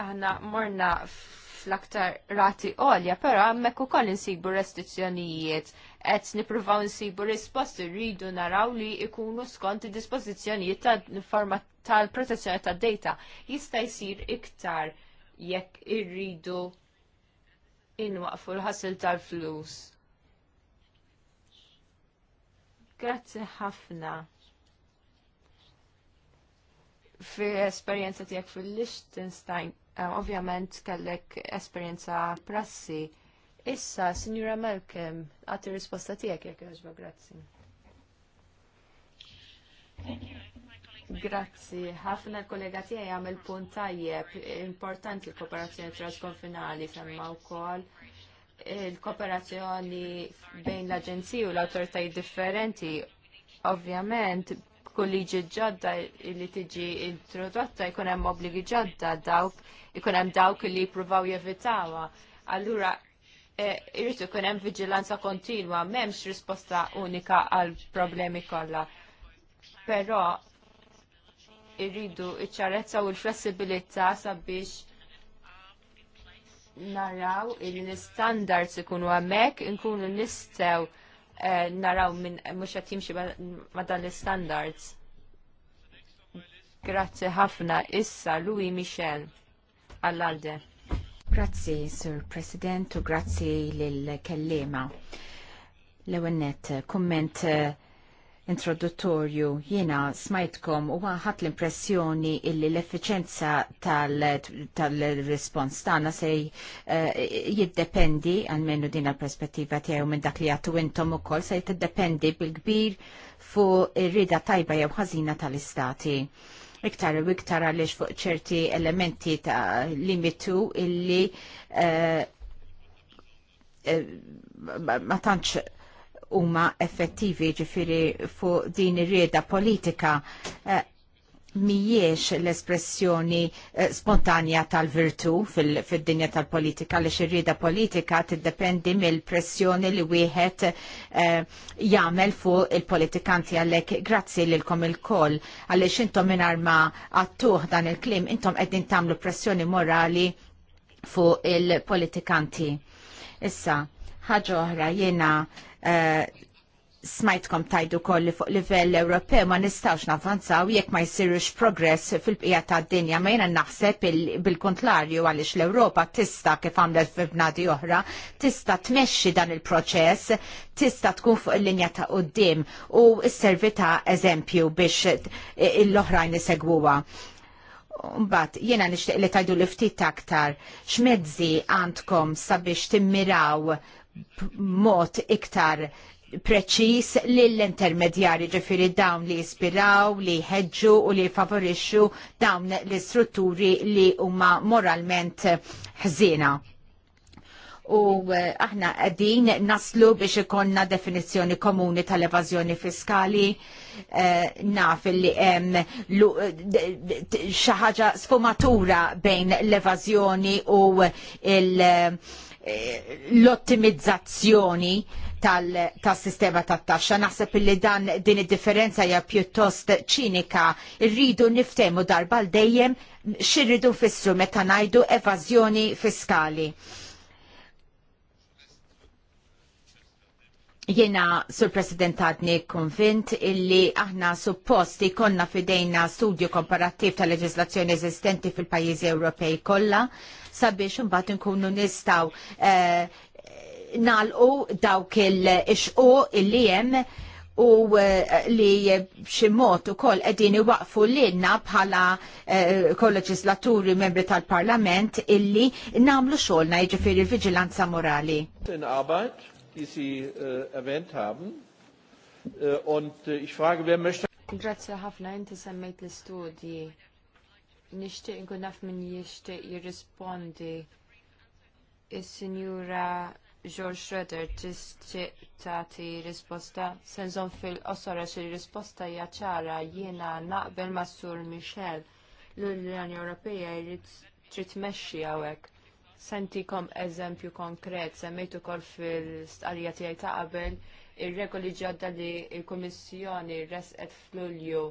aħna morna fl-aktar rati għolja, pero għammek u koll insibu restrizzjonijiet, għet nipruvaw insibu risposti rridu naraw li ikunu skont dispozizjonijiet ta' forma tal-protezzjoni ta' data jista' jisir iktar jekk irridu inwaqfu l-ħassil tal-flus. Grazzi ħafna fi esperienza tijak fil-Liechtenstein Eh, ovvjament kellek esperjenza prassi. Issa, Signora Malcolm, għati risposta tijek jek jħoġba, grazzi. Grazzi, ħafna kollega tijaj għamil punt tajjeb, importanti l-kooperazzjoni transkonfinali semma u kol il-kooperazzjoni bejn l-aġenziji u l-autoritajiet differenti, ovvjament, kolliġi ġodda li tiġi introdotta jkun hemm obbligi ġodda dawk ikun hemm dawk li jippruvaw jevitawha. Allura e, irrid ikun hemm viġilanza kontinwa, m'hemmx risposta unika għal problemi kollha. Però irridu iċ-ċarezza u l-flessibilità sabiex naraw il-standards ikunu hemmhekk, inkunu nistgħu Eh, naraw minn mhux qed jimxi ma' dan l-standards. Grazzi ħafna issa Louis Michel għall-alde. Grazzi, Sir President, u grazie lill kellima l ewwel nett kumment eh, introduttorju jiena smajtkom u ħadd l-impressjoni illi l-effiċenza tal-respons tal tagħna se uh, jiddependi għalmenu din l-perspettiva tiegħu minn dak li għattu intom ukoll se jiddependi bil-kbir fuq ir-rida tajba jew ħażina tal-istati iktar u iktar għaliex fuq ċerti elementi ta' limitu illi uh, uh, ma tantx huma effettivi ġifiri fuq din ir-rieda politika eh, mijiex l-espressjoni eh, spontanja tal-virtu fil-dinja tal-politika li xirrida politika tiddependi mill-pressjoni li wieħed eh, jagħmel fuq il-politikanti għalhekk grazzi lilkom il-koll għaliex intom mingħajr ma għattuh dan il-klim intom qegħdin tamlu pressjoni morali fuq il-politikanti. Issa, ħaġa oħra jiena Eh, smajtkom tajdu koll li fuq livell Ewropew ma nistawx navanzaw jekk ma jsirux progress fil-bqija ta' dinja ma jena naħseb bil-kontlarju għaliex l-Ewropa tista kif għamlet f'bnadi oħra, tista tmexxi dan il-proċess, tista tkun fuq il-linja ta' qoddim u s-servi ta' eżempju biex l-oħrajn isegwuha. Mbatt, jiena nixtieq li tajdu li ftit aktar x'mezzi għandkom sabiex timmiraw mod iktar preċis lill-intermedjari ġifiri dawn li jispiraw, li jħedġu u li favorixxu dawn l-istrutturi li huma moralment ħżina. U eh, aħna qegħdin naslu biex ikonna definizzjoni komuni tal-evażjoni fiskali eh, naf li hemm eh, xi ħaġa sfumatura bejn l evazjoni u il- Eh, l-ottimizzazzjoni tas-sistema tat-taxxa. Naħseb illi dan din id-differenza hija pjuttost ċinika. Irridu niftemu darba l dejjem xirridu fissru meta ngħidu evażjoni fiskali. Jiena, Sur President, għadni konvint illi aħna supposti konna fidejna studju komparattiv tal leġislazzjoni eżistenti fil-pajjiżi Ewropej kollha sabiex mbagħad inkunu nistgħu nagħlqu eh, nalqu dawk il-xqu illi hemm u eh, li b'xi mod ukoll qegħdin iwaqfu lilna bħala kol eh, kolleġislaturi membri tal-parlament illi nagħmlu xogħolna jiġifieri l vigilanza morali. In Grazie ħafna, inti semmejt l-istudji nixtieq nkun naf min jixtieq jirrispondi is-Sinjura George Schroeder tistiq tagħti risposta senżon fil-qosora xi risposta hija ċara jiena naqbel ma' Sur Michel l-Unjoni Ewropea jrid trid tmexxi hawnhekk. Sentikom eżempju konkret, semmejtu ukoll fil-stqarrija tiegħi ta' qabel ir-regoli ġodda li l-Kummissjoni resqet f'Lulju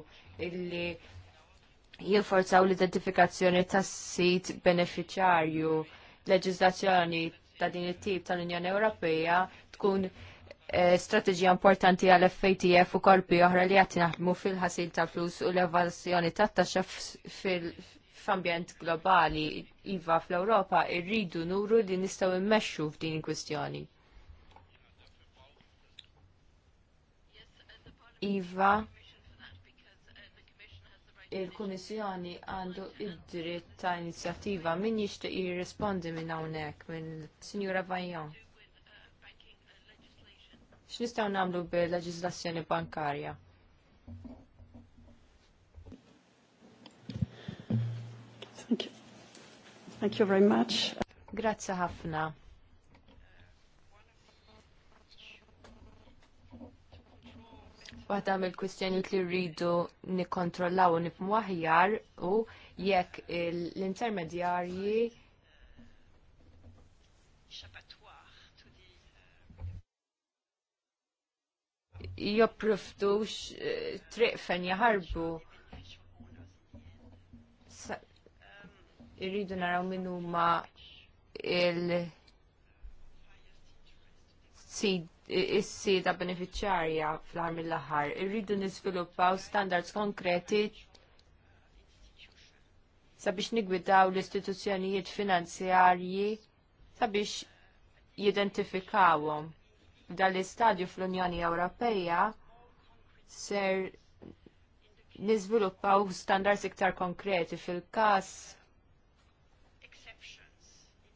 illi jifforzaw l-identifikazzjoni tas sit beneficjarju leġizlazzjoni ta' din it-tip tal-Unjoni Ewropea tkun eh, strategija importanti għal FATF u korpi oħra li għatina naħdmu fil-ħasil ta' flus u l evazjoni ta' taxxa f'ambjent globali iva fl-Ewropa irridu nuru li nistgħu immexxu f'din il-kwistjoni. Iva, il-Kummissjoni għandu id-dritt ta' inizjattiva min jixtieq jirrispondi minn hawnhekk minn Sinjura Vajon. X'nistgħu nagħmlu bil-leġiżlazzjoni bankarja? Thank you. Thank you very much. Grazzi ħafna. Waħda mill-kwistjonijiet li rridu nikkontrollaw u nifhmu aħjar u jekk l-intermedjarji jopproftux eh, triq fejn jaħarbu. Irridu naraw min huma il-sid is sieda beneficjarja fl-ħar mill-aħħar. Irridu niżviluppaw standards konkreti sabiex nigwidaw l-istituzzjonijiet finanzjarji sabiex jidentifikawhom. Dal-istadju fl-Unjoni Ewropeja ser niżviluppaw standards iktar konkreti fil-każ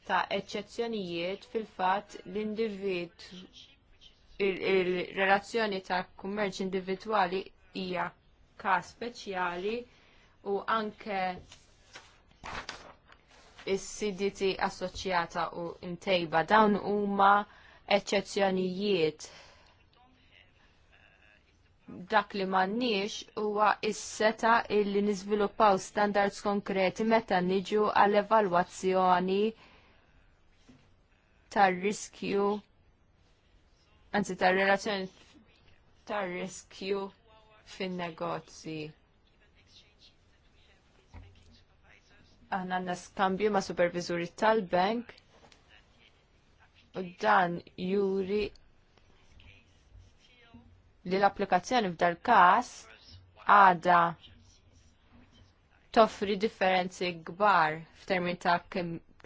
ta' eċċezzjonijiet fil-fatt l individu il-relazzjoni ta' kummerċ individwali hija ka' speċjali u anke is-siditi assoċjata u intejba dawn huma eċċezzjonijiet dak li m'għandniex huwa s seta illi niżviluppaw standards konkreti meta niġu għall evalwazzjoni tar-riskju anzi tar-relazzjoni tar-riskju fin-negozji. Aħna għandna skambju ma' supervizuri tal-bank u dan juri li l-applikazzjoni f'dal każ għada toffri differenzi kbar f'termin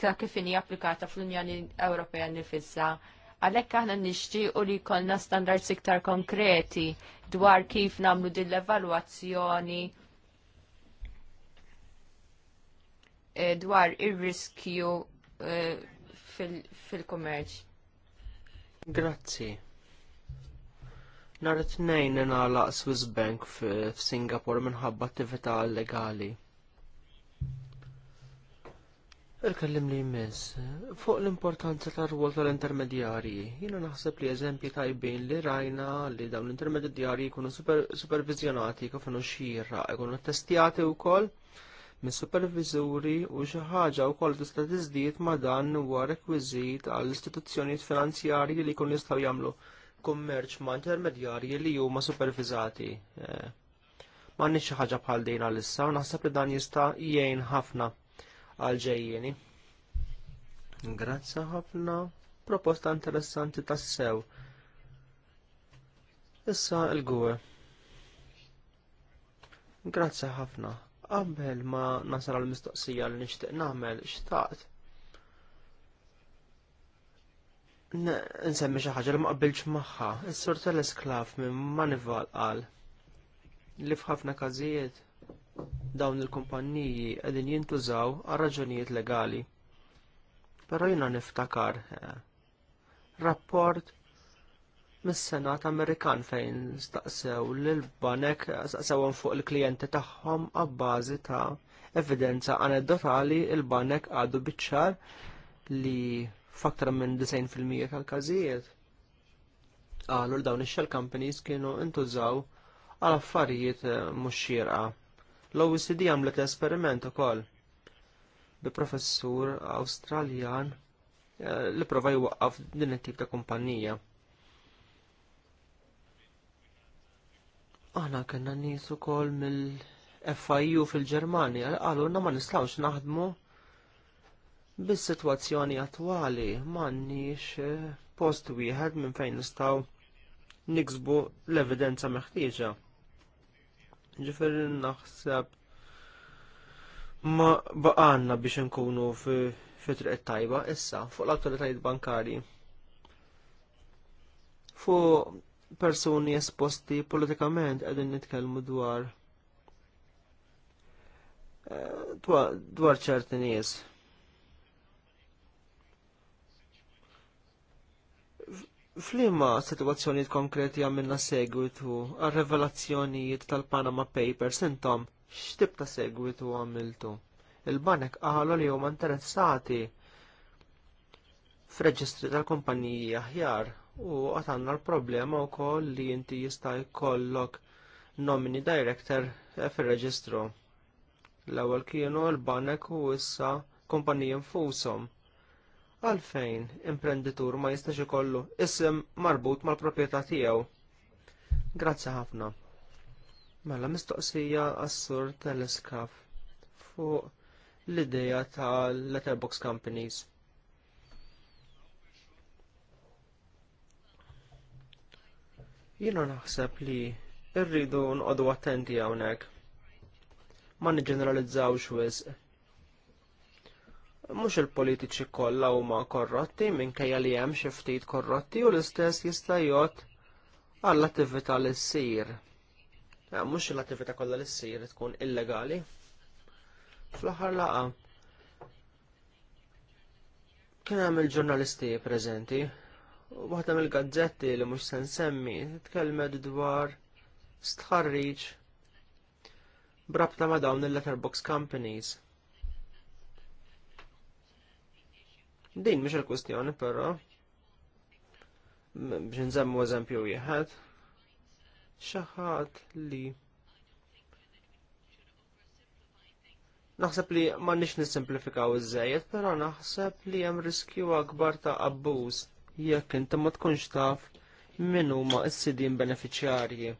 ta' kif inhi applikata fl-Unjoni Ewropea nifissa. Għalhekk aħna u li jkollna standards iktar konkreti dwar kif nagħmlu din l-evalwazzjoni eh, dwar ir-riskju eh, fil-kummerċ. Grazzi. Nhar it-tnejn ingħalaq Swiss Bank f'Singapore minħabba attività illegali. Il-kellim li jmiss, fuq l-importanza tar rwol tal-intermedjarji, jina naħseb li eżempji tajbin li rajna li dawn l-intermedjarji jkunu supervizjonati kif inu xira, jkunu testjati u koll minn supervizuri u xi ħaġa wkoll tista' tiżdied ma' dan huwa rekwiżit għall istituzzjonijiet finanzjarji li jkunu jistgħu jagħmlu kummerċ ma' intermedjarji li huma supervizati. Eh, m'għandniex xi ħaġa bħal din għalissa u naħseb li dan jista' jgħin ħafna għalġejjeni. Grazza Grazzi ħafna, proposta interessanti tas-sew. Issa il-gwe. Grazzi ħafna. Qabel ma nasal għal-mistoqsija li nixtieq nagħmel xtaqt. Nsemmi xi ħaġa li ma qbilx magħha. Is-sur tal-esklav minn Manival qal li f'ħafna każijiet dawn il-kumpanniji qegħdin jintużaw għal raġunijiet legali. Però jiena niftakar eh, rapport mis-Senat Amerikan fejn staqsew l-banek staqsewhom fuq il-klijenti tagħhom għabbażi ta' evidenza anedotali il-banek għadu biċċar li faktar minn 90% tal-każijiet. Qalu l dawn ix-shell companies kienu intużaw għal affarijiet eh, mhux xierqa. L-OECD għamlet esperiment ukoll bi professur Awstraljan eh, li prova jwaqqaf din it-tip ta' kumpanija. Aħna kena nies ukoll mill-FIU fil-Ġermanja na ma nistgħux naħdmu bis-sitwazzjoni attwali m'għandniex eh, post wieħed minn fejn nistgħu niksbu l-evidenza meħtieġa. Ġifiri naħseb ma baqanna biex nkunu fi triq tajba issa fuq l-autoritajiet bankari. Fuq persuni esposti politikament qegħdin nitkellmu dwar eh, dwar ċerti nies Flimma situazzjoniet konkreti għamilna segwitu għal revelazzjonijiet tal-Panama Papers intom x'tib ta' segwitu għamiltu? Il-banek qalu li huma interessati f'reġistri tal-kumpaniji aħjar u għatanna l-problema u koll li inti jista' jkollok nomini director fir reġistru L-ewwel kienu l-banek u issa kumpaniji infushom. Għalfejn imprenditur ma jistax ikollu isem marbut mal-proprjetà tiegħu. Grazzi ħafna. Mela mistoqsija għas-sur teleskaf fuq l-ideja ta' letterbox companies. Jiena naħseb li rridu nqodu attenti hawnhekk. Ma niġġeneralizzawx wisq mhux il-politiċi kollha huma korrotti minkejja li hemm xi ftit korrotti u l-istess jista' jgħod għall-attività li ssir. Mhux l-attività kollha li ssir tkun illegali. Fl-aħħar laqa kien hemm il-ġurnalisti preżenti. Waħda mill-gazzetti li mhux se nsemmi tkellmet dwar stħarriġ brabta ma' dawn il-letterbox companies. Din mhix il-kwestjoni però biex nżemmu eżempju wieħed xi ħadd li Naħseb li ma nix nisimplifikaw iż-żejjed, però naħseb li hemm riskju akbar ta' abbuż jekk inti ma tkunx taf min huma s-sidin benefiċjarji.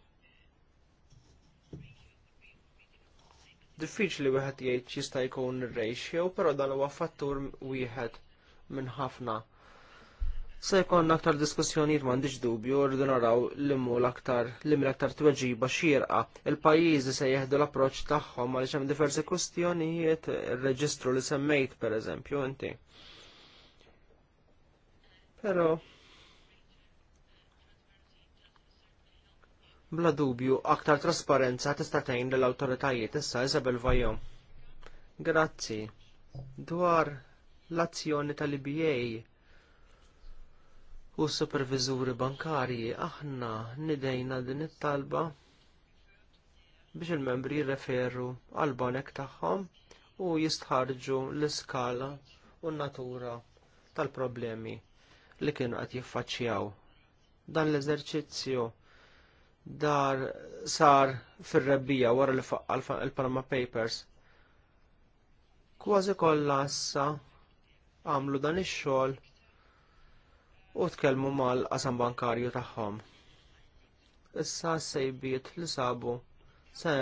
Diffiċli wieħed jgħid jista' jkun ir-ratio, però dan huwa fattur wieħed minn ħafna. Se jkun aktar diskussjonijiet m'għandix dubju rridu naraw l-immu l-aktar l-immu l-aktar tweġiba xierqa. Il-pajjiżi se jeħdu l-approċċ tagħhom għaliex hemm diversi kwistjonijiet ir-reġistru li semmejt pereżempju inti. Però Bla dubju, aktar trasparenza tista' tgħin lill awtoritajiet issa Isabel Vajon. Grazzi. Dwar l-azzjoni tal-IBA u s superviżuri bankarji aħna nidejna din it-talba biex il-membri jirreferu għal banek tagħhom u jistħarġu l-iskala u n-natura tal-problemi li kienu qed jiffaċċjaw. Dan l-eżerċizzju dar sar fir-rebbija wara li faqqa l-Panama Papers. Kważi kollha issa għamlu dan ix-xogħol u tkellmu mal-qasam bankarju tagħhom. Issa s-sejbiet li sabu se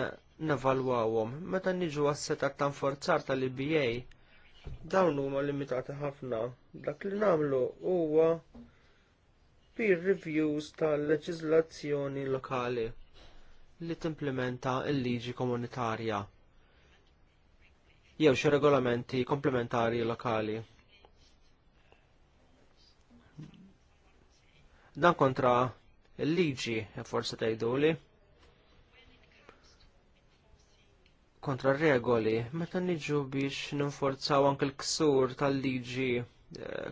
nevalwawhom meta niġu għas-setat ta' nforzar tal-IBA dawn huma limitati ħafna. Dak li nagħmlu huwa peer reviews tal-leġiżlazzjoni lokali li timplementa l-liġi komunitarja jew xi regolamenti komplementari lokali. dan kontra il-liġi e forsi tgħiduli. Kontra regoli, meta niġu biex ninforzaw anke l-ksur tal-liġi e,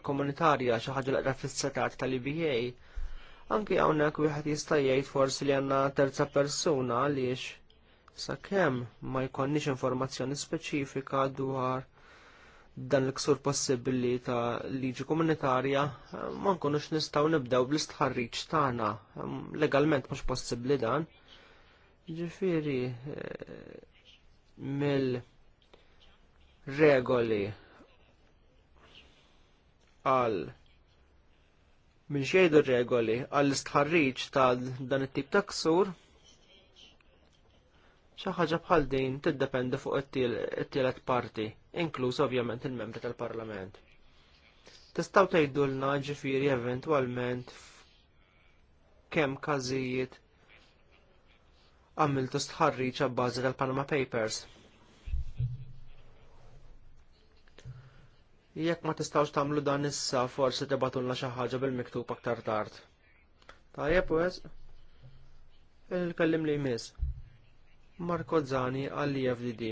komunitarja xi ħaġa laqra fis-setat tal-IBA, anke hawnhekk wieħed jista' jgħid forsi li għandna terza persuna għaliex sakemm ma jkollniex informazzjoni speċifika dwar dan l-ksur possibbli ta' liġi komunitarja ma nkunux nistgħu nibdew bl-istħarriġ tagħna. Legalment mhux possibbli dan. Ġifieri eh, mill-regoli għal minn xejdu regoli għall istħarriġ ta' dan it-tip ta' ksur Xi ħaġa bħal din tiddependi fuq it-tielet parti, inkluż ovvjament il-membri tal-Parlament. Tistgħu tgħidulna ġifieri eventwalment kemm każijiet għamiltu stħarriġ abbażi tal-Panama Papers. Jekk ma tistgħux tagħmlu dan issa forsi tibatulna xi ħaġa bil-miktub aktar tard. Tajjeb wes, il-kellim li jmiss. Marko Zani għall-IFDD.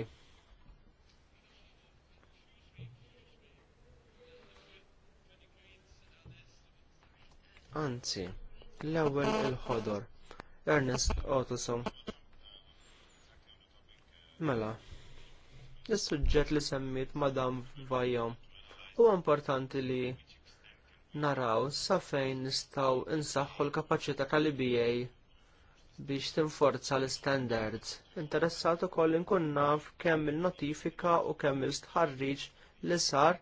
Anzi, l-ewwel il-ħodor, Ernest Ottoson. Mela, is-suġġett li semmit Madam Vajom huwa importanti li naraw sa fejn nistgħu insaħħu l-kapaċità tal-IBA biex tinforza l-standards. Interessat ukoll inkun naf kemm il-notifika u kemm il-stħarriġ li sar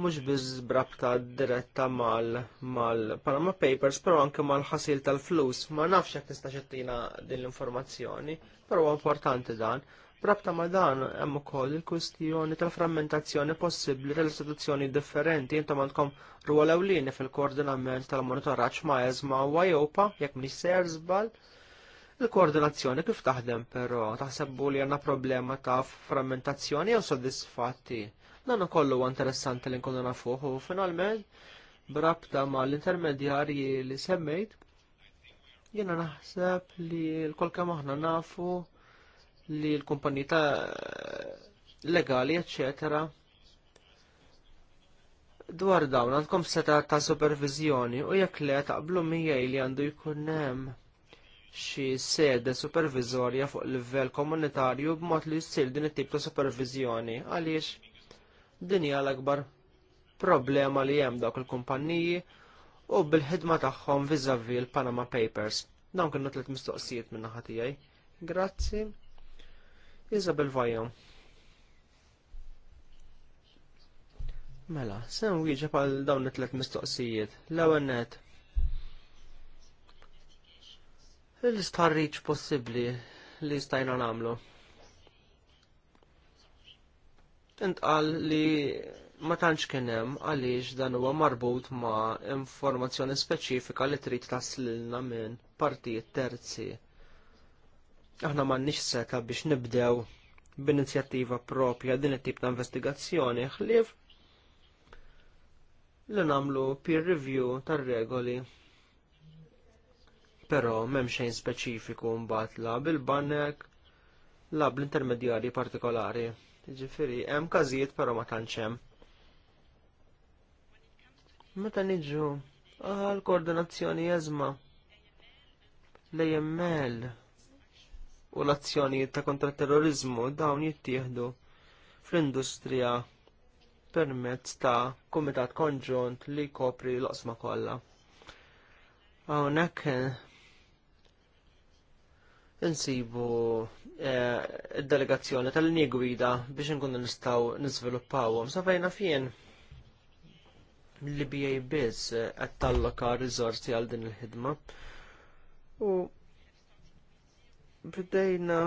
mhux biss brabta diretta mal, mal Panama Papers, però anke mal-ħasil tal-flus. Ma nafx jekk tista' xettina din l-informazzjoni, però importanti dan. Rabta ma dan hemm ukoll il-kwistjoni tal-frammentazzjoni possibbli tal-istituzzjoni differenti intom għandkom rwol ewlieni fil-koordinament tal-monitoraġġ ma' eżma u Ajopa jekk mhix se żball. Il-koordinazzjoni kif taħdem però taħsebbu li għandna problema ta' frammentazzjoni jew soddisfatti. Dan ukoll huwa interessanti li nkunu nafuh u finalment brabta ma' l-intermedjarji li semmejt jiena naħseb li l-kol kemm aħna nafu li l-kumpanji ta' legali, eccetera, dwar dawn għandkom seta ta' supervizjoni u jekk le taqblu miegħi li għandu jkun hemm xi sede supervizorja fuq livell komunitarju b'mod li jsir din it-tip ta' supervizjoni għaliex din hija l-akbar problema li hemm dawk il-kumpanniji u bil-ħidma tagħhom viżavi l-Panama Papers. Dawn kienu tliet mistoqsijiet minn naħa tiegħi. Grazzi. Isabel vajja Mela, sen wieġa pal dawn it-tlet mistoqsijiet. L-ewwel net. L-istarriċ possibbli li stajna nagħmlu. Intqal li ma tantx kien hemm għaliex dan huwa marbut ma' informazzjoni speċifika li trid taslilna minn partijiet terzi aħna m'għandniex seta biex nibdew b'inizjattiva propja din it-tip ta' investigazzjoni ħlief li nagħmlu peer review tar-regoli. Però m'hemm xejn speċifiku mbagħad la bil-banek la bl-intermedjarji partikolari. jiġifieri hemm każijiet però ma tantx hemm. Meta niġu għal koordinazzjoni jeżma l-EML u l-azzjonijiet ta' kontraterrorizmu terrorizmu dawn jittieħdu fl-industrija permezz ta' kumitat konġunt li jkopri l-osma kollha. Hawnhekk eh, insibu eh, id-delegazzjoni tal-linji gwida biex nkunu nistgħu niżviluppawhom. Sa fejna fien li biss biz talloka rizorsi għal din il-ħidma. U bdejna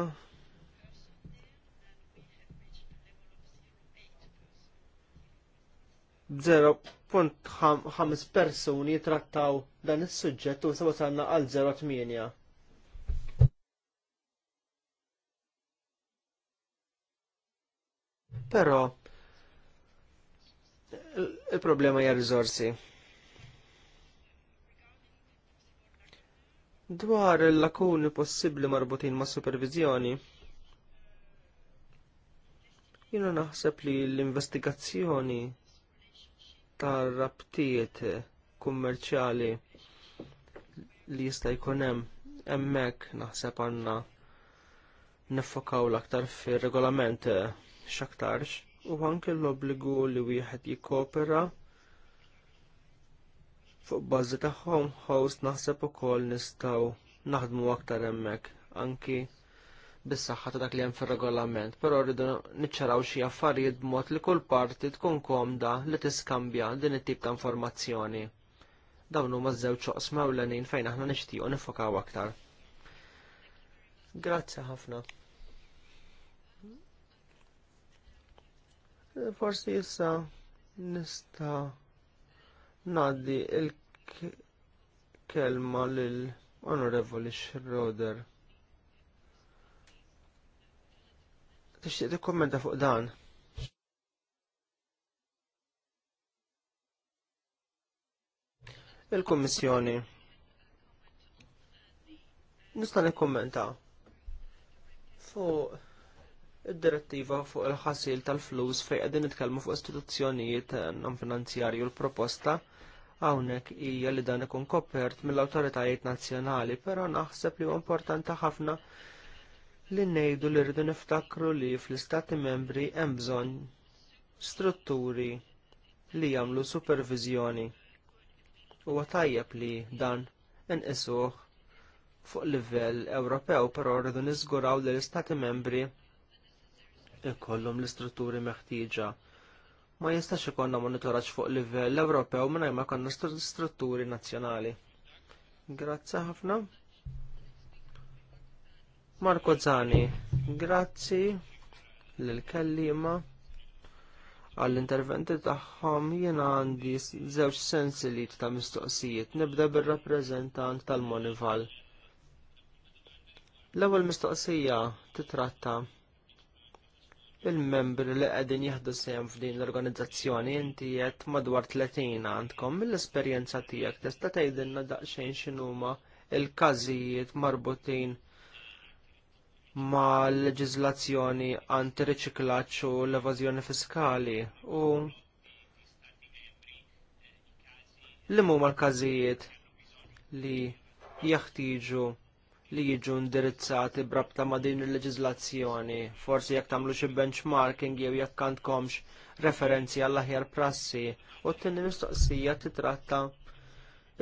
b'0.5 persuni jitrattaw dan is-suġġett u sa wasalna għal 0.8. Però il-problema hija riżorsi. Dwar il-lakuni possibbli marbutin ma' supervizjoni, jina naħseb li l-investigazzjoni tar rabtiet kummerċjali li jista' jkun hemm hemmhekk naħseb għandna niffokaw l-aktar fir regolament x'aktarx u anke l-obbligu li wieħed jikkopera Fuq bażi taħħom host naħseb ukoll nistgħu naħdmu aktar hemmhekk anki bis-saħħa ta' dak li hemm fir-regolament, però rridu niċċaraw xi affarijiet b'mod li kull parti tkun komda li tiskambja din it-tip ta' informazzjoni. Dawn huma żewġ oqs mewlenin fejn aħna nixtiequ nifokaw aktar. Grazzi ħafna. Forsi issa nista' Naddi il-kelma l-Onorevoli Schroeder. Tixtieq tikkommenta fuq dan. Il-Kummissjoni. Nista' nikkommenta fuq id-direttiva fuq il-ħasil tal-flus fejn qegħdin nitkellmu fuq istituzzjonijiet non finanzjarju l-proposta hawnhekk hija li dan ikun kopert mill-awtoritajiet nazzjonali, però naħseb li huwa importanti ħafna li ngħidu li rridu niftakru li fl-istati membri hemm bżonn strutturi li jagħmlu superviżjoni. Huwa tajjeb li dan inqisuh fuq livell Ewropew, però rridu niżguraw li l-istati membri ikollhom l-istrutturi meħtieġa ma jistax ikonna monitoraġġ fuq livell Ewropew mingħajr ma jkollna strutturi nazzjonali. Grazzi ħafna. Marko Zani, grazzi lil kellima għall-interventi tagħhom jiena għandi żewġ sensi ta' mistoqsijiet. Nibda bir-rappreżentant tal-Monival. L-ewwel mistoqsija titratta il-membri li qegħdin jieħdu sejem f'din l-organizzazzjoni inti qed madwar 30 għandkom mill-esperjenza tiegħek tista' tgħidilna daqsxejn x'inhuma il-każijiet marbutin ma' leġiżlazzjoni anti-riċiklaġġ u l-evażjoni fiskali u l huma l-każijiet li jeħtieġu li jiġu indirizzati brabta ma' din il-leġizlazzjoni, forsi jekk tagħmlu xi benchmarking jew jekk għandkomx referenzi għall aħjar prassi u t-tieni mistoqsija titratta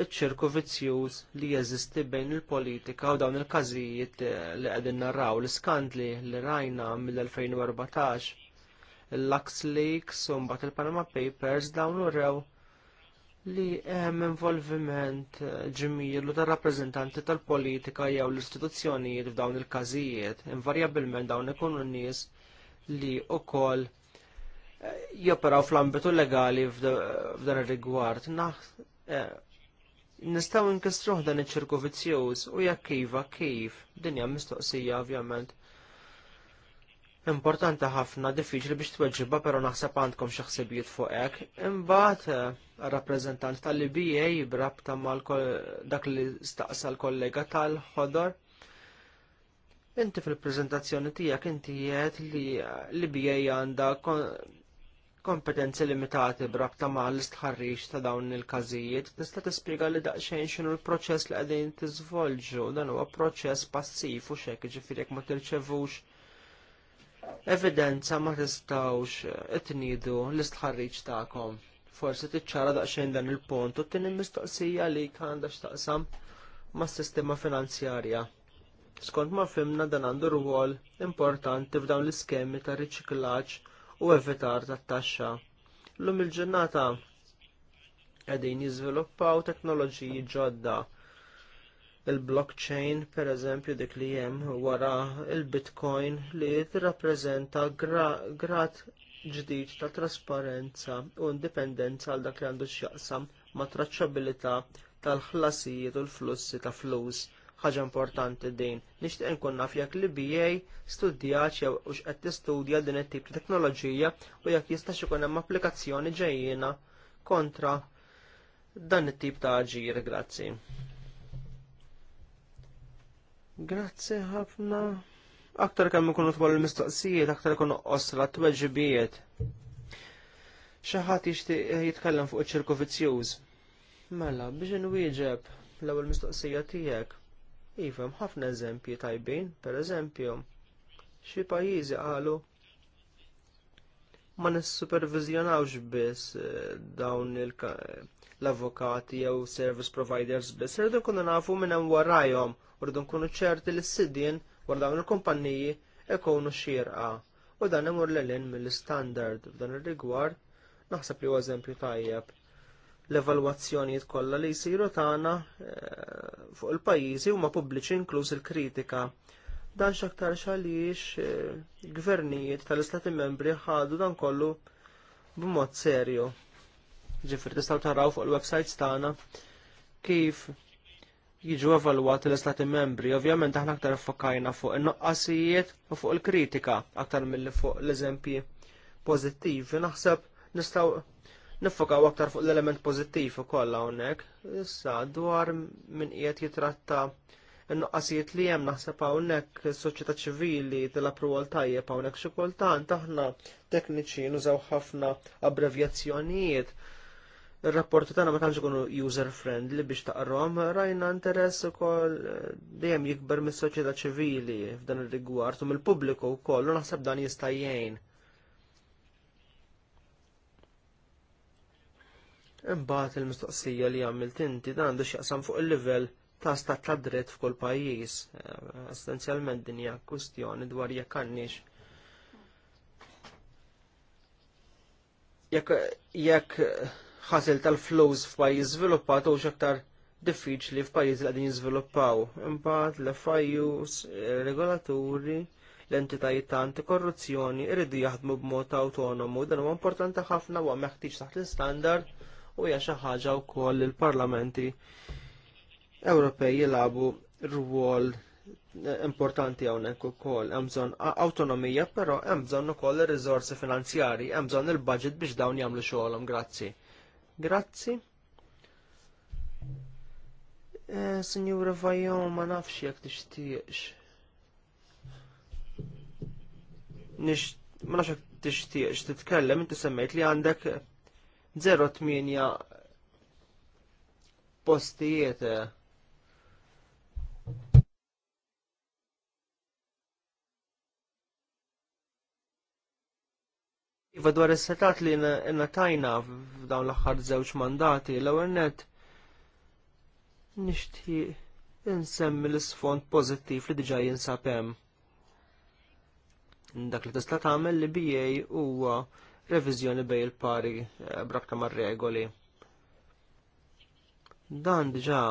iċ-ċirku vizzjuż li jeżisti bejn il-politika u dawn il-każijiet li qegħdin narraw l-iskandli li rajna mill-2014 il-Lux Leaks u mbagħad il-Panama Papers dawn urew li hemm involviment ġimmielu ta' rappreżentanti tal-politika jew l-istituzzjonijiet f'dawn il-każijiet, invarjabbilment dawn ikunu nies li wkoll eh, joperaw fl-ambitu legali f'dan ir-rigward. Eh, nistgħu nkissruh dan iċ-ċirku vizzjuż u jekk iva kif, din hija mistoqsija ovvjament importanti ħafna diffiċli biex tweġiba però naħseb għandkom xi ħsibijiet fuq hekk. Imbagħad eh, rappresentant tal-IBA brabta mal dak li staqsa l-kollega tal-ħodor. Inti fil-preżentazzjoni tiegħek inti jiet li l-IBA għandha kompetenzi limitati brabta ma l istħarriċ ta' dawn il-każijiet, tista' tispjega li daqsxejn xinu l-proċess li qegħdin tiżvolġu dan huwa proċess passiv u xek ġifieri jekk ma tirċevux evidenza ma tistawx eh, nidu l-istħarriġ tagħkom. Forsi tiċċara daqsxejn dan il-punt u t-tieni mistoqsija li għandha x'taqsam mas sistema finanzjarja. Skont ma fimna dan għandu rwol importanti f'dawn l-iskemi ta' riċiklaġġ u evitar tat taxxa. Lum il ġennata qegħdin jiżviluppaw teknoloġiji ġodda il-blockchain per eżempju dik li jem wara il-bitcoin li tirrappreżenta grad ġdid ta' trasparenza u indipendenza għal dak li għandu x'jaqsam ma' traċċabilità tal-ħlasijiet u l-flussi ta' flus ħaġa importanti din. Nixtieq nkun naf jekk li BA studjat jew u qed tistudja din it-tip ta' teknoloġija u jekk jista' ikun hemm applikazzjoni ġejjina kontra dan it-tip ta' aġir, grazzi. Grazzi ħafna. Aktar kemm ikunu tbol il-mistoqsijiet, aktar ikunu osra t-tweġibijiet. ħadd jixtieq eh, jitkellem fuq iċ-ċirku vizzjuż. Mela, biex inwieġeb l-ewwel mistoqsija tiegħek. Ifem iva, ħafna eżempji tajbin, pereżempju, xi pajjiżi qalu ma nissupervizjonawx biss eh, dawn l-avukati jew service providers biss, rridu kunu nafu minn hemm warajhom u rridu nkunu ċerti li s-sidien wara dawn il-kumpanniji ikunu xierqa u dan imur l mill-standard f'dan ir-rigward naħseb li huwa eżempju tajjeb. L-evalwazzjonijiet kollha li jsiru tagħna eh, fuq il-pajjiżi huma pubbliċi inkluż il-kritika. Dan x'aktar għaliex eh, gvernijiet tal-Istati Membri ħadu dan kollu b'mod serju. Ġifir tistgħu taraw fuq il-websites tagħna kif jiġu evalwat l-Istati membri. Ovvjament aħna aktar fokajna fuq in-noqqasijiet u fuq il-kritika aktar mill fuq l-eżempji pożittivi. Naħseb nistgħu nifokaw aktar fuq l-element pożittiv ukoll hawnhekk. Issa dwar min qiegħed jitratta in-noqqasijiet li hemm naħseb hawnhekk is-soċjetà ċivili tilab rwol tajjeb hawnhekk xi kultant aħna tekniċi nużaw ħafna abbrevjazzjonijiet Il-rapporti tagħna ma tantx ikunu user friendly biex taqrom, rajna interess ukoll eh, dejjem jikber mis-soċjetà ċivili f'dan ir-rigward u mill-pubbliku wkoll u naħseb dan jista' jgħin. Imbagħad il-mistoqsija li għamilt inti dan għandu x'jaqsam fuq il-livell ta' stat ta' dritt f'kull pajjiż. Eh, essenzjalment din hija kwistjoni dwar jekk għandniex jekk jekk ħasil tal flows f'pajjiż żviluppat hux aktar diffiċli f'pajjiż li qegħdin jiżviluppaw. Imbagħad l-FIUs, regolaturi, l-entitajiet ta' antikorruzzjoni irridu jaħdmu b'mod awtonomu dan huwa importanti ħafna huwa meħtieġ taħt l-istandard u hija xi ħaġa wkoll il-parlamenti Ewropej jilagħbu rwol eh, importanti hawnhekk ukoll hemm bżonn awtonomija, però hemm bżonn ukoll ir-riżorsi finanzjarji, hemm bżonn il-budget biex dawn jagħmlu xogħolhom, grazzi. Grazzi. Eh, Signora Vajon, ma nafx jek tixtiex. Nix, ma nafx jek tixtiex. titkellem, inti semmejt li għandek 08 postijiet eh. Iva dwar is-setat li tajna f'dawn l-aħħar żewġ mandati l-ewwel net insemmi l-isfond pożittiv li diġà jinsab hemm. Dak li tista' tagħmel li BA huwa reviżjoni bej il-pari eh, brabta mar-regoli. Dan diġà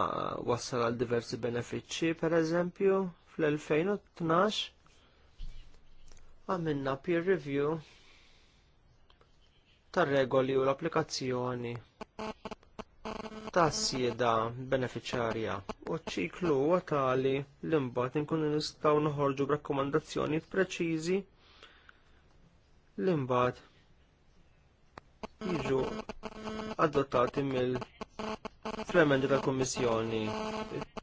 wassal għal diversi benefiċċji, pereżempju fl-2012 għamilna peer review tar-regoli u l-applikazzjoni tas-sieda benefiċjarja u ċ-ċiklu huwa tali li mbagħad inkunu nistgħu noħorġu b'rakkomandazzjonijiet preċiżi li mbagħad jiġu adottati mill fremendi tal-Kummissjoni.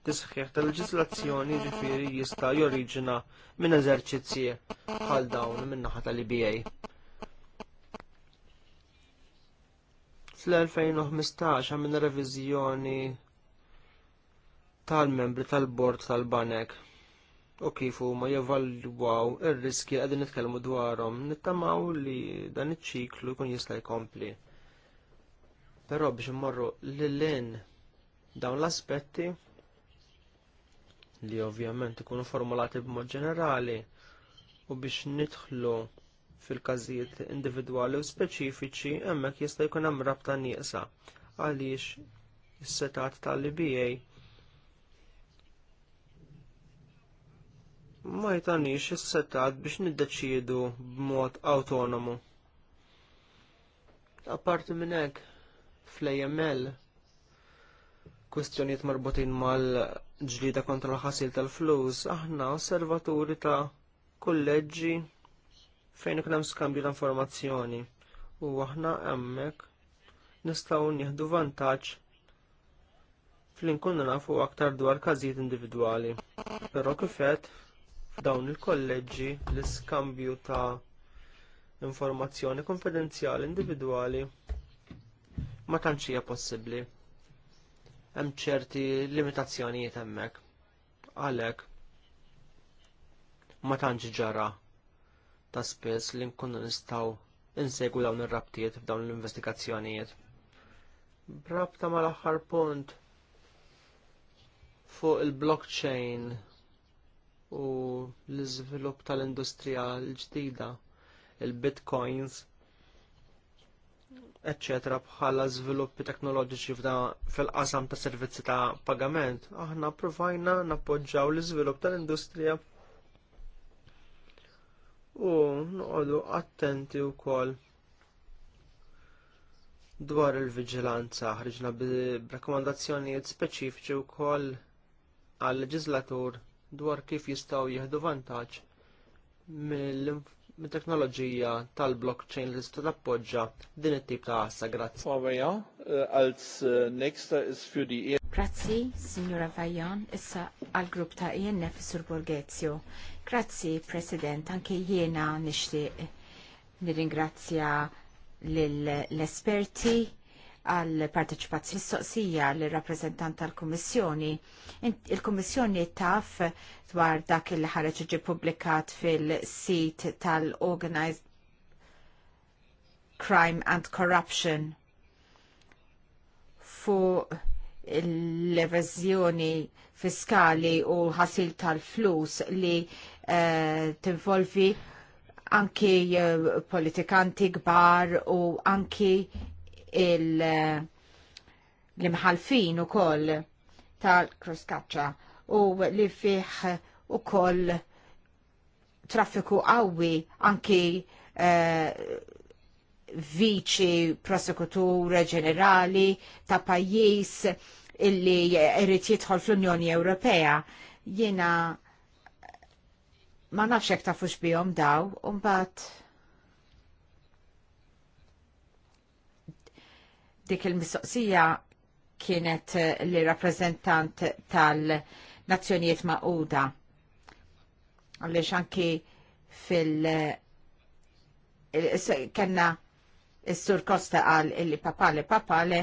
Tisħiħ tal-leġislazzjoni ġifieri jista' joriġina minn eżerċizzji bħal dawn min-naħa tal-IBA. Fl-2015 għamil revizjoni tal-membri tal-bord tal-banek u kif huma jevalwaw ir-riski qegħdin nitkellmu dwarhom, nittamaw li dan iċ-ċiklu jkun jista' jkompli. Però biex immorru lil-lin dawn l-aspetti li ovvjament ikunu formulati b'mod ġenerali u biex nidħlu fil-każijiet individwali u speċifiċi hemmhekk jista' jkun hemm rabta nieqsa għaliex is-setat tal-IBA ma jtanix is-setat biex niddeċiedu b'mod awtonomu. Apparti minn hekk fl-AML kwistjonijiet marbutin mal-ġlida kontra l-ħasil tal-flus, aħna osservaturi ta' kolleġġi fejn ikun hemm skambju ta' informazzjoni u aħna hemmhekk nistgħu nieħdu vantaġġ fl kunna nafu aktar dwar każijiet individwali. Però kifet f'dawn il-kolleġġi l-iskambju ta' informazzjoni konfidenzjali individwali ma tantx hija possibbli. Hemm ċerti limitazzjonijiet hemmhekk. Għalhekk ma tantx ġara ta' spess li nkunu nistgħu insegwu dawn ir-rabtiet f'dawn l-investigazzjonijiet. B'rabta mal-aħħar punt fuq il-blockchain u l-iżvilupp tal-industrija l-ġdida, il-bitcoins, etc. bħala żviluppi teknoloġiċi fil-qasam ta' servizzi ta' pagament, aħna provajna nappoġġaw l-iżvilupp tal-industrija u noqogħdu attenti wkoll dwar il-viġilanza ħriġna b'rakkomandazzjonijiet speċifiċi wkoll għal leġislatur dwar kif jistgħu jieħdu vantaġġ mit teknoloġija tal-blockchain li tista' tappoġġa din it-tip ta' assa grazzi. Eh, eh, e- grazzi, Signora Vajon, issa għall grupp ta' INF e Sur Borghezio. Grazzi, President, anke jiena nixtieq nirringrazzja l-esperti għal s mistoqsija l rappresentant tal-Kummissjoni. Il-Kummissjoni taf dwar dak il ħareġ ġi publikat fil-sit tal-Organized Crime and Corruption fuq l-evażjoni fiskali u ħasil tal-flus li Eh, tinvolvi anki eh, politikanti kbar u anki eh, l-imħalfin u koll tal-kroskaccia u li fih u koll traffiku qawwi anki viċi prosekutura ġenerali ta' pajjiż illi irrid jidħol fl-Unjoni Ewropea. Jiena ma nafx hekk tafux bihom daw, un bat. dik il-mistoqsija kienet eh, li rappreżentant tal-Nazzjonijiet Maquda. Għaliex anki fil- eh, kena il sur Kosta għal illi papale papale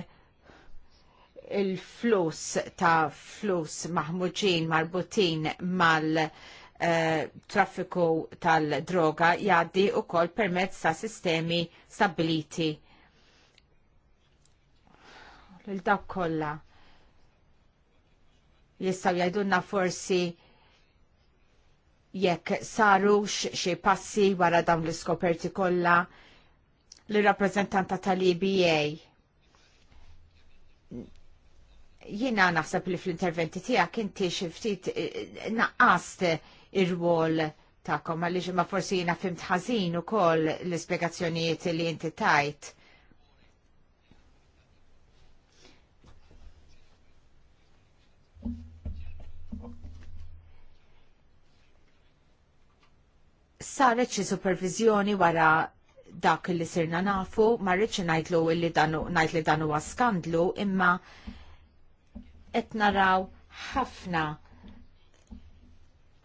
il-flus ta' flus maħmuġin marbutin mal- Eh, traffiku tal-droga jgħaddi wkoll permezz ta' sistemi stabiliti. il dak kollha jistgħu jgħidulna forsi jekk sarux xi passi wara dawn l-iskoperti kollha l-rappreżentanta tal-EBA. Jiena naħseb li fl-interventi tiegħek inti xi ftit eh, naqqast ir-wol ta'kom, għalli ma forsi jina fimt ħazin u kol l-spiegazzjonijiet li inti tajt. Saret xi supervizjoni wara dak li sirna nafu, ma rridx ngħidlu li ngħid li dan huwa skandlu, imma qed naraw ħafna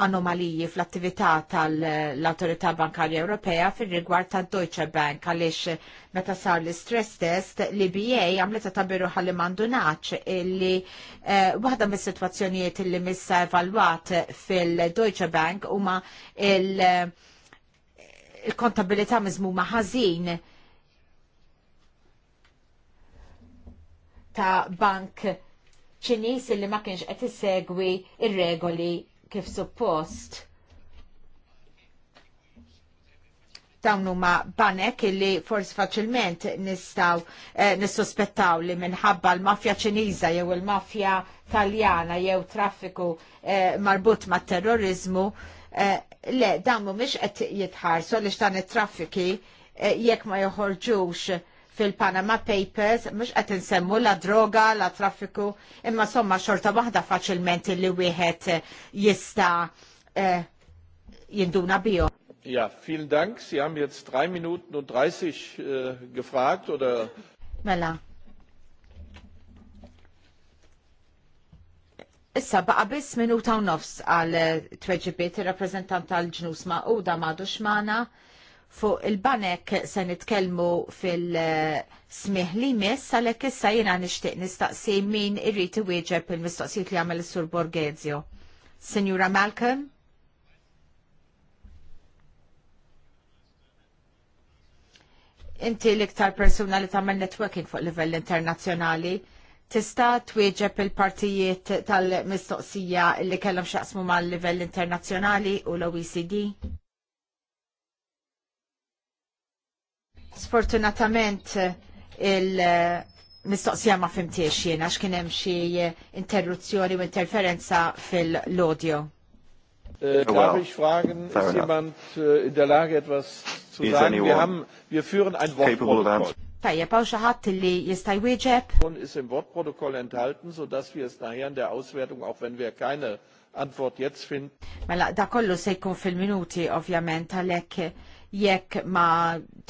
anomaliji fl-attività tal-Autorità Bankarja Ewropea fir rigward ta' Deutsche Bank għaliex meta sar l-stress test li BA għamlet ta' biru ħalli mandunaċ illi eh, waħda mis situazzjonijiet li missa evalwat fil-Deutsche Bank huma eh, il-kontabilità il mizmuma ħażin ta' bank ċinis li ma kienx qed isegwi ir-regoli kif suppost. dawn huma banek illi forsi faċilment nistgħu eh, nissospettaw li minħabba l-mafja ċiniża jew il-mafja Taljana jew traffiku eh, marbut mat terrorizmu eh, le dawn mhumiex qed jitħarsu għaliex dan it-traffiki eh, jekk ma joħorġux fil-Panama Papers mux qed nsemmu la droga, la traffiku, imma somma xorta waħda faċilment li wieħed jista' eh, jinduna bio. Ja, vielen Dank. Sie haben jetzt 3 Minuten und 30 äh, eh, gefragt oder. Mela. Issa baqa bis minuta u nofs għal tweġibiet il-reprezentant tal-ġnus ma' u da' madu xmana fuq il-banek se nitkellmu fil-smih li mis, għalhekk issa jiena nixtieq nistaqsi min irrid iwieġeb il-mistoqsijiet li għamil sur Borgezio. Signora Malcolm? Inti l-iktar persuna li tagħmel networking fuq livell internazzjonali tista' twieġeb il-partijiet tal-mistoqsija li kellhom x'jaqsmu mal-livell internazzjonali u l-OECD? Sfortunatament il- mistoqsija ma fimtiex jiena għax kien hemm xi interruzzjoni u interferenza fil lodio äh, Darf ich fragen, ist jemand äh, in der Lage etwas zu sagen? Wir haben, wir führen ein Wortprotokoll. Tajjeb, għaw xaħat li jistaj wieġeb. ist im Wortprotokoll enthalten, sodass wir es nachher in der Auswertung, auch wenn wir keine Antwort jetzt finden. Mela, da kollu se jkun fil-minuti, ovvjament, għalek jekk ma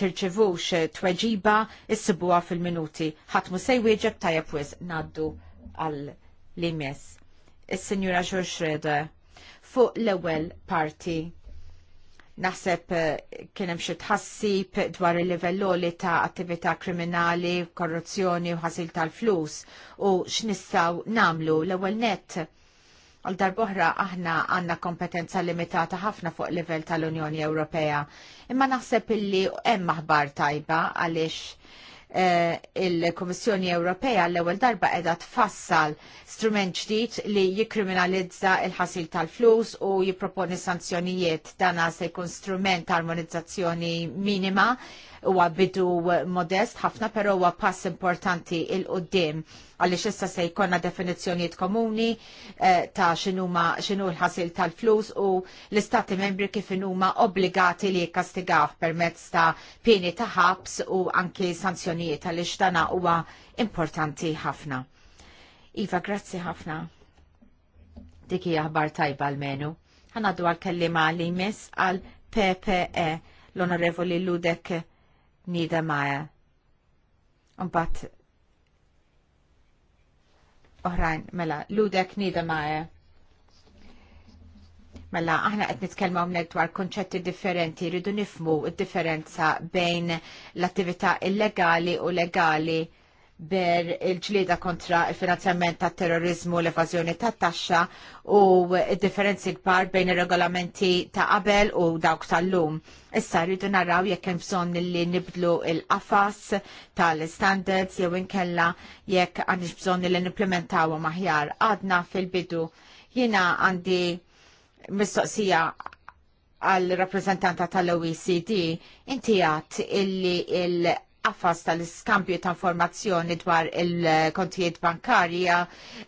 tirċivux tweġiba issibuha fil-minuti. Ħadd mu se jwieġeb tajjeb wis ngħaddu għal limes. Is-Sinjura George Schroeder fuq l-ewwel parti naħseb eh, kien hemm xi tħassib dwar il-livelloli ta' attività kriminali, korruzzjoni u ħasil tal-flus u x'nistgħu nagħmlu l-ewwel nett Għal darboħra aħna għanna kompetenza limitata ħafna fuq livell tal-Unjoni Ewropea. Imma naħseb illi hemm aħbar tajba għaliex eh, il-Komissjoni Ewropea l-ewwel darba qiegħda tfassal strument ġdid li jikkriminalizza il-ħasil tal-flus u jipproponi sanzjonijiet għal se jkun strument armonizzazzjoni minima huwa bidu modest ħafna però huwa pass importanti il qudiem għaliex issa se jkollna definizzjonijiet komuni eh, ta' x'inhuma x'inhu l-ħasil tal-flus u l-istati membri kif huma obbligati li jikkastigaw permezz ta' pieni ta' ħabs u anki sanzjonijiet għaliex dana huwa importanti ħafna. Iva, grazzi ħafna. Dik hija aħbar tajba l-menu. Ħanaddu għal-kellima li jmiss għal PPE l-Onorevoli Ludek nida maja. Unbat oħrajn, mela, ludek nida maja. Mela, aħna qed nitkellmu hawnhekk dwar konċetti differenti, rridu nifmu d differenza bejn l-attività illegali u legali ber il-ġlieda kontra il-finanzjament ta' terrorizmu, l-evazjoni ta' taxxa u differenzi kbar bejn ir-regolamenti ta' qabel u dawk tal-lum. Issa rridu naraw jekk hemm bżonn li nibdlu l-qafas tal-standards jew inkella jekk għandix bżonn li nimplementawhom aħjar. Għadna fil-bidu jiena għandi mistoqsija għal rappreżentanta tal-OECD inti għat illi il- affas tal-iskambju ta' informazzjoni dwar il-kontijiet bankarja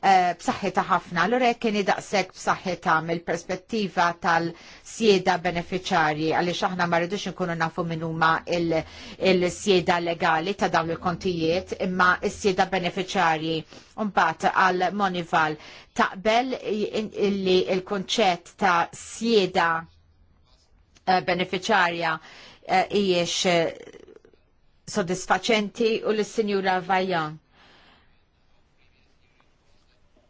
eh, b'saħħita ħafna. Allura hekk kien idaqsek b'saħħita mill-perspettiva tal-sieda beneficjarji għaliex aħna ma rridux inkunu nafu min huma il-sieda legali ta' dawn il-kontijiet imma s-sieda beneficjarji mbagħad għal Monival taqbel illi il-konċett ta' sieda eh, beneficjarja eh, hijiex sodisfaċenti u l-Sinjura Vajan.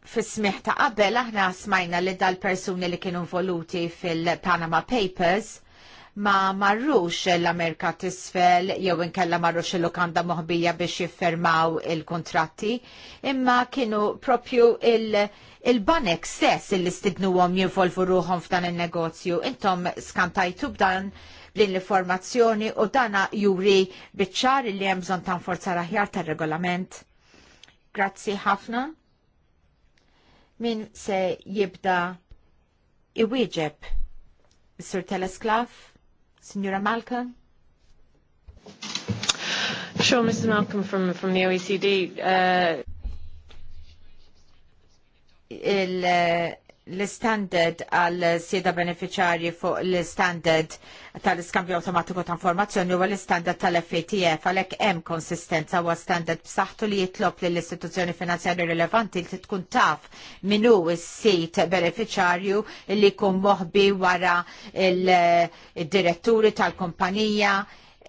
Fis-smiħ ta' qabel aħna smajna li dal-persuni li kienu voluti fil-Panama Papers ma marrux l-Amerika tisfel jew inkella marrux il-lokanda moħbija biex jiffermaw il-kontratti, imma kienu propju il-banek il stess il-li stidnu għom jinvolvu ruħom f'dan il-negozju. Intom skantajtu b'dan din l-informazzjoni u dana juri biċċar li hemm bżonn ta' forza aħjar tar-regolament. Grazzi ħafna. Min se jibda iwieġeb Sir Telesklav, Signora Malcolm? Sure, Mr. Malcolm from, from the OECD. Uh... Il, uh, l-standard għal sieda beneficiari fuq l-standard tal-iskambju automatiku ta' informazzjoni u l-standard tal-FATF għalhekk hemm konsistenza huwa standard b'saħħtu li jitlob li l-istituzzjoni finanzjarju rilevanti li tkun taf min hu s-sit beneficiari li jkun moħbi wara il-diretturi tal-kumpanija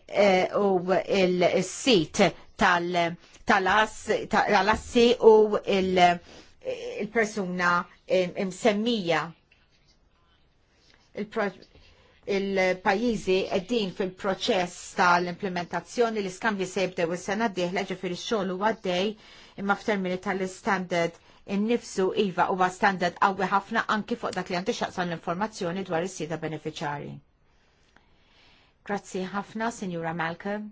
eh, u il-sit tal-assi u il-persuna il persuna Msemmija il-pajizi għeddin fil-proċess tal-implementazzjoni l-iskambji se jibdew is-sena d-dieħla ġifieri x-xogħol huwa dej imma f'termini tal-istandard innifsu iva huwa standard qawwi ħafna anki fuq dak li għandi xaqsan l-informazzjoni dwar is-sida beneficjari. Grazzi ħafna, Sinjura Malcolm,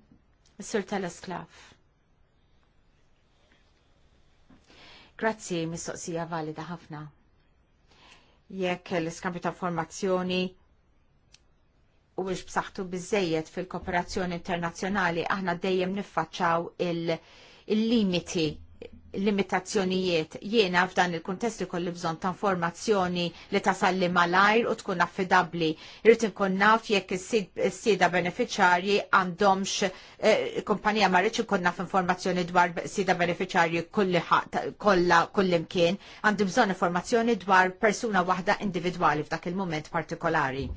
Mr. Telesklav. Grazzi, mistoqsija valida ħafna jekk l-iskambju ta' informazzjoni u biex b'saħħtu biżejjed fil-kooperazzjoni internazzjonali aħna dejjem niffaċċaw il-limiti il limiti limitazzjonijiet. Jiena f'dan il-kuntest ikolli bżonn ta' informazzjoni li tasalli malajr u tkun affidabbli. Irrid inkun naf jekk is-sieda beneficjarji għandhomx eh, kumpanija ma rridx ikun naf informazzjoni dwar sieda beneficjarji kollha kullimkien. Għandi bżonn informazzjoni dwar persuna waħda individwali f'dak il-mument partikolari.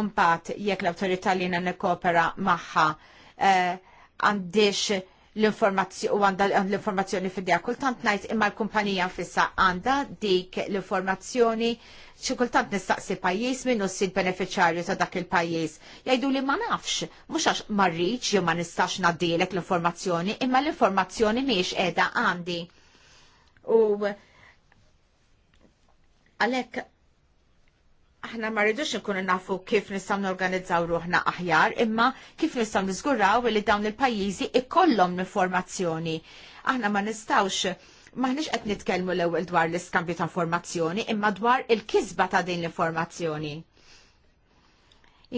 Umbat jekk l-awtorità li nikkopera magħha eh, għandix l-informazzjoni u għanda l-informazzjoni fid-dija kultant najt imma l-kumpanija fissa għanda dik l-informazzjoni xi kultant nistaqsi pajjiż minnu sid beneficjarju ta' dak il-pajjiż. Jgħidu li ma nafx, mhux għax ma rridx jew ma nistax ngħaddilek l-informazzjoni, imma l-informazzjoni mhijiex qiegħda għandi. U għalhekk aħna ma rridux nkunu nafu kif nistgħu norganizzaw ruħna aħjar, imma kif nistgħu niżguraw li dawn il-pajjiżi ikollhom informazzjoni. Aħna ma nistgħux maħniex qed nitkellmu l-ewwel dwar l-iskambju ta' informazzjoni, imma dwar il-kisba ta' din l-informazzjoni.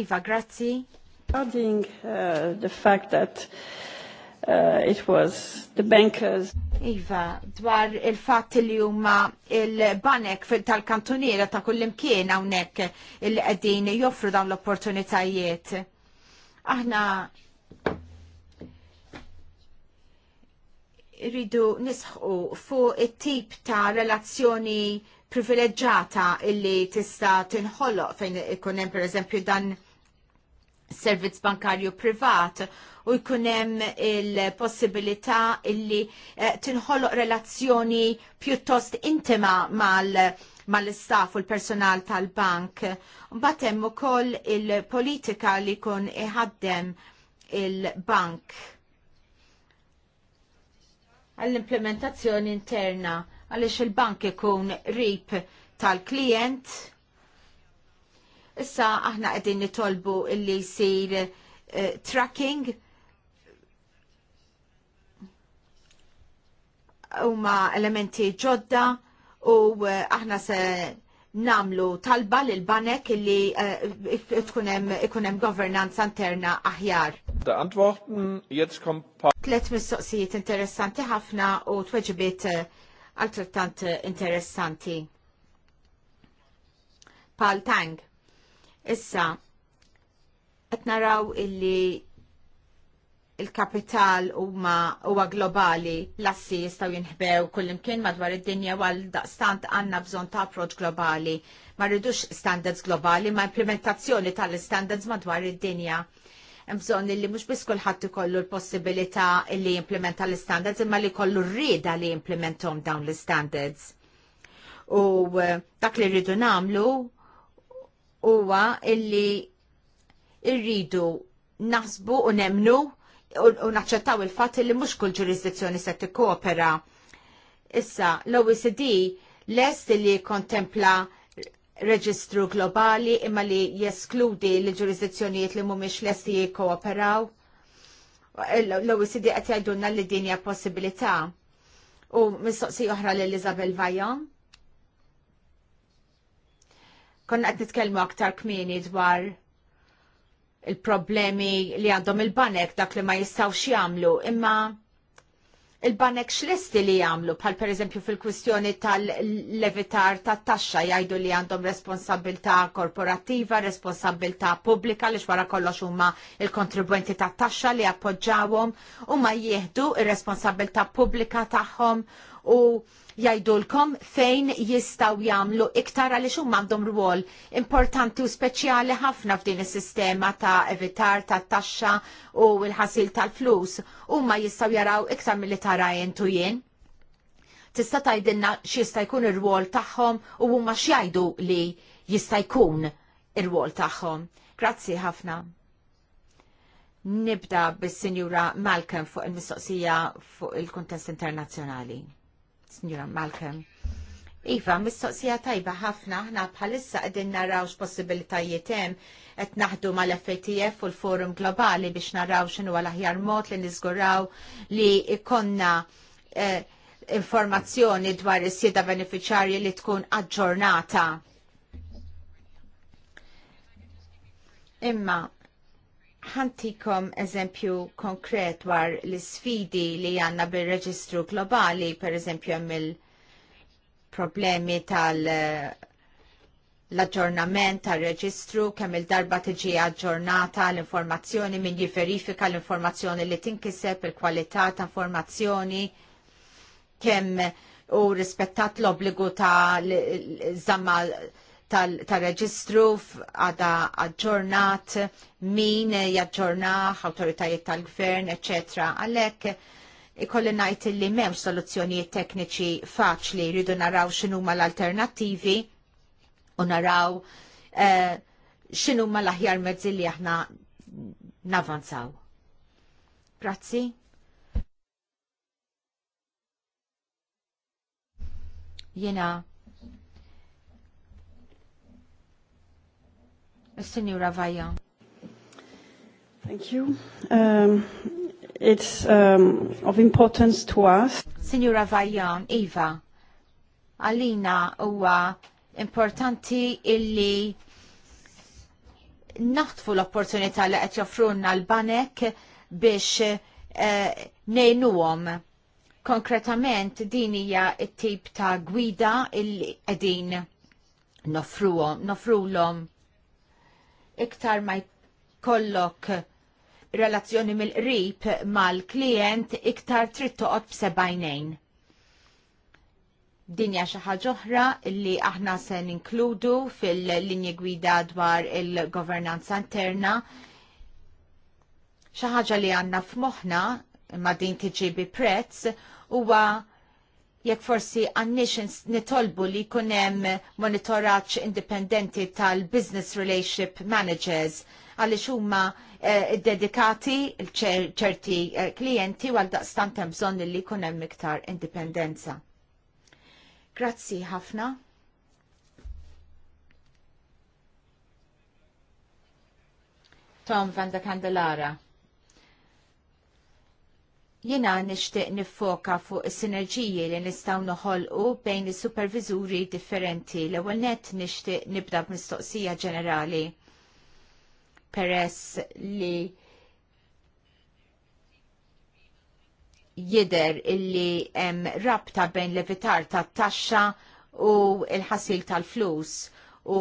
Iva, grazzi. Adding uh, the fact that uh, it was the bankers. Iva, dwar il-fat li huma il-banek tal-kantuniera ta' kullimkien hawnhekk il-qegħdin joffru dawn l-opportunitajiet. Aħna rridu nisħu fuq it-tip ta' relazzjoni privileġġata illi tista' tinħoloq fejn ikun hemm pereżempju dan servizz bankarju privat u jkunem il-possibilità illi eh, tinħoloq relazzjoni pjuttost intima mal- mal-istaff u l-personal tal-bank. Mbagħad hemm ukoll il-politika li jkun iħaddem il-bank għall-implementazzjoni interna għaliex il-bank ikun rip tal-klient Issa aħna qegħdin nitolbu illi jsir uh, tracking huma elementi ġodda u eh, aħna se namlu talba lil banek illi uh, tkun hemm governanza interna aħjar. Da Tlet mistoqsijiet interessanti ħafna u tweġibiet altrettant interessanti. Paul Tang. Issa, qed naraw illi il-kapital huma huwa globali l-assi jistgħu jinħbew kullimkien madwar id-dinja għal daqstant għandna bżonn ta' approċ globali. Ma rridux standards globali ma' implementazzjoni tal-standards madwar id-dinja. Hemm bżonn illi mhux biss kulħadd ikollu l-possibilità li jimplementa l-standards imma li jkollu rrieda li jimplementhom dawn l-standards. U eh, dak li rridu nagħmlu huwa illi irridu naħsbu u nemnu u naċċettaw il-fatt li mhux kull ġurisdizzjoni se tikkopera. Issa l-OECD lest li kontempla reġistru globali imma li jeskludi l ġurisdizzjonijiet li mhumiex lesti jikkooperaw. L-OECD qed jgħidulna li din hija possibilità. U mistoqsi oħra l Elizabel Vajon konna qed nitkellmu aktar kmieni dwar il-problemi li għandhom il-banek dak li ma jistaw jagħmlu, imma il-banek x'listi li jagħmlu bħal pereżempju fil-kwistjoni tal-levitar tat-taxxa jgħidu li għandhom responsabilità korporattiva, responsabilità pubblika li xwara kollox huma il-kontribwenti tat-taxxa li appoġġawhom u ma jieħdu ir-responsabilità pubblika tagħhom u jajdulkom fejn jistaw jamlu iktar għaliex huma għandhom rwol importanti u speċjali ħafna f'din is-sistema ta' evitar ta' taxxa u l-ħasil tal-flus huma jistaw jaraw iktar milli tara jentu jien. Tista' tgħidilna x'jista' jkun ir-rwol tagħhom u huma x'jgħidu li jista' jkun ir-rwol tagħhom. Grazzi ħafna. Nibda bis-Sinjura Malcolm fuq il-mistoqsija fuq il-kuntest internazzjonali. Signora Malcolm. Iva, mistoqsija tajba ħafna ħna bħalissa qegħdin naraw possibilitajiet hemm qed naħdu mal-FATF u l-Forum Globali biex naraw x'inhu l-aħjar mod li niżguraw li ikonna eh, informazzjoni dwar is-sieda beneficjarji li tkun aġġornata. Imma ħantikom eżempju konkret war l-sfidi li għanna bil-reġistru globali, per eżempju hemm il-problemi tal- eh, l-aġġornament tal-reġistru kemm il-darba tiġi aġġornata l-informazzjoni min jiverifika l-informazzjoni li tinkiseb il-kwalità ta' informazzjoni kemm u rispettat l-obbligu ta' zamma tal-reġistru għada aġġornat min jaġġornaħ autoritajiet tal-gvern, etc. Għalek ikolli najt li memx soluzzjonijiet tekniċi faċli rridu naraw x'inhuma l-alternattivi u naraw xinu eh, x'inhuma l-aħjar mezzi li aħna navanzaw. Grazzi. Jena Signora Vajan. Thank you. Um, it's um, of importance to us. Signora Vajan, Iva, Alina huwa importanti illi naħtfu l-opportunità li qed joffrunna l-banek biex uh, nejnuhom. Konkretament din hija t-tip ta' gwida illi qegħdin nofruhom, nofrulhom iktar ma jkollok relazzjoni mill-qrib mal-klient iktar trid toqgħod b'sebajnejn. Dinja xi ħaġa oħra li aħna se ninkludu fil-linji gwida dwar il-governanza interna. Xi ħaġa li għandna f'moħħna imma din tiġi bi prezz huwa jekk forsi għannix nitolbu li kunem monitoraċ indipendenti tal-Business Relationship Managers għalli xumma eh, dedikati ċerti eh, klienti għal daqstantem bżon li kunem miktar indipendenza. Grazzi ħafna. Tom van de Candelara jina nishtiq nifoka fuq sinerġiji li nistaw noħolqu bejn is-superviżuri differenti l ewwel net nishtiq nibda b'mistoqsija ġenerali. Peress li jider illi hemm rabta bejn levitar tat taxxa u il-ħasil tal-flus u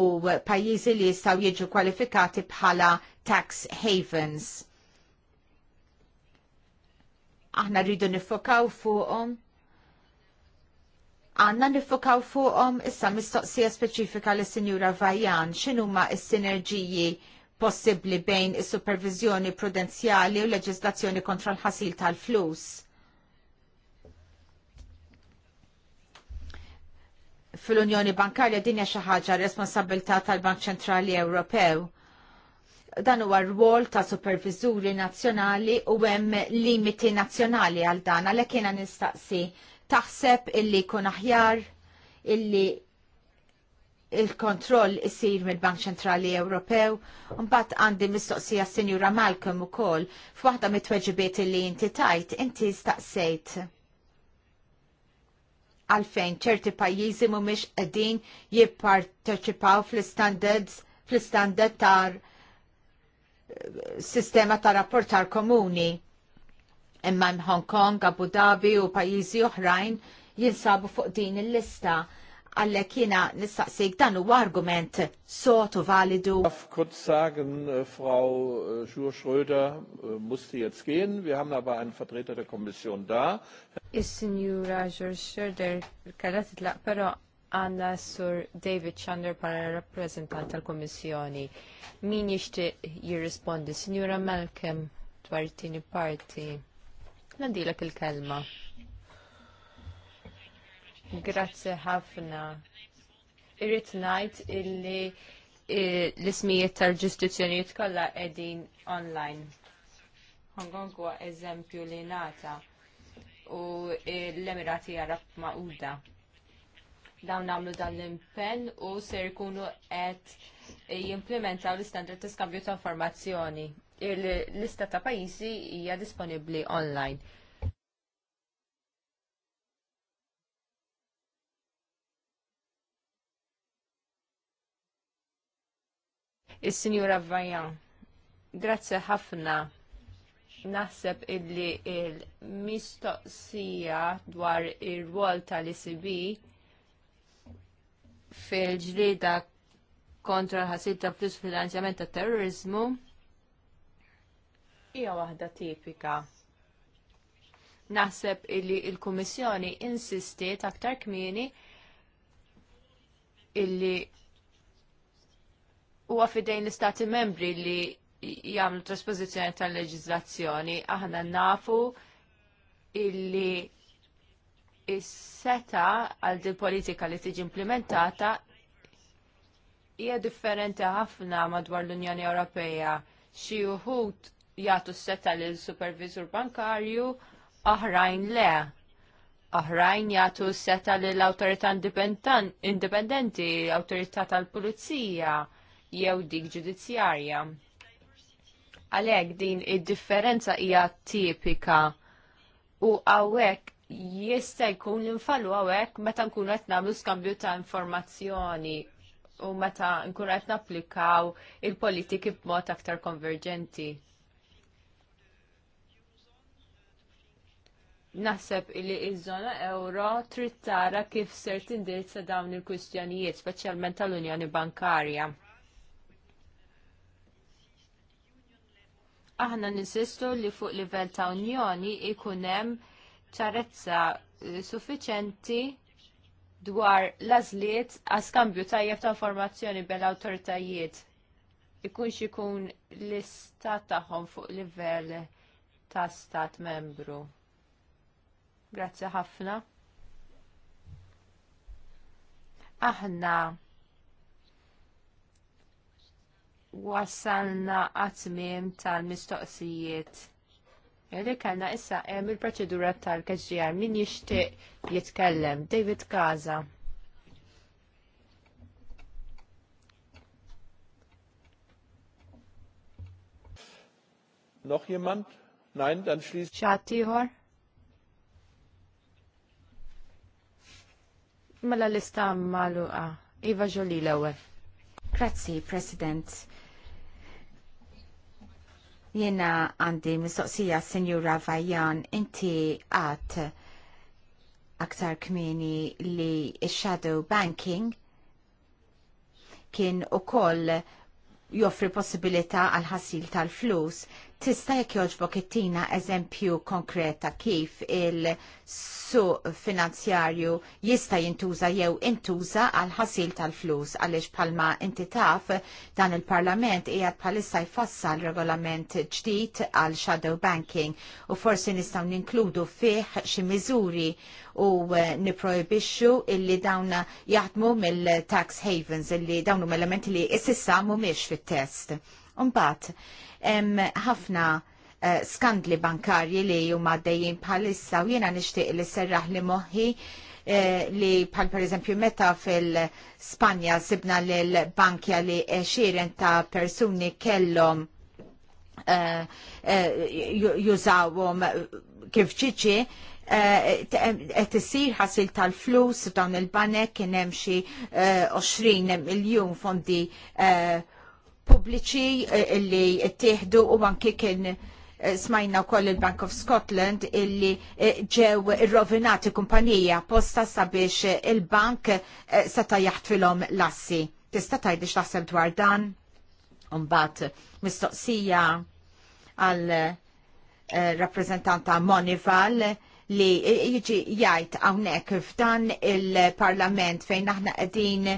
pajjiżi li jistgħu jiġu kwalifikati bħala tax havens aħna rridu nifokaw fuqhom. Għanna nifokaw fuqhom issa mistoqsija speċifika li sinjura Vajjan x'inhuma s-sinerġiji possibbli bejn is-supervizjoni prudenzjali u leġislazzjoni kontra l-ħasil tal-flus. fil-Unjoni Bankarja din hija xi ħaġa responsabilità tal-Bank Ċentrali Ewropew dan huwa rwol ta' supervizuri nazzjonali u hemm limiti nazzjonali għal dan għalhekk jiena nistaqsi taħseb illi jkun aħjar illi il-kontroll isir mill-Bank Ċentrali Ewropew, mbagħad għandi mistoqsija Sinjura Malcolm ukoll f'waħda mit-tweġibiet illi inti tajt, inti staqsejt għalfejn ċerti pajjiżi mhumiex qegħdin jipparteċipaw fl istandards fl istandard ta' sistema ta' rapportar komuni. Imma Hong Kong, Abu Dhabi u pajizi oħrajn jinsabu fuq din il-lista għallek jina nistaqsik dan huwa argument sotu validu. Kurz sagen, äh, Frau äh, Schur Schröder äh, musste jetzt gehen. Wir haben aber einen Vertreter der Kommission da. Is-Sinjura Schur Schröder kalla titlaq, pero għanna sur David Chandler para rappresentant tal-Komissjoni. Min jishti jirrispondi? Signora Malcolm, dwar parti. Nadilek il-kelma. Grazie ħafna. Irrit najt illi eh, l-ismijiet tal-ġustizjonijiet kollha qegħdin online. Hongkong huwa eżempju li nata u l-Emirati Arab Mauda dawn għamlu dan l-impenn u ser jkunu qed jimplementaw l-istandard ta' skambju ta' informazzjoni. Il-lista ta' pajjiżi hija disponibbli online. Is-Sinjura Vajan, grazzi ħafna naħseb illi il-mistoqsija dwar ir-rwol tal-ICB fil-ġlida kontra l-ħasil ta' flus finanzjament ta' terrorizmu hija waħda tipika. Naħseb illi il-Kummissjoni insistiet aktar kmieni illi huwa fidejn l-Istati membri li jagħmlu trasposizjoni tal-leġiżlazzjoni aħna nafu illi is-seta għal din politika li tiġi implementata hija differenti ħafna madwar l-Unjoni Ewropea. Xi wħud jagħtu s-seta lil supervisur bankarju, oħrajn le. Oħrajn jagħtu s-seta lil awtorità indipendenti, awtorità tal-pulizija jew dik ġudizzjarja. Għalhekk din id-differenza hija tipika u hawnhekk jista' jkun l-infallu għawek meta nkunu qed nagħmlu skambju ta' informazzjoni u meta nkunu qed napplikaw il-politiki b'mod aktar konverġenti. Naħseb li iż-żona euro trid tara kif ser tindirizza dawn il-kwistjonijiet, speċjalment tal-Unjoni Bankarja. Aħna ninsistu li fuq livell ta' Unjoni ikunem hemm ċarezza eh, suffiċenti dwar l-azliet għaskambju tajjeb ta' informazzjoni bel awtoritajiet ikun ikun l-istat tagħhom fuq livell ta' stat membru. Grazzi ħafna. Aħna wasalna għatmim tal-mistoqsijiet. Għalek għanna issa għem eh, il-proċedura tal-KGR min jishtiq jitkellem David Kaza. Noch jemand? Nein, dann schließt. Schattiħor? Mela lista maluqa. Iva Joli l-ewwel. Grazzi, President. Jena għandi mistoqsija Sinjura Vajjan, inti għat aktar kmini li shadow banking kien u koll joffri possibilità għal ħasil tal-flus Tista' jekk jogħġbok ittina eżempju konkreta kif il su finanzjarju jista' jintuża jew intuża għal ħasil tal-flus għaliex palma inti taf dan il-Parlament qiegħed bħalissa jfassal regolament ġdid għal shadow banking u forsi nistgħu ninkludu fih xi miżuri u eh, niprojbixxu illi dawn jaħdmu mill-tax havens illi dawn elementi li ississa mhumiex fit-test Umbat, ħafna eh, skandli bankarji li huma dejjin bħalissa u jiena nixtieq li serraħ li moħħi eh, li pal per eżempju meta fil-Spanja sibna l-bankja li xiren ta' persuni kellom eh, jużawhom kif ċiċi qed isir ħasil tal-flus dawn il-banek kien hemm xi 20 miljun fondi uh, pubbliċi eh, illi ttieħdu u anki kien eh, smajna wkoll il-Bank of Scotland illi eh, ġew irrovinati kumpanija posta sabiex il-bank seta om lassi. Tista' tgħidli x'taħseb dwar dan? Mbagħad mistoqsija għal rappreżentanta Monival li jiġi jgħid hawnhekk f'dan il-Parlament fejn aħna qegħdin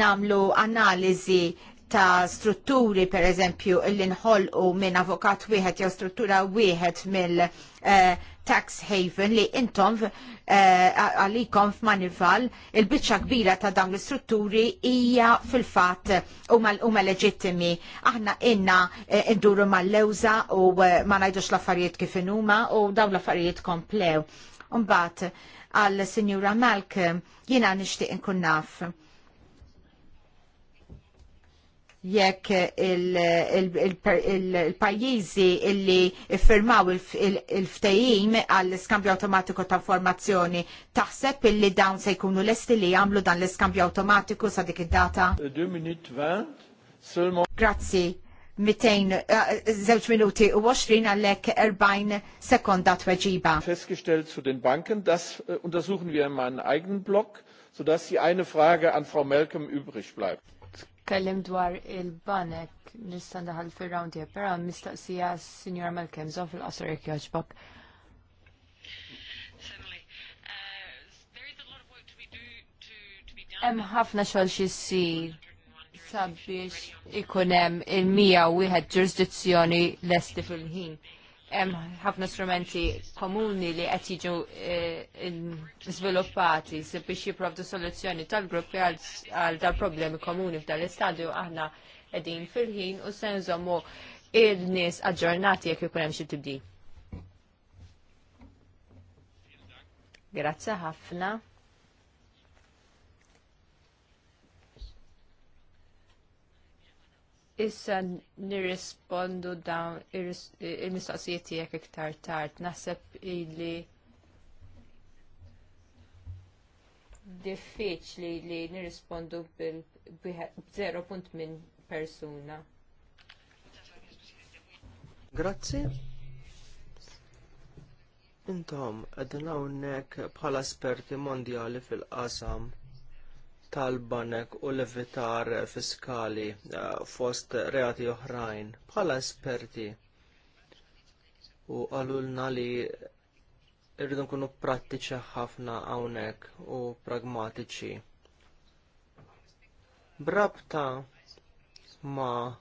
namlu analiżi ta' strutturi per eżempju illi nħolqu minn avokat wieħed jew struttura wieħed mill eh, tax haven li intom eh, għalikom f'ma'nifal f'manival il-biċċa kbira ta' dawn l-istrutturi hija fil-fatt huma leġittimi. Aħna inna nduru eh, induru mal-lewża u ma ngħidux l-affarijiet kif huma u dawn l-affarijiet komplew. Mbagħad għal Sinjura Malk jiena nixtieq inkun naf jekk il-pajjiżi illi firmaw il-ftejim għall-iskambju automatiku ta' informazzjoni taħseb illi dawn se jkunu l-esti li jagħmlu dan l-iskambju automatiku sa' dik id-data? Eh, Grazzi. 200, eh, zewċ minuti u 20 għallek 40 sekonda tweġiba. Festgestellt zu den Banken, das eh, untersuchen wir in meinem eigenen Blog, sodass die eine Frage an Frau Malcolm übrig bleibt kellim dwar il-banek nista' daħal fir-round here, però mistaqsija s-Sinjor Malkem żon fil qasur jekk jogħġbok. Hemm ħafna xogħol xi jsir sabiex ikun hemm il-101 ġurisdizzjoni lesti fil-ħin hemm ħafna strumenti komuni li qed jiġu żviluppati eh, biex jipprovdu soluzzjoni tal-gruppi għal dal-problemi komuni f'dan l-istadju aħna qegħdin fil-ħin u se nżommu il-nies aġġornati jekk ikun hemm xi tibdil. Grazzi ħafna. Issa nirrispondu dawn il-mistoqsijiet tiegħek iktar tard. Naħseb illi diffiċli li nirrispondu bil minn persuna. Grazzi. Intom, għedin hawnhekk bħala esperti mondjali fil-qasam tal-banek u l fiskali eh, fost reati oħrajn bħala esperti u għalulna li irridu nkunu prattiċi ħafna hawnhekk u pragmatiċi. Brabta ma'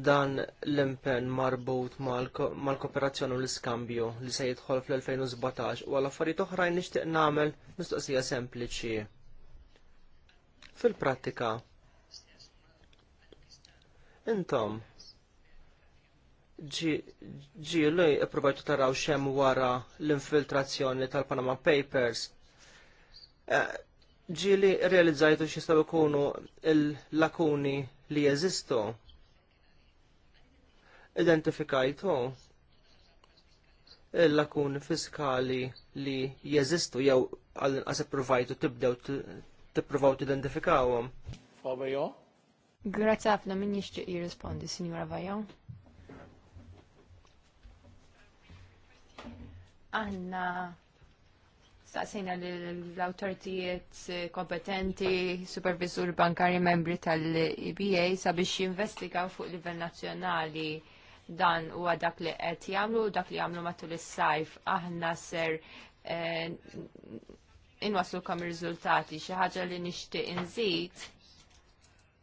dan l-impenn marbut mal-kooperazzjoni u l-iskambju li se jidħol fl-2017 u għal affarijiet oħrajn nixtieq nagħmel mistoqsija sempliċi. Fil-prattika, intom ġi ippruva ipprovajtu taraw xem wara l-infiltrazzjoni tal-Panama Papers. Eh, ġi li realizzajtu xistaw ikunu l lakuni li jeżistu identifikajtu il lakun fiskali li jeżistu jew għal-inqas provajtu tibdew tippruvaw tidentifikawhom. Fabajo? Grazzi ħafna min jixtieq jirrispondi, Sinjura Vajo. Aħna Staqsejna l-autoritijiet kompetenti, supervisur bankari membri tal-EBA sabiex jinvestigaw fuq livell nazzjonali Dan huwa dak li qed jagħmlu dak li jagħmlu matul is-sajf aħna ser eh, inwaslu kam riżultati xi ħaġa li nixtieq inżid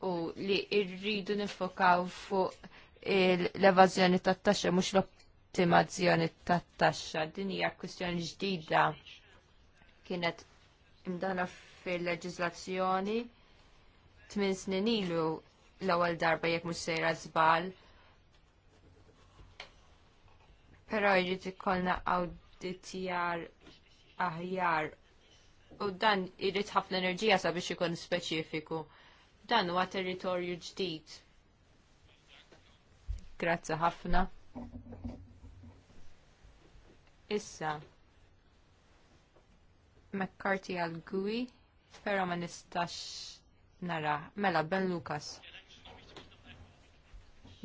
u li rridu nifokaw fuq l-evażjoni tat-taxxa mhux l-ottimazzjoni tat-taxxa. Din hija kwistjoni ġdida kienet imdana fil leġiżlazzjoni tmien snin ilu l-ewwel darba jekk mhux sejra żball Però jrid ikollna awditjar aħjar u dan jrid ħafna enerġija sabiex ikun speċifiku. Dan huwa territorju ġdid. Grazzi ħafna. Issa. McCarthy għal Gui, però ma nistax nara. Mela, Ben Lucas.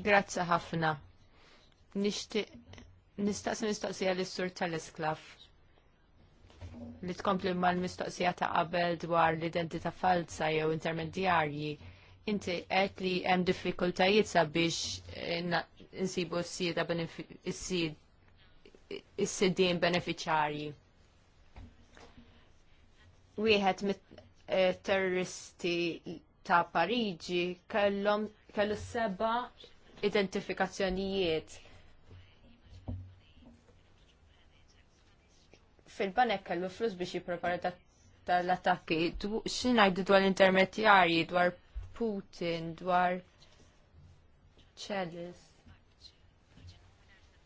Grazzi ħafna. Nixtieq Nistaqsi mistoqsija li sur tal esklaf li tkompli mal-mistoqsija ta' qabel dwar l-identità falsa jew intermedjarji. Inti qed li hemm diffikultajiet sabiex eh, insibu s sida is-sidien beneficjarji. Wieħed mit-terroristi eh, ta' Pariġi kellhom kellu seba' identifikazzjonijiet fil-banek kellu flus biex jipprepara tal-attakki. Xinajdu dwar l-intermedjarji, dwar Putin, dwar ċellis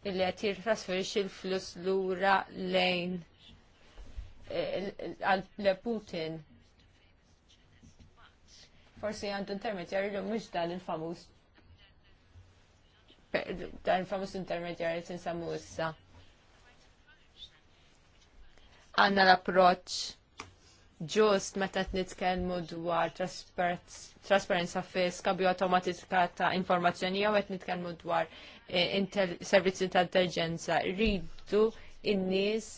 illi għet jirtrasferix il-flus l-ura lejn e, l-Putin. Forsi għandu intermedjari l mux dan il-famus dan il-famus intermedjari t-insamu issa għanna l-approċ ġust meta qed nitkellmu dwar trasparenza fiska bi automatizka ta' informazzjoni jew qed nitkellmu dwar eh, servizzi ta' intelligenza. Rridu in-nies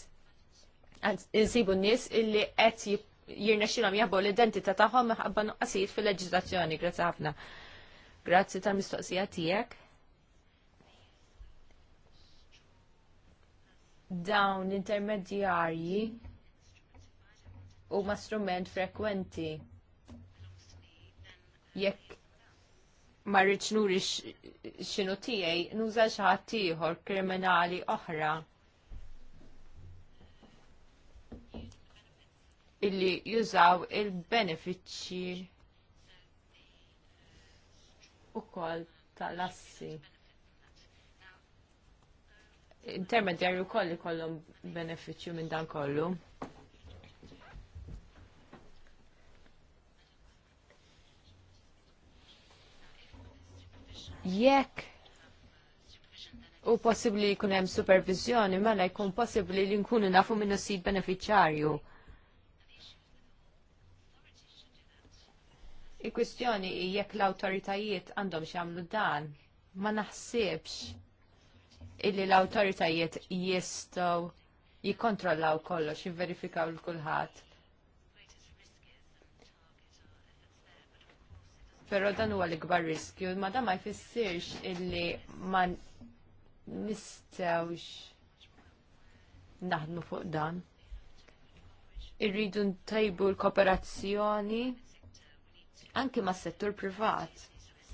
insibu n-nies illi qed jirnexxilhom jgħabu l-identità tagħhom minħabba nuqqasijiet fil leġizazzjoni Grazie ħafna. Grazzi tal-mistoqsija tiegħek. dawn intermedjarji huma strument frekwenti. Jekk ma rridx nuri x'inhu tiegħi nuża xi ħadd ieħor kriminali oħra. Illi jużaw il-benefiċċji wkoll tal-assi intermedjarju li kollum benefiċċju minn dan kollu. Jekk u possibli jkun hemm supervizjoni mela jkun possibli li nkunu nafu minnu sit beneficjarju. Il-kwistjoni jekk l-awtoritajiet għandhom xamlu dan, ma naħsibx illi l-autoritajiet jistaw jikontrollaw kollox, jivverifikaw l-kulħat. Pero dan huwa l-ikbar riskju, ma dan ma jfissirx illi ma nistawx naħdmu fuq dan. Irridu ntajbu l-kooperazzjoni anki ma' settur privat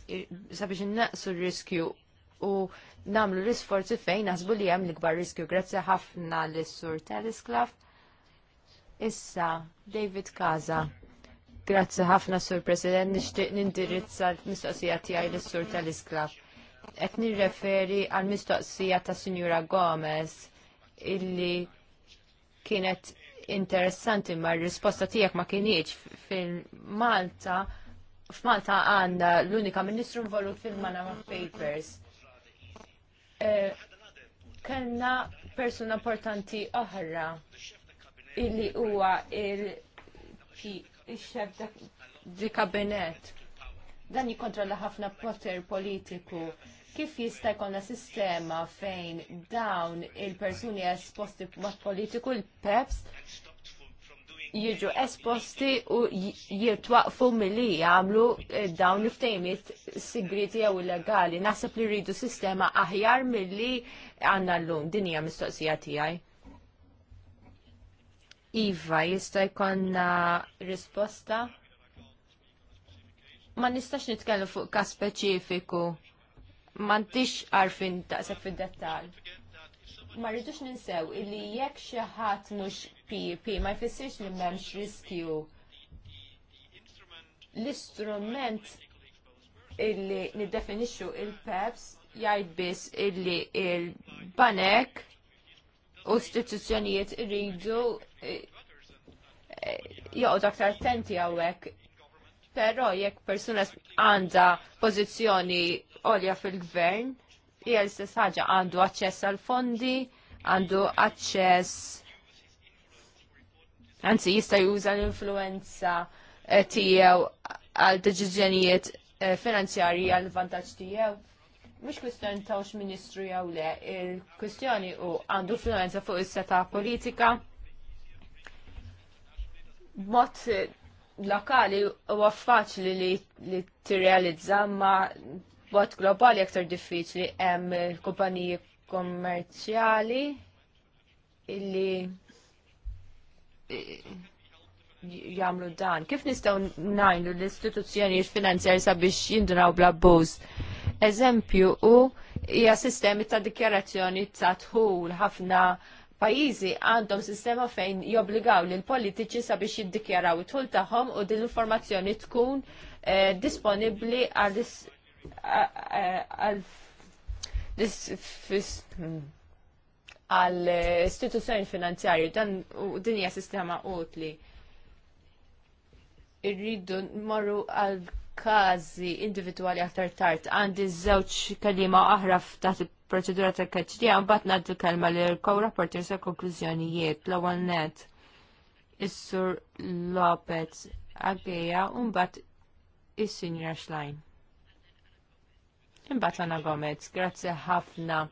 sabiex innaqsu r-riskju u namlu l-isforzi fejn naħsbu li hemm l-ikbar riskju. Grazzi ħafna l-Sur Telesklav. Issa, David Kaza. Grazzi ħafna, Sur President, nixtieq nindirizza l-mistoqsija tiegħi lis sur tal Et Qed nirreferi għall mistoqsija ta' Signora Gomez illi kienet interessanti ma' risposta tiegħek ma kienieċ fil-Malta f'Malta għanda l-unika ministru involut fil-Manama Papers. Eh, kellna persuna importanti oħra illi huwa il-xef di kabinet. Dan jikontrolla ħafna poter politiku. Kif jista' jkollna sistema fejn dawn il-persuni esposti b'mod politiku l-peps jiġu esposti u jirtwaqfu mill-li jgħamlu eh, dawn l-ftejmiet sigriti jew illegali. Naħseb li rridu sistema aħjar mill-li għanna l-lum. Din hija mistoqsija tiegħi. Iva, jista' jkollna risposta? Ma nistax nitkellu fuq każ speċifiku. M'għandix għarfin taqseb fid-dettall. Ma rridux ninsew illi jekk xi ħadd mhux PEP e ma jfissirx li m'hemmx riskju. L-istrument illi niddefinixxu il-PEPs jgħid biss illi il-banek u istituzzjonijiet iridu eh, joqgħod aktar attenti hawnhekk. Però jekk persuna għandha pożizzjoni għolja fil-gvern, hija l-istess ħaġa għandu aċċess għal fondi, għandu aċċess anzi jista' juża l-influenza eh, tiegħu għal deċiżjonijiet eh, finanzjarji għal vantaġġ tiegħu. Mhux kwistjoni ta' ministru jew le, il-kwistjoni u għandu influenza fuq is-seta politika. Mod eh, lokali huwa faċli li, li tirrealizza ma bot globali aktar diffiċli hemm kumpaniji kommerċjali illi jamlu dan. Kif nistgħu ngħidu l-istituzzjonijiet finanzjari sabiex jindunaw bla abbuż? Eżempju u hija sistemi ta' dikjarazzjoni ta' tħul ħafna pajjiżi għandhom sistema fejn jobbligaw lil politiċi sabiex jiddikjaraw it-tħul tagħhom u din l-informazzjoni tkun eh, disponibbli għal għal hmm għal istituzzjoni finanzjarji dan u dinja sistema utli. Irridu marru għal każi individwali aktar tard għandi żewġ kalima aħra f'taħt il-proċedura tal għan mbagħad nagħti l-kelma l co-rapporter sa konklużjonijiet l-ewwel net. Is-Sur Lopez Ageja u mbagħad is-Sinjor Schlein. Imbagħad Lana Gomez, grazzi ħafna.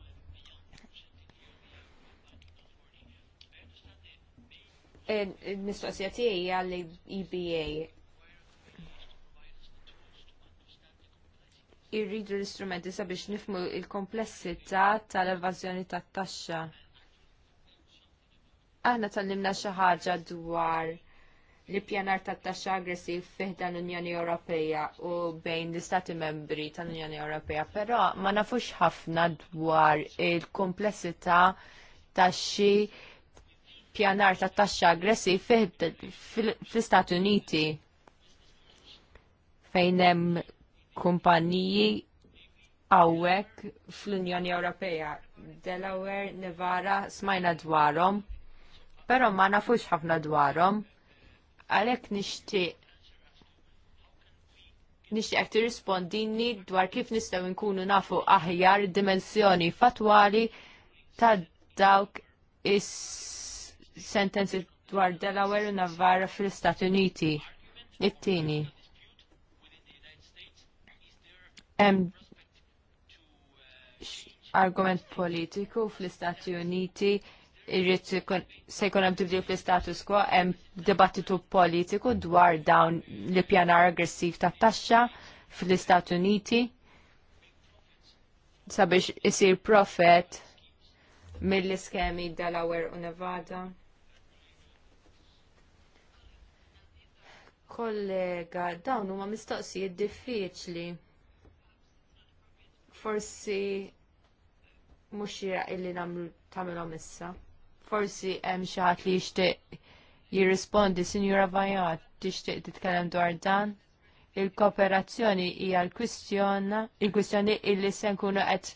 il-mistoqsija tiegħi l EBA. Irridu l-istrumenti sabiex nifmu il-komplessità tal-evażjoni tat-taxxa. Aħna tal-nimna xi ħaġa dwar l-ippjanar tat-taxxa aggressiv fih dan l-Unjoni Ewropea u bejn l-Istati Membri tal-Unjoni Ewropea, però ma nafux ħafna dwar il-komplessità tax xi pjanar ta' taxxa aggressiv fl-Istati Uniti fejn hemm kumpaniji għawek fl-Unjoni Ewropea. Delaware, Nevada, smajna dwarhom, però ma nafux ħafna dwarhom. Għalhekk nixtieq nixtieq tirrispondini dwar kif nistgħu nkunu nafu aħjar dimensjoni fatwali ta' dawk is sentenzi dwar Delaware u Navarra fil-Stati Uniti. It-tieni. Hemm argument politiku fl-Istati Uniti irrid se jkun hemm tibdil fl istatus quo hemm dibattitu politiku dwar dawn li pjanar aggressiv ta' taxxa fl-Istati Uniti sabiex isir profet mill-iskemi Delaware u Nevada. kollega dawn huma mistoqsijiet diffiċli. Forsi mhux jiraq illi nagħmlu tagħmilhom issa. Forsi hemm xi ħadd li jixtieq jirrispondi Sinjura Vajat tixtieq titkellem dwar dan. Il-kooperazzjoni hija l-kwistjona, il-kwistjoni illi se nkunu qed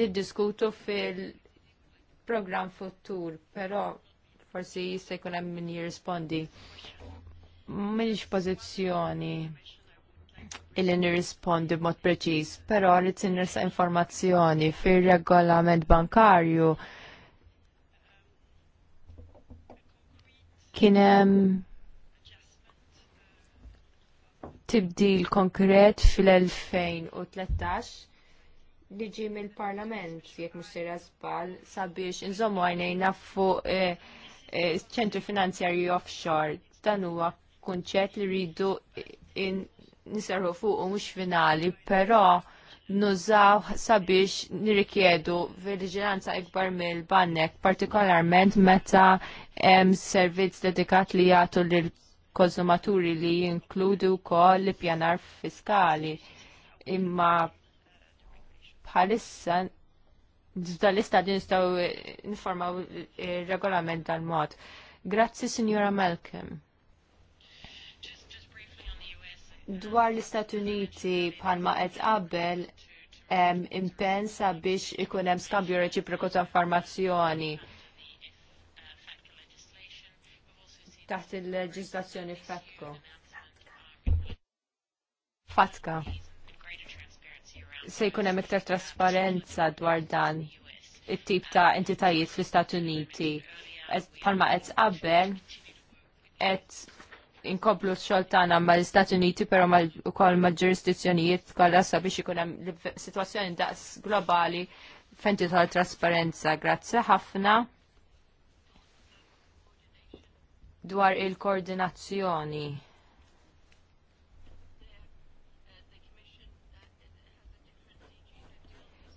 niddiskutu fil-programm futur, però forsi jista' jkun hemm min jirrispondi. M'għandix pożizzjoni illi nirrispondi b'mod preċiż, però rrid tinnersa informazzjoni fir-regolament bankarju kien hemm tibdil konkret fil-2013 li ġi mill-parlament, jekk mhux sejra żball, sabiex inżommu għajnejna fuq eh, eh, ċentru finanzjarju offshore. Dan huwa kunċett li rridu nisarħu fuq u mhux finali, però nużaw sabiex nirrikjedu vigilanza ikbar mill-bannek, partikolarment meta hemm servizz dedikat li jagħtu lil konsumaturi li jinkludu wkoll l-pjanar fiskali. Imma bħalissa dal-lista din nistgħu informaw ir-regolament tal mod Grazzi, Signora Malcolm. Dwar l-Istati Uniti bħalma qed qabel hemm impensa biex ikun hemm skambju reċiproku ta' informazzjoni taħt il-leġislazzjoni FATCO. Fatka. Se jkun hemm iktar trasparenza dwar dan it-tip ta' entitajiet fl-Istati Uniti. Palma qed qabel qed inkomplu x ma tagħna mal-Istati Uniti però ukoll mal-ġurisdizzjonijiet kollha sabiex ikun hemm sitwazzjoni daqs globali fejn tal trasparenza. Grazzi ħafna dwar il-koordinazzjoni.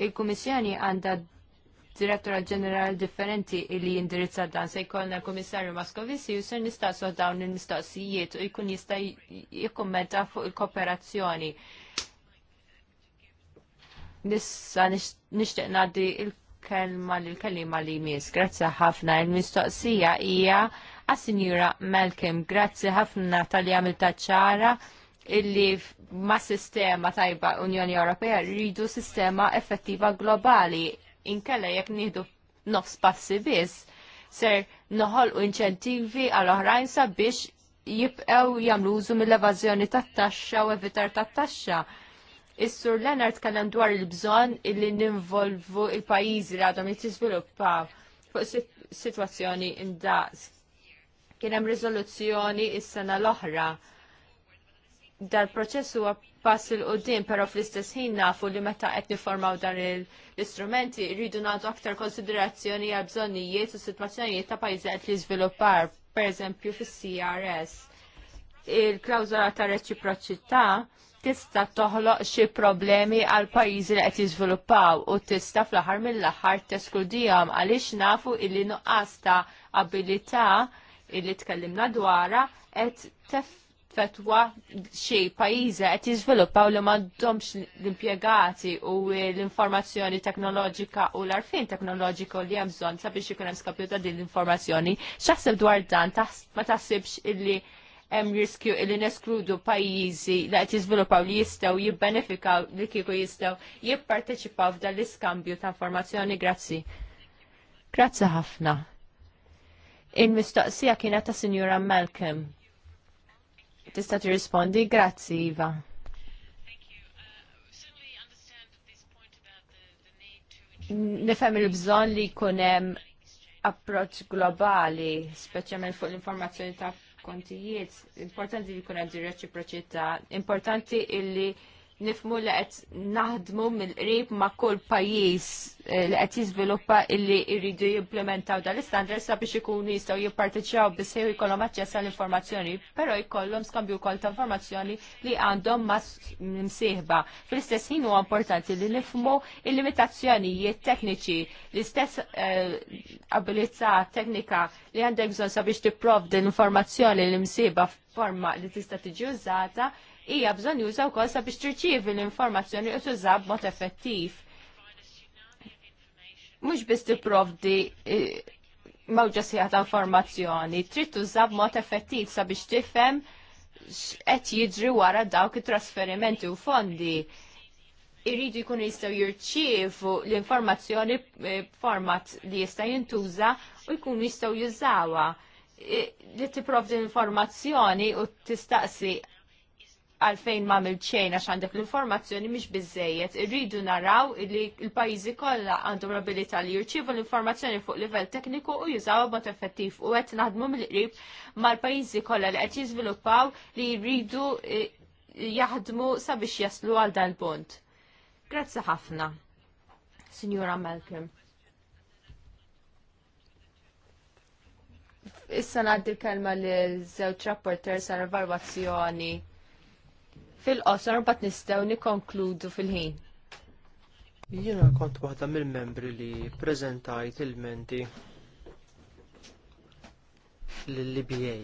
Il-Kummissjoni għandha direttora ġenerali differenti li jindirizza dan se jkollna l-Komissarju Moskovici u ser nistaqsu dawn il-mistoqsijiet u jkun jista' jikkummenta fuq il-kooperazzjoni. Nissa nixtieq ngħaddi il-kelma lill kelima li jmiss. Grazzi ħafna. Il-mistoqsija hija għas-Sinjura Malcolm. Grazzi ħafna tal-li għamilta ċara illi ma sistema tajba Unjoni Ewropea rridu sistema effettiva globali inkella jekk nieħdu nofs passi biss ser noħolqu inċentivi għal oħrajn sabiex jibqew jagħmlu użu mill-evażjoni tat-taxxa u evitar tat-taxxa. Is-Sur Leonard kellem dwar il-bżonn illi ninvolvu il-pajjiżi li għadhom jittiżviluppaw fuq sitwazzjoni indaqs. Kien hemm riżoluzzjoni s-sena l-oħra. dal proċess huwa pass il qoddim pero fl-istess ħin nafu li meta qed niformaw dan l-istrumenti rridu nagħtu aktar konsiderazzjoni għal bżonnijiet u sitwazzjonijiet ta' pajjiżi qed jiżviluppar, pereżempju fis-CRS. Il-klawżola ta' reċiproċità tista toħloq xi problemi għal pajjiżi li qed jiżviluppaw u tista fl-aħħar mill-aħħar teskludihom għaliex nafu illi nuqqas ta' abilità illi tkellimna dwarha qed tef fetwa xi pajjiżi qed jiżviluppaw li m'għandhomx l-impjegati u l-informazzjoni teknoloġika u l-arfin teknoloġiku li hemm bżonn sabiex ikun hemm skapju ta' din l-informazzjoni. X'aħseb dwar dan ma taħsibx illi hemm riskju illi neskludu pajjiżi li qed jiżviluppaw li jistgħu jibbenefikaw li kieku jistgħu jipparteċipaw f'dan l-iskambju ta' informazzjoni. Grazzi. Grazzi ħafna. Il-mistoqsija kienet ta' Sinjura Malcolm tista' tirrispondi. Grazzi, Iva. Nifhem il-bżonn li jkun hemm approċċ globali, speċjalment fuq l-informazzjoni ta' kontijiet, importanti li jkun hemm reċiproċità, importanti illi nifmu li qed naħdmu mill-qrib ma' kull pajjiż eh, li qed jiżviluppa illi jridu jimplementaw dan l-istandards sabiex ikunu jistgħu jipparteċjaw biss jew jkollhom aċċess għall informazzjoni, però jkollhom skambju wkoll ta' informazzjoni li għandhom ma' msieħba. Fl-istess ħin huwa importanti li nifmu il-limitazzjonijiet tekniċi, l-istess eh, abilità teknika li għandek bżonn sabiex tipprovdi l-informazzjoni li msieħba f'forma li tista' tiġi użata hija bżonn juża wkoll sabiex tirċievi l-informazzjoni u tuża b'mod effettiv. Mhux biss tipprovdi eh, mawġa sieħa ta' informazzjoni, trid tużab b'mod effettiv sabiex tifhem x'qed jiġri wara dawk it-trasferimenti u fondi irridu jkunu jistgħu jirċievu l-informazzjoni b'format eh, li jista' jintuża u jkunu jistgħu jużawha eh, li tipprovdi l-informazzjoni u tistaqsi għalfejn ma milċejn għax għandek l-informazzjoni mhix biżejjed. Irridu naraw li l-pajjiżi kollha għandhom l-abilità li jirċievu l-informazzjoni fuq livell tekniku u jużaw b'mod effettiv u qed naħdmu mill-qrib mal-pajjiżi kollha li qed jizviluppaw li jridu eh, jaħdmu sabiex jaslu għal dan punt. Grazzi ħafna, Signora Malcolm. Issa naddi l-kelma li żewġ rapporter sa' evalwazzjoni fil-qosor bat nistgħu nikkonkludu fil-ħin. Jiena kont waħda mill-membri li prezentajt il-menti l-LBA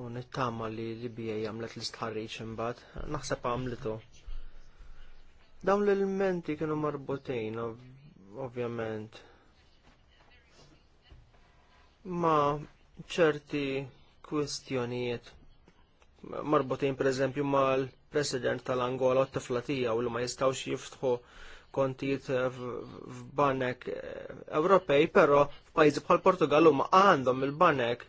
u nittama li l-LBA għamlet l-istħarriċ imbagħad naħseb għamlitu. Dawn l-elementi kienu marbutin ovvjament ma ċerti kwistjonijiet marbutin per eżempju mal president tal-Angola u t-tiflatija u li ma jistawx jiftħu kontijiet eh, f'banek eh, Ewropej, però f'pajjiżi bħal Portugal huma għandhom il-banek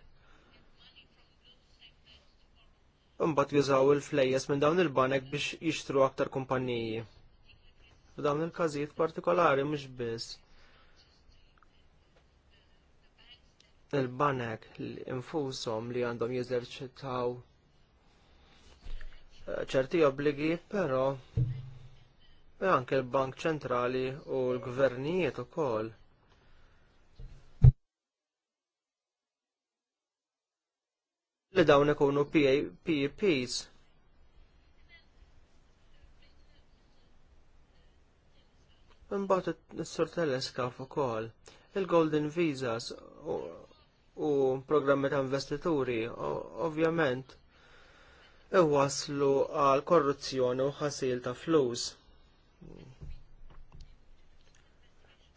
Imbagħad jużaw il-flejjes minn dawn il-banek biex jixtru aktar kumpaniji. F'dawn il-każijiet partikolari mhux biss. Il-banek infushom li għandhom jeżerċitaw ċerti obbligi, però e anke l-Bank ċentrali u l-gvernijiet ukoll. Li dawn ikunu PEPs. Imbagħad is-sur teleskaf ukoll il-Golden Visas u, u programmi ta' investituri, ovvjament iwaslu għal korruzzjoni u ħasil ta' flus.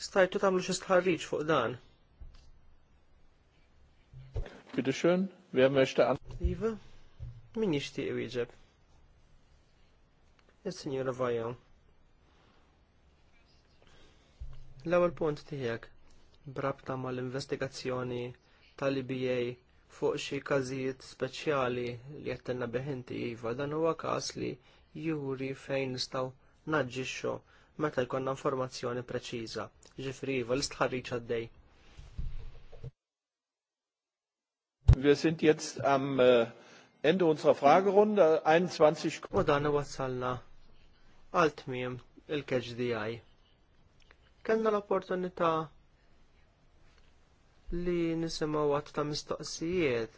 Stajtu tagħmlu xi stħarriġ fuq dan. Bidu xun, vi Iva, min jixtieq iġeb. il sinjura Vajon. L-ewwel punt tiegħek brabta mal-investigazzjoni tal-IBA fuq xi każijiet speċjali li qed jattenna beħinti iva dan huwa każ li juri fejn nistgħu naġġixxu meta jkollna informazzjoni preċiża. Ġifri iva l-istħarriġ għaddej. Wir sind jetzt am äh, Ende unserer Fragerunde 21 U dan wassalna għal tmiem il-KHDI. Kellna l-opportunità li nisimaw għat ta' mistoqsijiet.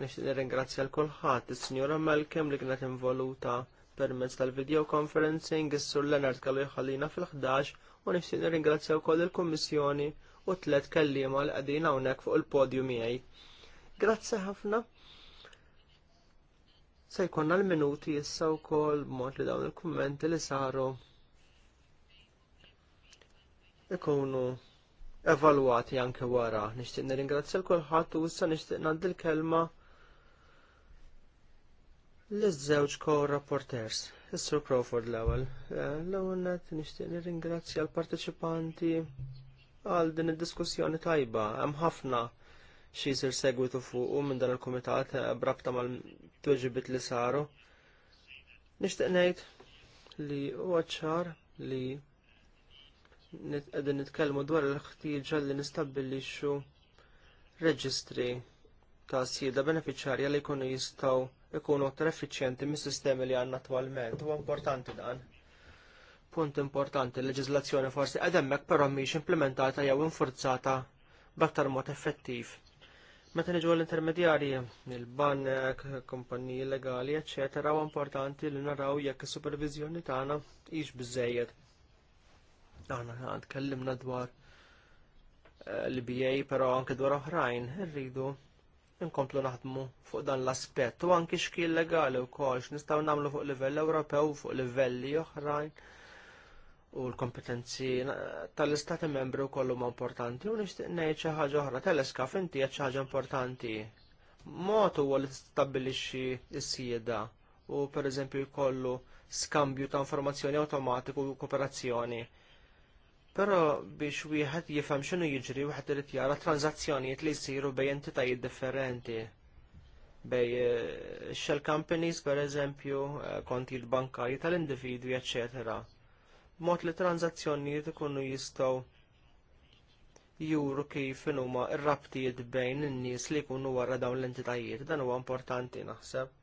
Nix nirringrazzja l-kolħat, il-Signora Malkem li kienet involuta permezz tal-video conferencing, il-Sur Leonard kallu jħallina fil-11 u nix nirringrazzja wkoll il-Kommissjoni u tlet kellima l għadina hawnhekk fuq il podium miegħi. Grazzi ħafna. Se jkonna l-minuti issa wkoll mod li dawn il-kummenti li saru ikunu evalwati anke wara. Nixtieq nirringrazzja l kulħadd u issa nixtieq ngħaddi l-kelma l żewġ co-rapporters. is Crawford l-ewwel. Eh, l-ewwel net nixtieq nirringrazzja l partiċipanti għal din id-diskussjoni tajba. Hemm ħafna xi jsir segwitu fuq minn dan il-kumitat eh, brabta mal-tweġibit li saru. Nixtieq ngħid li huwa ċar li għedin nitkellmu dwar il-ħtieġa li nistabilixxu reġistri ta' sida beneficjarja li jkunu jistgħu jkunu aktar effiċjenti mis-sistemi li għandna attualment. Huwa importanti dan. Punt importanti, l leġizlazzjoni forsi għademmek però mhix implementata jew infurzata b'aktar mod effettiv. Meta niġu l-intermedjarji, il-banek, kumpaniji legali, eċċetera, huwa importanti li naraw jekk is-supervizjoni tagħna hix biżejjed Aħna tkellimna dwar eh, l-BA, però anke dwar oħrajn, irridu inkomplu naħdmu fuq dan l-aspett u anki xkien legali wkoll x'nistgħu nagħmlu fuq livell Ewropew fuq livelli oħrajn u l-kompetenzi eh, tal-istati membri wkoll huma importanti u nixtieq ngħid xi ħaġa oħra teleskaf inti qed xi ħaġa importanti. Mod huwa li tistabbilixxi s-sieda u pereżempju jkollu skambju ta' informazzjoni awtomatiku u kooperazzjoni Però biex wieħed jifhem x'inhu jiġri wieħed irid jara tranzazzjonijiet li jsiru bejn entitajiet differenti. Bej eh, shell companies pereżempju, eh, konti l-bankarji tal-individwi, eċetera. Mod li tranzazzjonijiet ikunu jistgħu juru kif huma r-rabtijiet bejn in-nies li jkunu wara dawn l-entitajiet. Dan huwa importanti naħseb.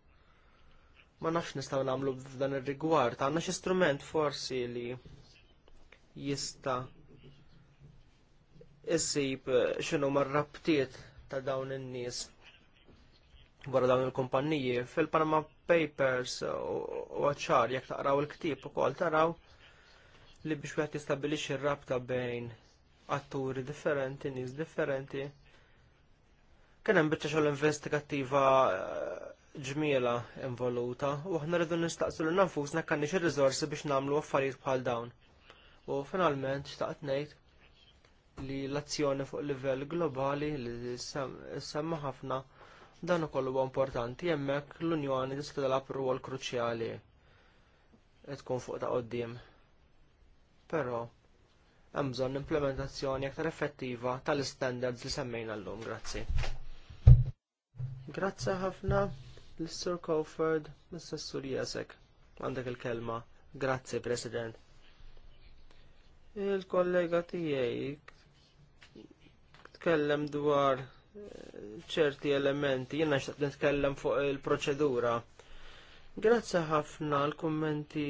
Ma nafx nistgħu nagħmlu f'dan ir-rigward, għandna xi strument forsi li jista issib x'inhu mar-rabtiet ta' dawn in-nies wara dawn il-kumpanniji. Fil-Panama Papers u għacċar jekk taqraw il-ktib ukoll taraw li biex wieħed jistabilixxi ir-rabta bejn atturi differenti, nies differenti. Kien hemm biċċa xogħol investigattiva eh, ġmiela involuta u aħna rridu nistaqsu lil nafusna kanniex ir-riżorsi biex nagħmlu affarijiet bħal dawn. U finalment xtaqt ngħid li l-azzjoni fuq livell globali li semma ħafna dan ukoll huwa importanti hemmhekk l-Unjoni tista' tilgħab rwol kruċjali tkun fuq ta' qoddim. Però hemm bżonn implementazzjoni aktar effettiva tal-istandards li semmejna llum, grazzi. Grazzi ħafna l-Sur Cowford, Mr. Sur Jesek, għandek il-kelma. Grazzi, President. Il-kollega tiegħi tkellem dwar eh, ċerti elementi, jiena x'taq nitkellem fuq il-proċedura. Grazzi ħafna l-kummenti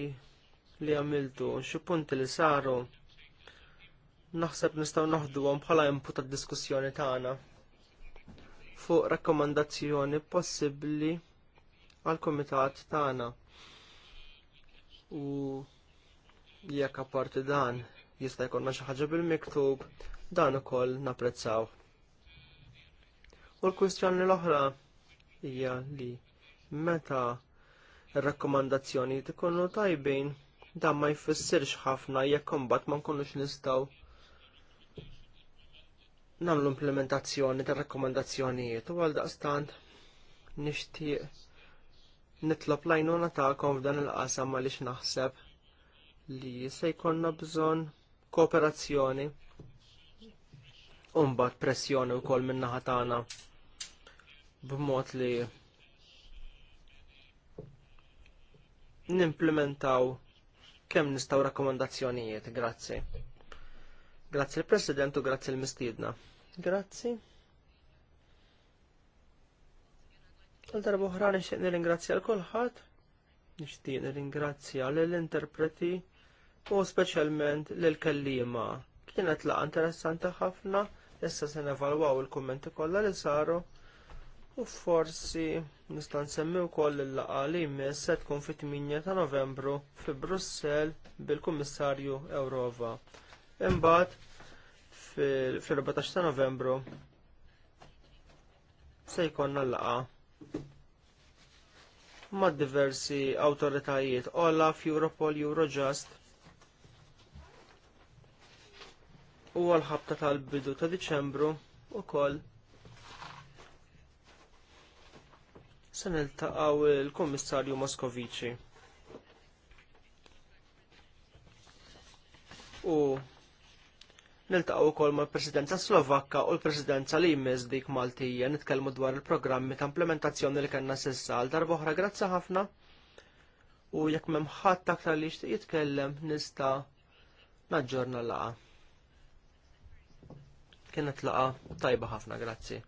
li għamiltu, xi punti li saru. Naħseb nistgħu naħduhom bħala input tad-diskussjoni tagħna fuq rakkomandazzjoni possibbli għall kumitat tagħna. U jekk apparti dan jista' jkollna xi ħaġa bil-miktub, dan ukoll napprezzaw. U l-kwistjoni l-oħra hija li meta r rakkomandazzjoni ikunu tajbin dan ma jfissirx ħafna jekk imbagħad ma nkunux nistgħu nagħmlu implementazzjoni tar-rakkomandazzjonijiet u għal daqstant nixtieq nitlob lajnuna tagħkom f'dan il-qasam għaliex naħseb li se jkollna bżonn kooperazzjoni u mbagħad pressjoni wkoll min-naħa tagħna b'mod li nimplementaw kemm nistgħu rakkomandazzjonijiet. Grazzi. Grazzi l-President u grazzi l-Mistiedna. Grazzi. Għal-darba uħra nixtieq nirringrazzja l-kulħadd, nixtieq nir-ingrazzja l-interpreti u speċjalment lill-kelliema. Kienet laqa interessanti ħafna, issa se nevalwaw il-kummenti kollha li saru u forsi nista' nsemmi wkoll il-laqgħa li jmiss se tkun fit-8 ta' Novembru fi Brussell bil-Kummissarju Ewrova. Imbagħad fil-14 ta' Novembru se jkollna l-laqa ma' diversi awtoritajiet Olaf, Europol, Eurojust u għal-ħabta tal-bidu ta' Diċembru wkoll se niltaqgħu il kummissarju Moskovici. U niltaqgħu wkoll mal-Presidenza Slovakka u l-Presidenza li jmiss dik Maltija nitkellmu dwar il-programmi ta' implementazzjoni li kellna s'issa għal darbo oħra ħafna. U jekk m'hemm ħadd li jitkellem nista' naġġorna laqa. Kienet laqa tajba ħafna, grazzi.